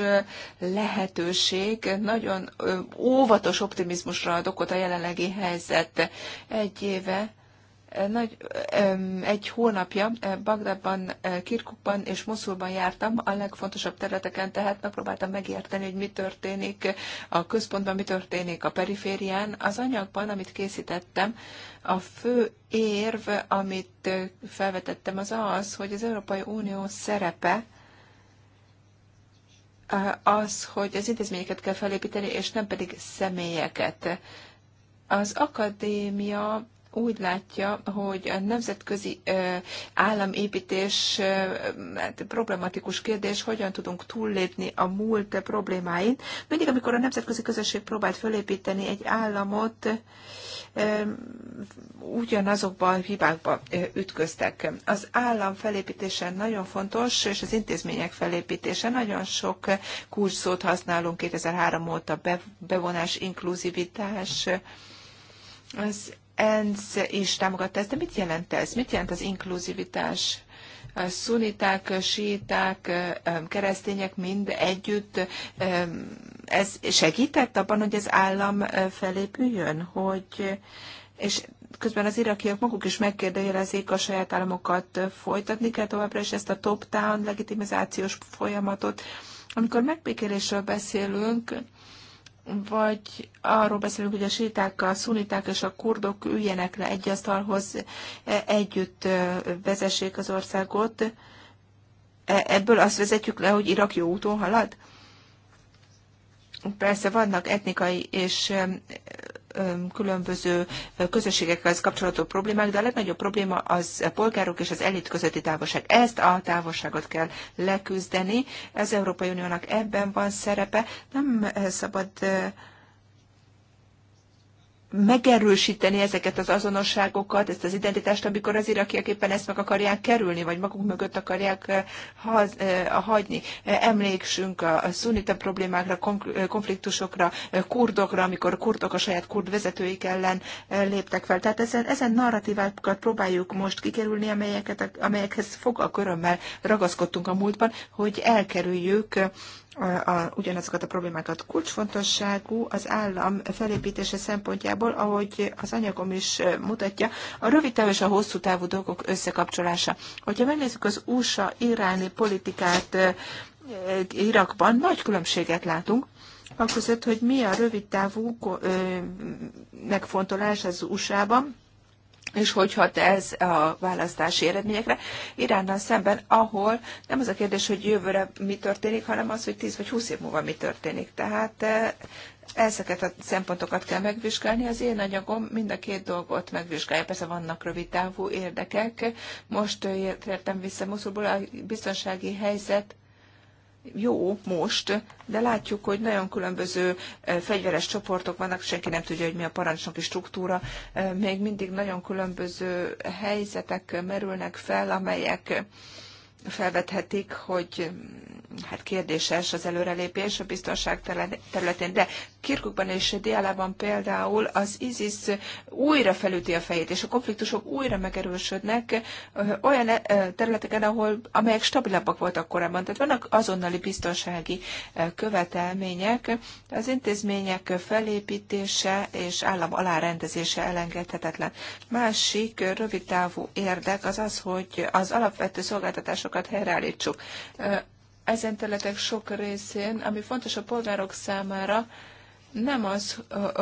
A: lehetőség, nagyon óvatos optimizmusra ad okot a jelenlegi helyzet. Egy éve nagy, egy hónapja eh, Bagdadban, eh, Kirkukban és Moszulban jártam, a legfontosabb területeken, tehát megpróbáltam megérteni, hogy mi történik a központban, mi történik a periférián. Az anyagban, amit készítettem, a fő érv, amit eh, felvetettem, az az, hogy az Európai Unió szerepe, az, hogy az intézményeket kell felépíteni, és nem pedig személyeket. Az akadémia úgy látja, hogy a nemzetközi államépítés hát problematikus kérdés, hogyan tudunk túllépni a múlt problémáin. Mindig, amikor a nemzetközi közösség próbált fölépíteni egy államot, ugyanazokban a hibákba ütköztek. Az állam felépítése nagyon fontos, és az intézmények felépítése. Nagyon sok kurszót használunk 2003 óta, bevonás, inkluzivitás, az ENSZ is támogatta ezt, de mit jelent ez? Mit jelent az inkluzivitás? szuniták, síták, keresztények mind együtt, ez segített abban, hogy az állam felépüljön, hogy és közben az irakiak maguk is megkérdőjelezik a saját államokat, folytatni kell továbbra és ezt a top-down legitimizációs folyamatot. Amikor megbékélésről beszélünk, vagy arról beszélünk, hogy a séták, a szuniták és a kurdok üljenek le egy asztalhoz, e, együtt vezessék az országot. E, ebből azt vezetjük le, hogy Irak jó úton halad? Persze vannak etnikai és különböző közösségekkel kapcsolatos problémák, de a legnagyobb probléma az a polgárok és az elit közötti távolság. Ezt a távolságot kell leküzdeni. Az Európai Uniónak ebben van szerepe. Nem szabad megerősíteni ezeket az azonosságokat, ezt az identitást, amikor az irakiak éppen ezt meg akarják kerülni, vagy maguk mögött akarják eh, haz, eh, hagyni. Eh, emléksünk a szunita problémákra, konfliktusokra, kurdokra, amikor a kurdok a saját kurd vezetőik ellen léptek fel. Tehát ezen, ezen narratívákat próbáljuk most kikerülni, amelyeket, amelyekhez fog a körömmel ragaszkodtunk a múltban, hogy elkerüljük a, a, ugyanazokat a problémákat. Kulcsfontosságú az állam felépítése szempontjából, ahogy az anyagom is mutatja, a rövid és a hosszú távú dolgok összekapcsolása. Hogyha megnézzük az USA-iráni politikát Irakban, nagy különbséget látunk, aközött, hogy mi a rövid távú megfontolás az USA-ban, és hogy hat ez a választási eredményekre Iránnal szemben, ahol nem az a kérdés, hogy jövőre mi történik, hanem az, hogy 10 vagy 20 év múlva mi történik. Tehát eh, ezeket a szempontokat kell megvizsgálni. Az én anyagom mind a két dolgot megvizsgálja. Persze vannak rövid távú érdekek. Most eh, értem vissza Muszulból a biztonsági helyzet jó most, de látjuk, hogy nagyon különböző fegyveres csoportok vannak, senki nem tudja, hogy mi a parancsnoki struktúra. Még mindig nagyon különböző helyzetek merülnek fel, amelyek felvethetik, hogy hát kérdéses az előrelépés a biztonság területén, de Kirkukban és Dialában például az ISIS újra felüti a fejét, és a konfliktusok újra megerősödnek olyan területeken, ahol, amelyek stabilabbak voltak korábban. Tehát vannak azonnali biztonsági követelmények, az intézmények felépítése és állam alárendezése elengedhetetlen. Másik rövidtávú érdek az az, hogy az alapvető szolgáltatások kapcsolatokat helyreállítsuk. Ezen területek sok részén, ami fontos a polgárok számára, nem az,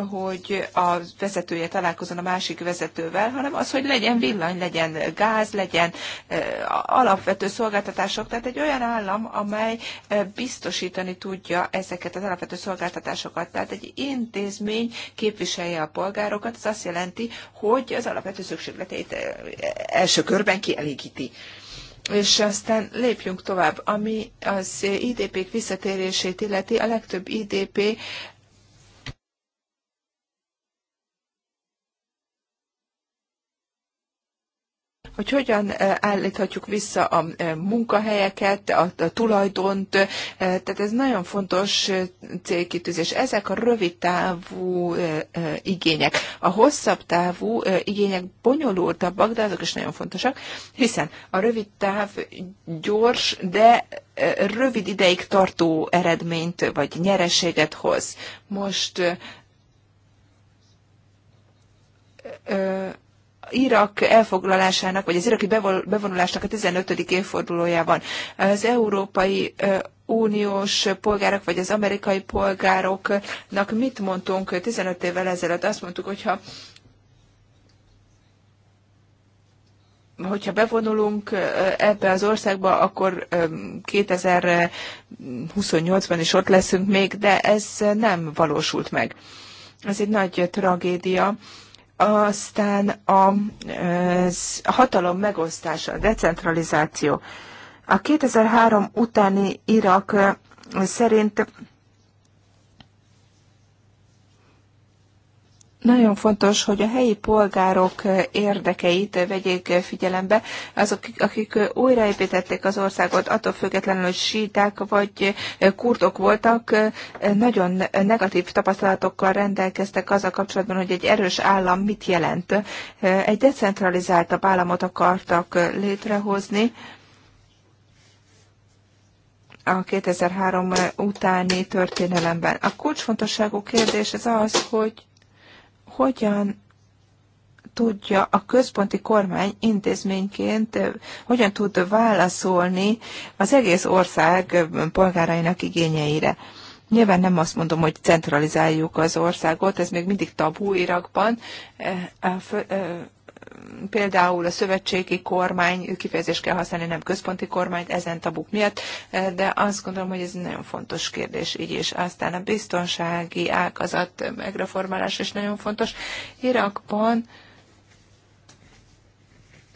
A: hogy a vezetője találkozon a másik vezetővel, hanem az, hogy legyen villany, legyen gáz, legyen alapvető szolgáltatások. Tehát egy olyan állam, amely biztosítani tudja ezeket az alapvető szolgáltatásokat. Tehát egy intézmény képviselje a polgárokat, ez azt jelenti, hogy az alapvető szükségleteit első körben kielégíti és aztán lépjünk tovább. Ami az idp k visszatérését illeti, a legtöbb IDP hogy hogyan eh, állíthatjuk vissza a eh, munkahelyeket, a tulajdont, eh, tehát ez nagyon fontos célkitűzés. Ezek a rövid távú igények. A hosszabb távú igények bonyolultabbak, de azok is nagyon fontosak, hiszen a rövid táv gyors, de rövid ideig tartó eredményt vagy nyereséget hoz. Most Irak elfoglalásának, vagy az iraki bevonulásnak a 15. évfordulójában az Európai Uniós polgárok, vagy az amerikai polgároknak mit mondtunk 15 évvel ezelőtt? Azt mondtuk, hogyha hogyha bevonulunk ebbe az országba, akkor 2028-ban is ott leszünk még, de ez nem valósult meg. Ez egy nagy tragédia aztán a, a hatalom megosztása, a decentralizáció. A 2003 utáni Irak szerint Nagyon fontos, hogy a helyi polgárok érdekeit vegyék figyelembe. Azok, akik újraépítették az országot, attól függetlenül, hogy síták vagy kurtok voltak, nagyon negatív tapasztalatokkal rendelkeztek az a kapcsolatban, hogy egy erős állam mit jelent. Egy decentralizáltabb államot akartak létrehozni a 2003 utáni történelemben. A kulcsfontosságú kérdés az az, hogy hogyan tudja a központi kormány intézményként, hogyan tud válaszolni az egész ország polgárainak igényeire. Nyilván nem azt mondom, hogy centralizáljuk az országot, ez még mindig tabú Irakban, például a szövetségi kormány, kifejezést kell használni, nem központi kormányt ezen tabuk miatt, eh, de azt gondolom, hogy ez nagyon fontos kérdés így is. Aztán a biztonsági ágazat megreformálása is nagyon fontos. Irakban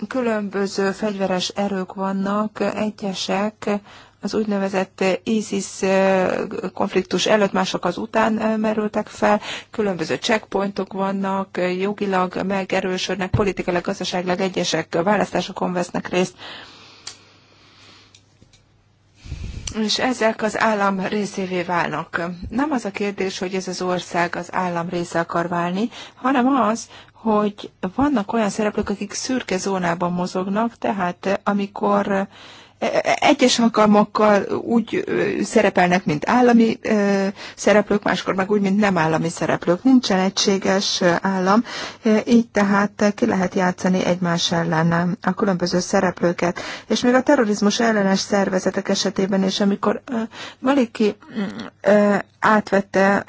A: különböző fegyveres erők vannak, egyesek az úgynevezett ISIS konfliktus előtt, mások az után merültek fel, különböző checkpointok vannak, jogilag megerősödnek, politikailag, gazdaságilag egyesek választásokon vesznek részt. És ezek az állam részévé válnak. Nem az a kérdés, hogy ez az ország az állam része akar válni, hanem az, hogy vannak olyan szereplők, akik szürke zónában mozognak, tehát amikor egyes alkalmakkal úgy szerepelnek, mint állami szereplők, máskor meg úgy, mint nem állami szereplők. Nincsen egységes állam, így tehát ki lehet játszani egymás ellen a különböző szereplőket. És még a terrorizmus ellenes szervezetek esetében is, amikor Maliki mm, átvette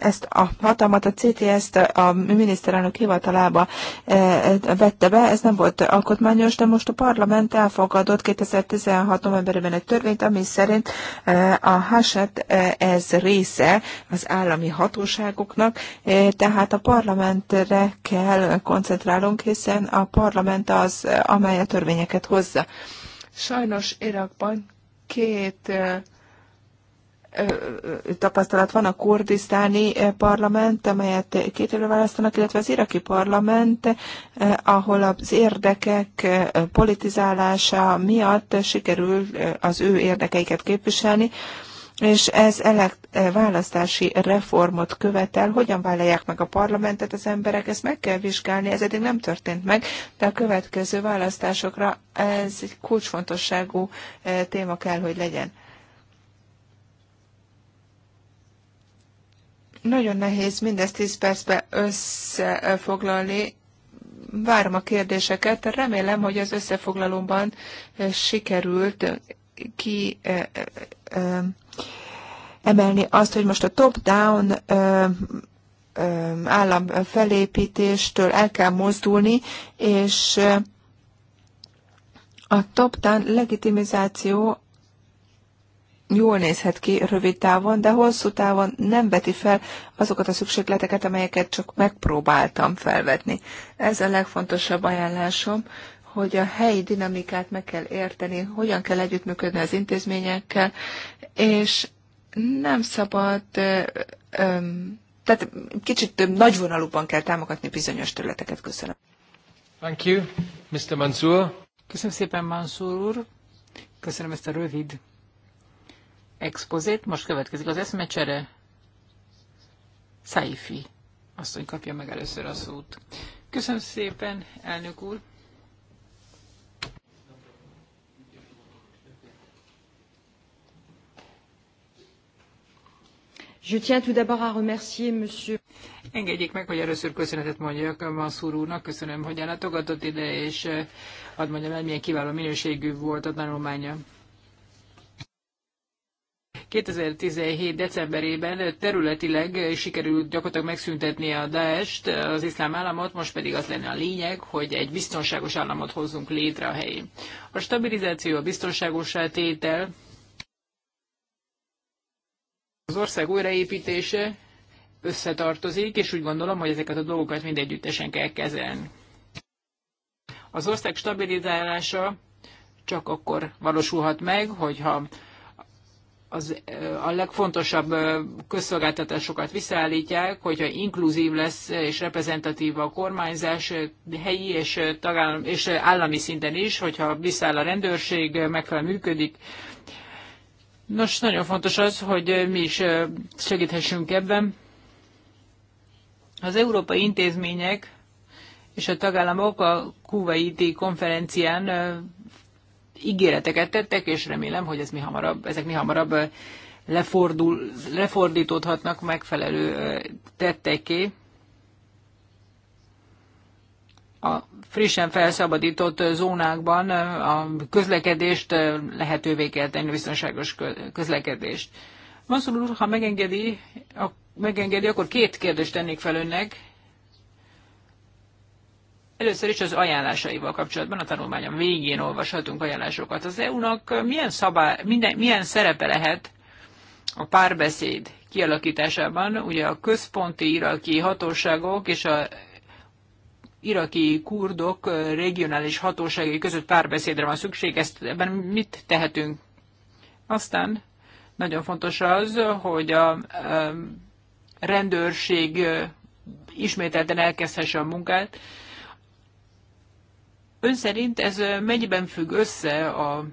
A: ezt a hatalmat, a CTS-t a miniszterelnök hivatalába e, e, vette be, ez nem volt alkotmányos, de most a parlament elfogadott 2016. novemberében egy törvényt, ami szerint e, a HASET ez része az állami hatóságoknak, tehát a parlamentre kell koncentrálunk, hiszen a parlament az, amely a törvényeket hozza. Sajnos Irakban két tapasztalat van a kurdisztáni parlament, amelyet két évre választanak, illetve az iraki parlament, ahol az érdekek politizálása miatt sikerül az ő érdekeiket képviselni, és ez elekt- választási reformot követel. Hogyan vállalják meg a parlamentet az emberek? Ezt meg kell vizsgálni, ez eddig nem történt meg, de a következő választásokra ez egy kulcsfontosságú téma kell, hogy legyen. Nagyon nehéz mindezt 10 percbe összefoglalni. Várom a kérdéseket, remélem, hogy az összefoglalomban sikerült ki emelni azt, hogy most a top-down állam felépítéstől el kell mozdulni, és a top-down legitimizáció jól nézhet ki rövid távon, de hosszú távon nem veti fel azokat a szükségleteket, amelyeket csak megpróbáltam felvetni. Ez a legfontosabb ajánlásom, hogy a helyi dinamikát meg kell érteni, hogyan kell együttműködni az intézményekkel, és nem szabad, tehát kicsit több nagyvonalúban kell támogatni bizonyos területeket. Köszönöm.
C: Thank you, Mr. Mansour. Köszönöm szépen, Mansour úr. Köszönöm ezt a rövid expozét, most következik az eszmecsere. Saifi asszony kapja meg először a szót. Köszönöm szépen, elnök úr!
A: Je tiens tout d'abord à remercier monsieur
C: Engedjék meg, hogy először köszönetet mondjak a Mansur úrnak. Köszönöm, hogy ellátogatott ide, és eh, hadd mondjam el, milyen kiváló minőségű volt a tanulmánya. 2017. decemberében területileg sikerült gyakorlatilag megszüntetni a Daest, az iszlám államot, most pedig az lenne a lényeg, hogy egy biztonságos államot hozzunk létre a helyén. A stabilizáció, a biztonságosá tétel, az ország újraépítése összetartozik, és úgy gondolom, hogy ezeket a dolgokat mindegyüttesen kell kezelni. Az ország stabilizálása csak akkor valósulhat meg, hogyha az, a legfontosabb közszolgáltatásokat visszaállítják, hogyha inkluzív lesz és reprezentatív a kormányzás helyi és, tagállam, és állami szinten is, hogyha visszaáll a rendőrség, megfelelően működik. Nos, nagyon fontos az, hogy mi is segíthessünk ebben. Az európai intézmények és a tagállamok a Kuwaiti konferencián ígéreteket tettek, és remélem, hogy ez mi hamarabb, ezek mi hamarabb lefordul, lefordítódhatnak megfelelő tetteké. A frissen felszabadított zónákban a közlekedést lehetővé kell tenni, biztonságos közlekedést. Mansur úr, ha megengedi, a, megengedi, akkor két kérdést tennék fel önnek. Először is az ajánlásaival kapcsolatban a tanulmányom végén olvashatunk ajánlásokat. Az EU-nak milyen, szabály, minden, milyen szerepe lehet a párbeszéd kialakításában? Ugye a központi iraki hatóságok és a iraki kurdok regionális hatóságai között párbeszédre van szükség, ezt ebben mit tehetünk? Aztán nagyon fontos az, hogy a rendőrség ismételten elkezdhesse a munkát, Ön szerint ez mennyiben függ össze a,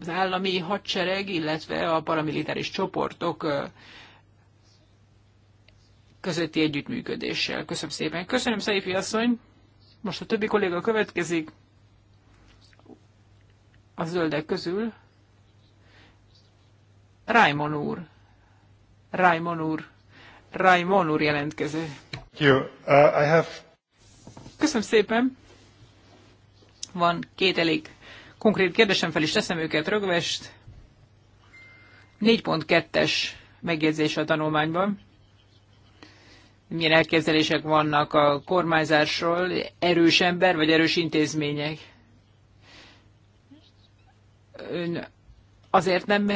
C: az állami hadsereg, illetve a paramilitáris csoportok közötti együttműködéssel? Köszönöm szépen. Köszönöm, Szeifi asszony. Most a többi kolléga következik a zöldek közül. Raimon úr. Raimon úr. Raimon úr jelentkező.
B: Uh, Köszönöm
C: szépen. Van két elég konkrét kérdésem fel is teszem őket rögvest. 4.2-es megjegyzés a tanulmányban. Milyen elképzelések vannak a kormányzásról, erős ember vagy erős intézmények? Ön azért nem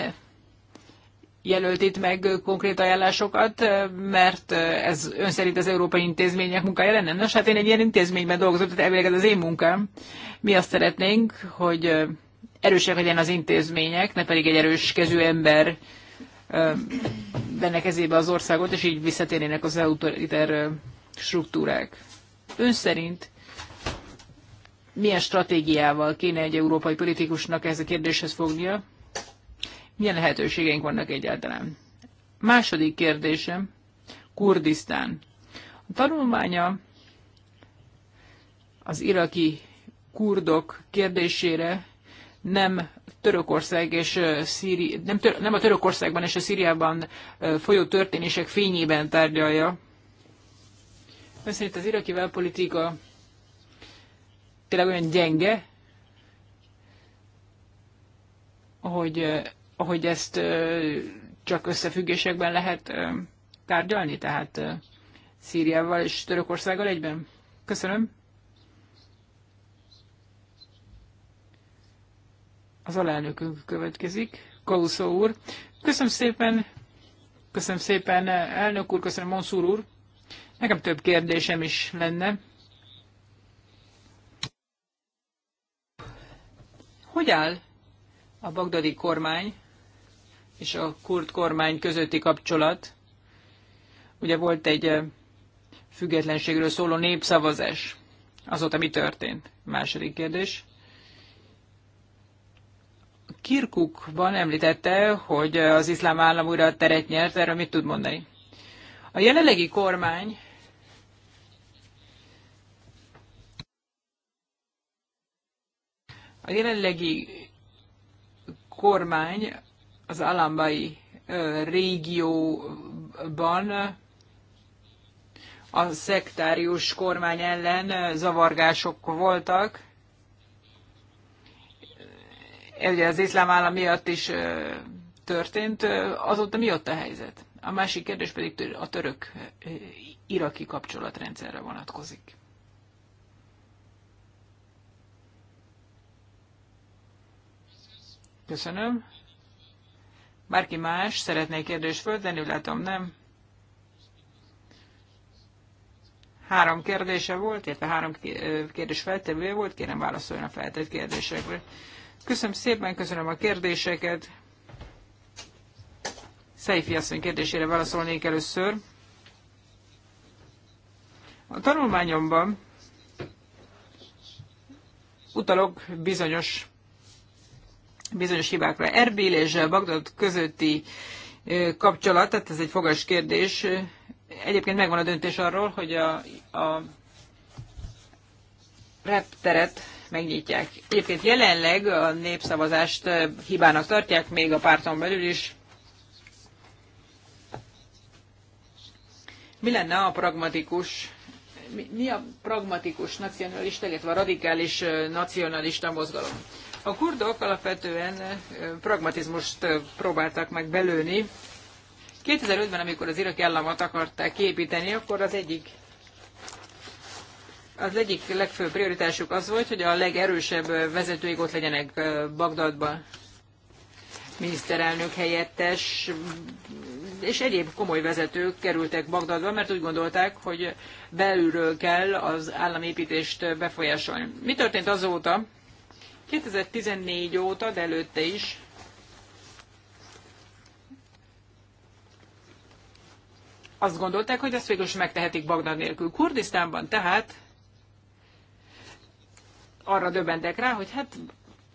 C: jelölt itt meg konkrét ajánlásokat, mert ez ön szerint az európai intézmények munkája lenne. Nos, hát én egy ilyen intézményben dolgozom, tehát elvileg ez az én munkám. Mi azt szeretnénk, hogy erősek legyen az intézmények, ne pedig egy erős kezű ember benne kezébe az országot, és így visszatérnének az autoriter struktúrák. Ön szerint milyen stratégiával kéne egy európai politikusnak ez a kérdéshez fognia? milyen lehetőségeink vannak egyáltalán. Második kérdésem, Kurdisztán. A tanulmánya az iraki kurdok kérdésére nem Törökország és Szíri, nem, tör, nem a Törökországban és a Szíriában folyó történések fényében tárgyalja. Ön szerint az iraki belpolitika tényleg olyan gyenge, hogy ahogy ezt csak összefüggésekben lehet tárgyalni, tehát Szíriával és Törökországgal egyben? Köszönöm. Az alelnökünk következik, Kauszó úr. Köszönöm szépen, köszönöm szépen, elnök úr, köszönöm, Monszúr úr. Nekem több kérdésem is lenne. Hogy áll a bagdadi kormány és a kurd kormány közötti kapcsolat. Ugye volt egy eh, függetlenségről szóló népszavazás. Azóta mi történt? Második kérdés. Kirkukban említette, hogy eh, az iszlám állam újra teret nyert, erről mit tud mondani? A jelenlegi kormány a jelenlegi kormány az alambai régióban a szektárius kormány ellen zavargások voltak. E, ugye az iszlám állam miatt is történt. Azóta mi ott a helyzet? A másik kérdés pedig a török-iraki kapcsolatrendszerre vonatkozik. Köszönöm. Bárki más szeretné kérdést föltenni, látom nem. Három kérdése volt, illetve három kérdés feltevője volt, kérem válaszoljon a feltett kérdésekre. Köszönöm szépen, köszönöm a kérdéseket. Szeifi asszony kérdésére válaszolnék először. A tanulmányomban utalok bizonyos bizonyos hibákra. Erbil és Bagdad közötti kapcsolat, tehát ez egy fogas kérdés. Egyébként megvan a döntés arról, hogy a, a repteret megnyitják. Egyébként jelenleg a népszavazást hibának tartják, még a párton belül is. Mi lenne a pragmatikus, mi, mi a pragmatikus nacionalista, illetve a radikális nacionalista mozgalom? A kurdok alapvetően pragmatizmust próbáltak meg belőni. 2005-ben, amikor az iraki államot akarták képíteni, akkor az egyik az egyik legfőbb prioritásuk az volt, hogy a legerősebb vezetőik ott legyenek Bagdadban. Miniszterelnök helyettes és egyéb komoly vezetők kerültek Bagdadba, mert úgy gondolták, hogy belülről kell az államépítést befolyásolni. Mi történt azóta? 2014 óta, de előtte is azt gondolták, hogy ezt végül is megtehetik Bagdad nélkül. Kurdisztánban tehát arra döbbentek rá, hogy hát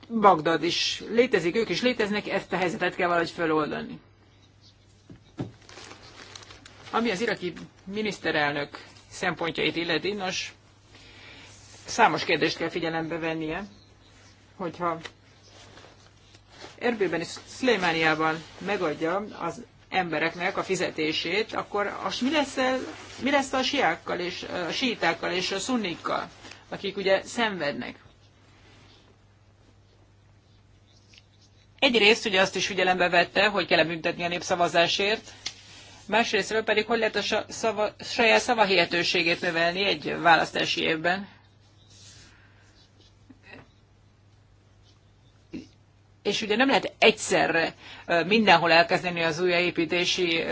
C: Bagdad is létezik, ők is léteznek, ezt a helyzetet kell valahogy feloldani. Ami az iraki miniszterelnök szempontjait illeti, nos, számos kérdést kell figyelembe vennie hogyha Erbőben és Szlémániában megadja az embereknek a fizetését, akkor az mi, lesz el, mi lesz a siákkal és a sítákkal és a szunnikkal, akik ugye szenvednek? Egyrészt ugye azt is figyelembe vette, hogy kell -e büntetni a népszavazásért, másrésztről pedig hogy lehet a szava, saját szavahihetőségét növelni egy választási évben. és ugye nem lehet egyszerre mindenhol elkezdeni az újjáépítési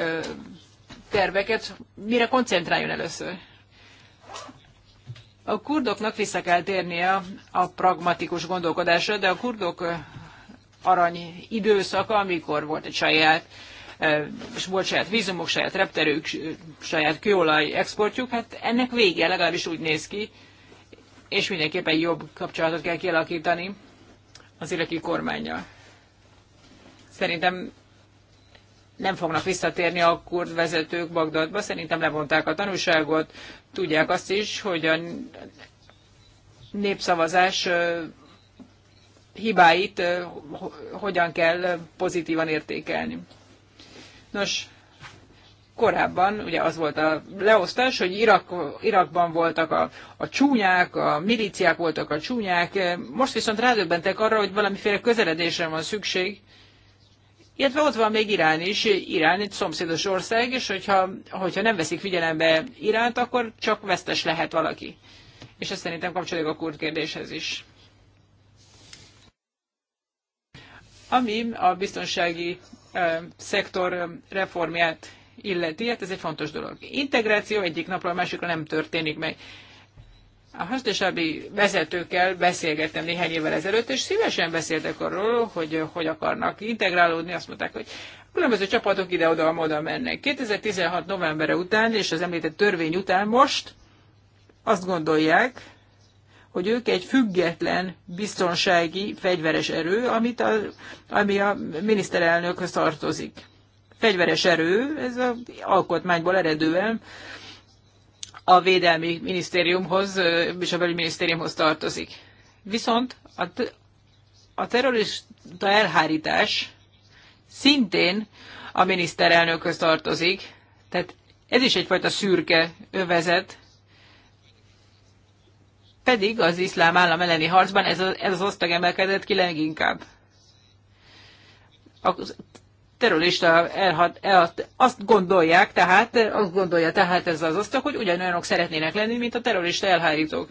C: terveket. Mire koncentráljon először? A kurdoknak vissza kell térnie a pragmatikus gondolkodásra, de a kurdok arany időszaka, amikor volt egy saját és volt saját vízumok, saját repterők, saját kőolaj exportjuk, hát ennek vége legalábbis úgy néz ki, és mindenképpen jobb kapcsolatot kell kialakítani az iraki kormányjal. Szerintem nem fognak visszatérni a kurd vezetők Bagdadba, szerintem levonták a tanúságot, tudják azt is, hogy a népszavazás hibáit hogyan kell pozitívan értékelni. Nos, korábban ugye az volt a leosztás, hogy Irak, Irakban voltak a, a csúnyák, a milíciák voltak a csúnyák, most viszont rádöbbentek arra, hogy valamiféle közeledésre van szükség, illetve ott van még Irán is, Irán egy szomszédos ország, és hogyha, hogyha nem veszik figyelembe Iránt, akkor csak vesztes lehet valaki. És ez szerintem kapcsolódik a kurd kérdéshez is. Ami a biztonsági szektor reformját illeti, hát ez egy fontos dolog. Integráció egyik napról a másikra nem történik meg. A hasznosabbi vezetőkkel beszélgettem néhány évvel ezelőtt, és szívesen beszéltek arról, hogy hogy akarnak integrálódni. Azt mondták, hogy a különböző csapatok ide-oda-oda mennek. 2016 novembere után és az említett törvény után most azt gondolják, hogy ők egy független biztonsági fegyveres erő, amit a, ami a miniszterelnökhöz tartozik fegyveres erő, ez az alkotmányból eredően a Védelmi Minisztériumhoz és a Belügyminisztériumhoz tartozik. Viszont a, a terrorista elhárítás szintén a miniszterelnökhöz tartozik, tehát ez is egyfajta szürke övezet, pedig az iszlám állam elleni harcban ez, az, ez az osztag emelkedett ki leginkább. A terrorista elhat, elhat, azt gondolják, tehát, azt gondolja tehát ez az osztok, hogy ugyanolyanok szeretnének lenni, mint a terrorista elhárítók.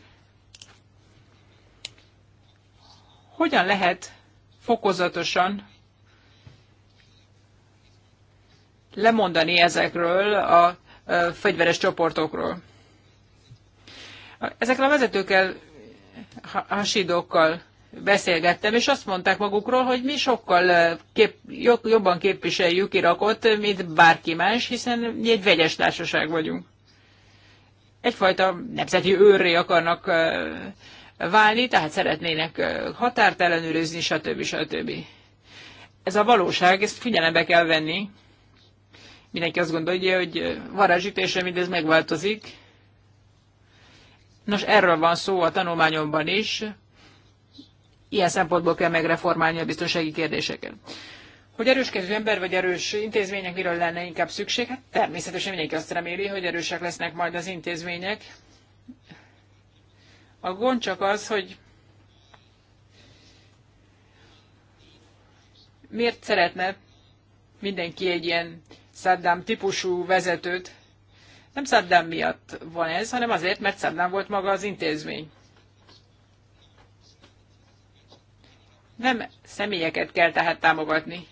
C: Hogyan lehet fokozatosan lemondani ezekről a fegyveres csoportokról? Ezekkel a vezetőkkel, hasidókkal beszélgettem, és azt mondták magukról, hogy mi sokkal kép, jobban képviseljük Irakot, mint bárki más, hiszen mi egy vegyes társaság vagyunk. Egyfajta nemzeti őrré akarnak válni, tehát szeretnének határt ellenőrizni, stb. stb. Ez a valóság, ezt figyelembe kell venni. Mindenki azt gondolja, hogy varázsítésre mindez megváltozik. Nos, erről van szó a tanulmányomban is ilyen szempontból kell megreformálni a biztonsági kérdéseket. Hogy erős kezű ember vagy erős intézmények miről lenne inkább szükség? Hát természetesen mindenki azt reméli, hogy erősek lesznek majd az intézmények. A gond csak az, hogy miért szeretne mindenki egy ilyen Saddam típusú vezetőt? Nem Saddam miatt van ez, hanem azért, mert Saddam volt maga az intézmény. Nem személyeket kell tehát támogatni.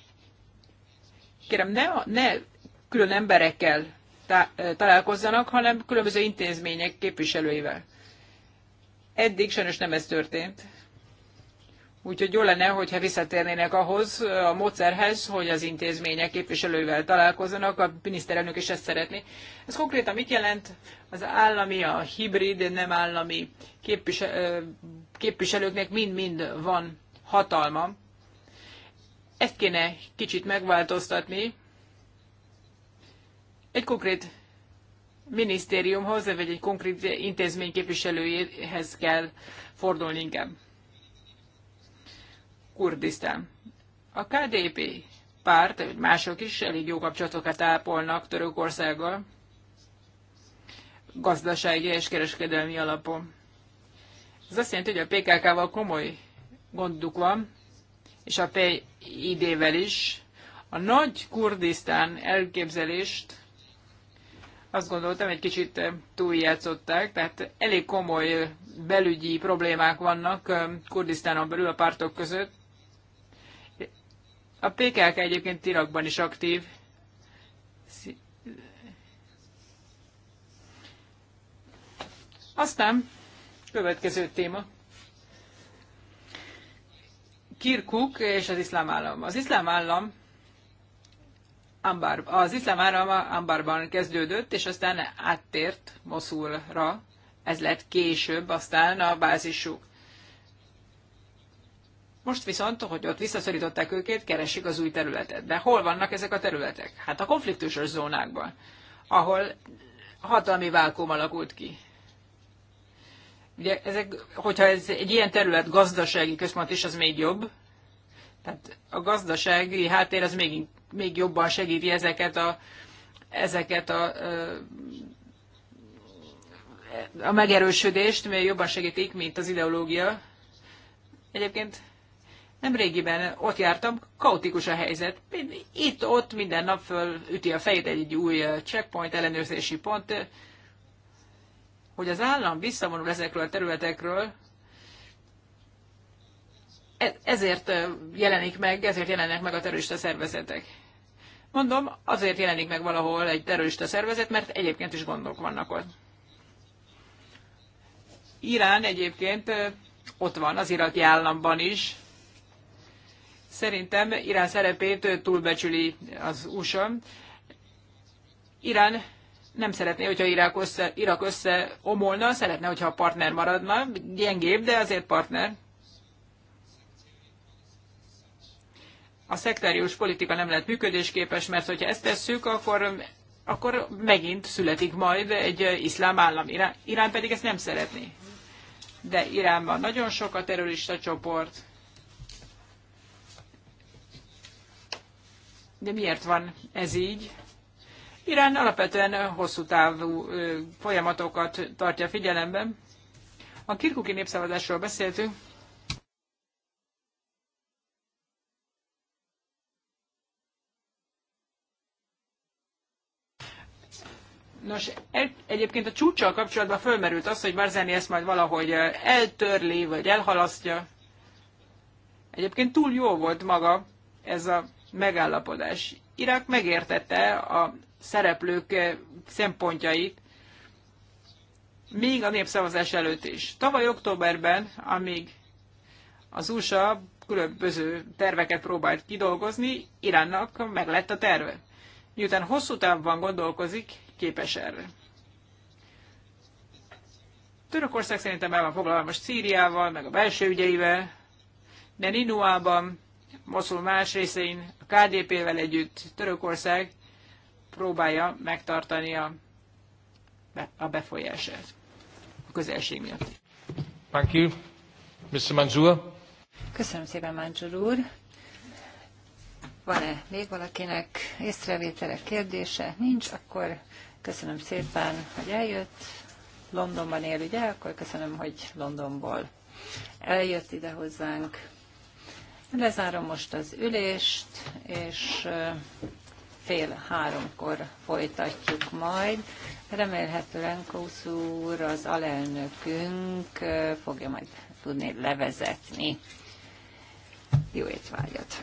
C: Kérem, ne, ne külön emberekkel tá, találkozzanak, hanem különböző intézmények képviselőivel. Eddig sajnos nem ez történt. Úgyhogy jó lenne, hogyha visszatérnének ahhoz a módszerhez, hogy az intézmények képviselővel találkozzanak, a miniszterelnök is ezt szeretné. Ez konkrétan mit jelent? Az állami, a hibrid, nem állami képviselőknek mind-mind van hatalma. Ezt kéne kicsit megváltoztatni. Egy konkrét minisztériumhoz, vagy egy konkrét intézmény képviselőjéhez kell fordulni inkább. Kurdisztán. A KDP párt, vagy mások is elég jó kapcsolatokat ápolnak Törökországgal, gazdasági és kereskedelmi alapon. Ez azt jelenti, hogy a PKK-val komoly gonduk van, és a PID-vel is. A nagy Kurdisztán elképzelést azt gondoltam, egy kicsit túljátszották, tehát elég komoly belügyi problémák vannak Kurdisztánon belül a pártok között. A PKK egyébként Irakban is aktív. Aztán következő téma. Kirkuk és az iszlám állam. Az iszlám állam Ambar, az iszlám állam Ambarban kezdődött, és aztán áttért Moszulra. Ez lett később aztán a bázisuk. Most viszont, hogy ott visszaszorították őket, keresik az új területet. De hol vannak ezek a területek? Hát a konfliktusos zónákban, ahol hatalmi vákum alakult ki. Ugye ezek, hogyha ez egy ilyen terület gazdasági központ is, az még jobb. Tehát a gazdasági háttér az még, még jobban segíti ezeket a, ezeket a, a megerősödést, még jobban segítik, mint az ideológia. Egyébként nem régiben ott jártam, kaotikus a helyzet. Itt-ott minden nap fölüti a fejét egy új checkpoint ellenőrzési pont, hogy az állam visszavonul ezekről a területekről, e- ezért jelenik meg, ezért jelennek meg a terrorista szervezetek. Mondom, azért jelenik meg valahol egy terrorista szervezet, mert egyébként is gondok vannak ott. Irán egyébként ott van, az iraki államban is. Szerintem Irán szerepét túlbecsüli az USA. Irán nem szeretné, hogyha Irak, össze, Irak össze omolna, szeretne, hogyha a partner maradna, gyengébb, de azért partner. A szektárius politika nem lehet működésképes, mert hogyha ezt tesszük, akkor, akkor megint születik majd egy iszlám állam. Irán, Irán pedig ezt nem szeretné. De Iránban nagyon sok a terrorista csoport. De miért van ez így? Irán alapvetően hosszú távú folyamatokat tartja figyelemben. A kirkuki népszavazásról beszéltünk, Nos, e, egyébként a csúcsal kapcsolatban fölmerült az, hogy Barzani ezt majd valahogy eltörli, vagy elhalasztja. Egyébként túl jó volt maga ez a megállapodás. Irak megértette a szereplők eh, szempontjait, még a népszavazás előtt is. Tavaly októberben, amíg az USA különböző terveket próbált kidolgozni, Iránnak meg lett a terve. Miután hosszú távban gondolkozik, képes erre. Törökország szerintem el van foglalva most Szíriával, meg a belső ügyeivel, de Ninuában, Moszul más részein, a KDP-vel együtt Törökország próbálja megtartani a,
D: a befolyását a közelség miatt.
B: Thank you. Mr. Manzur.
D: Köszönöm szépen, Manzur úr. Van-e még valakinek észrevétele, kérdése? Nincs, akkor köszönöm szépen, hogy eljött. Londonban él, ugye? Akkor köszönöm, hogy Londonból eljött ide hozzánk. Lezárom most az ülést, és fél háromkor folytatjuk majd. Remélhetően Kószú úr, az alelnökünk fogja majd tudni levezetni. Jó étvágyat!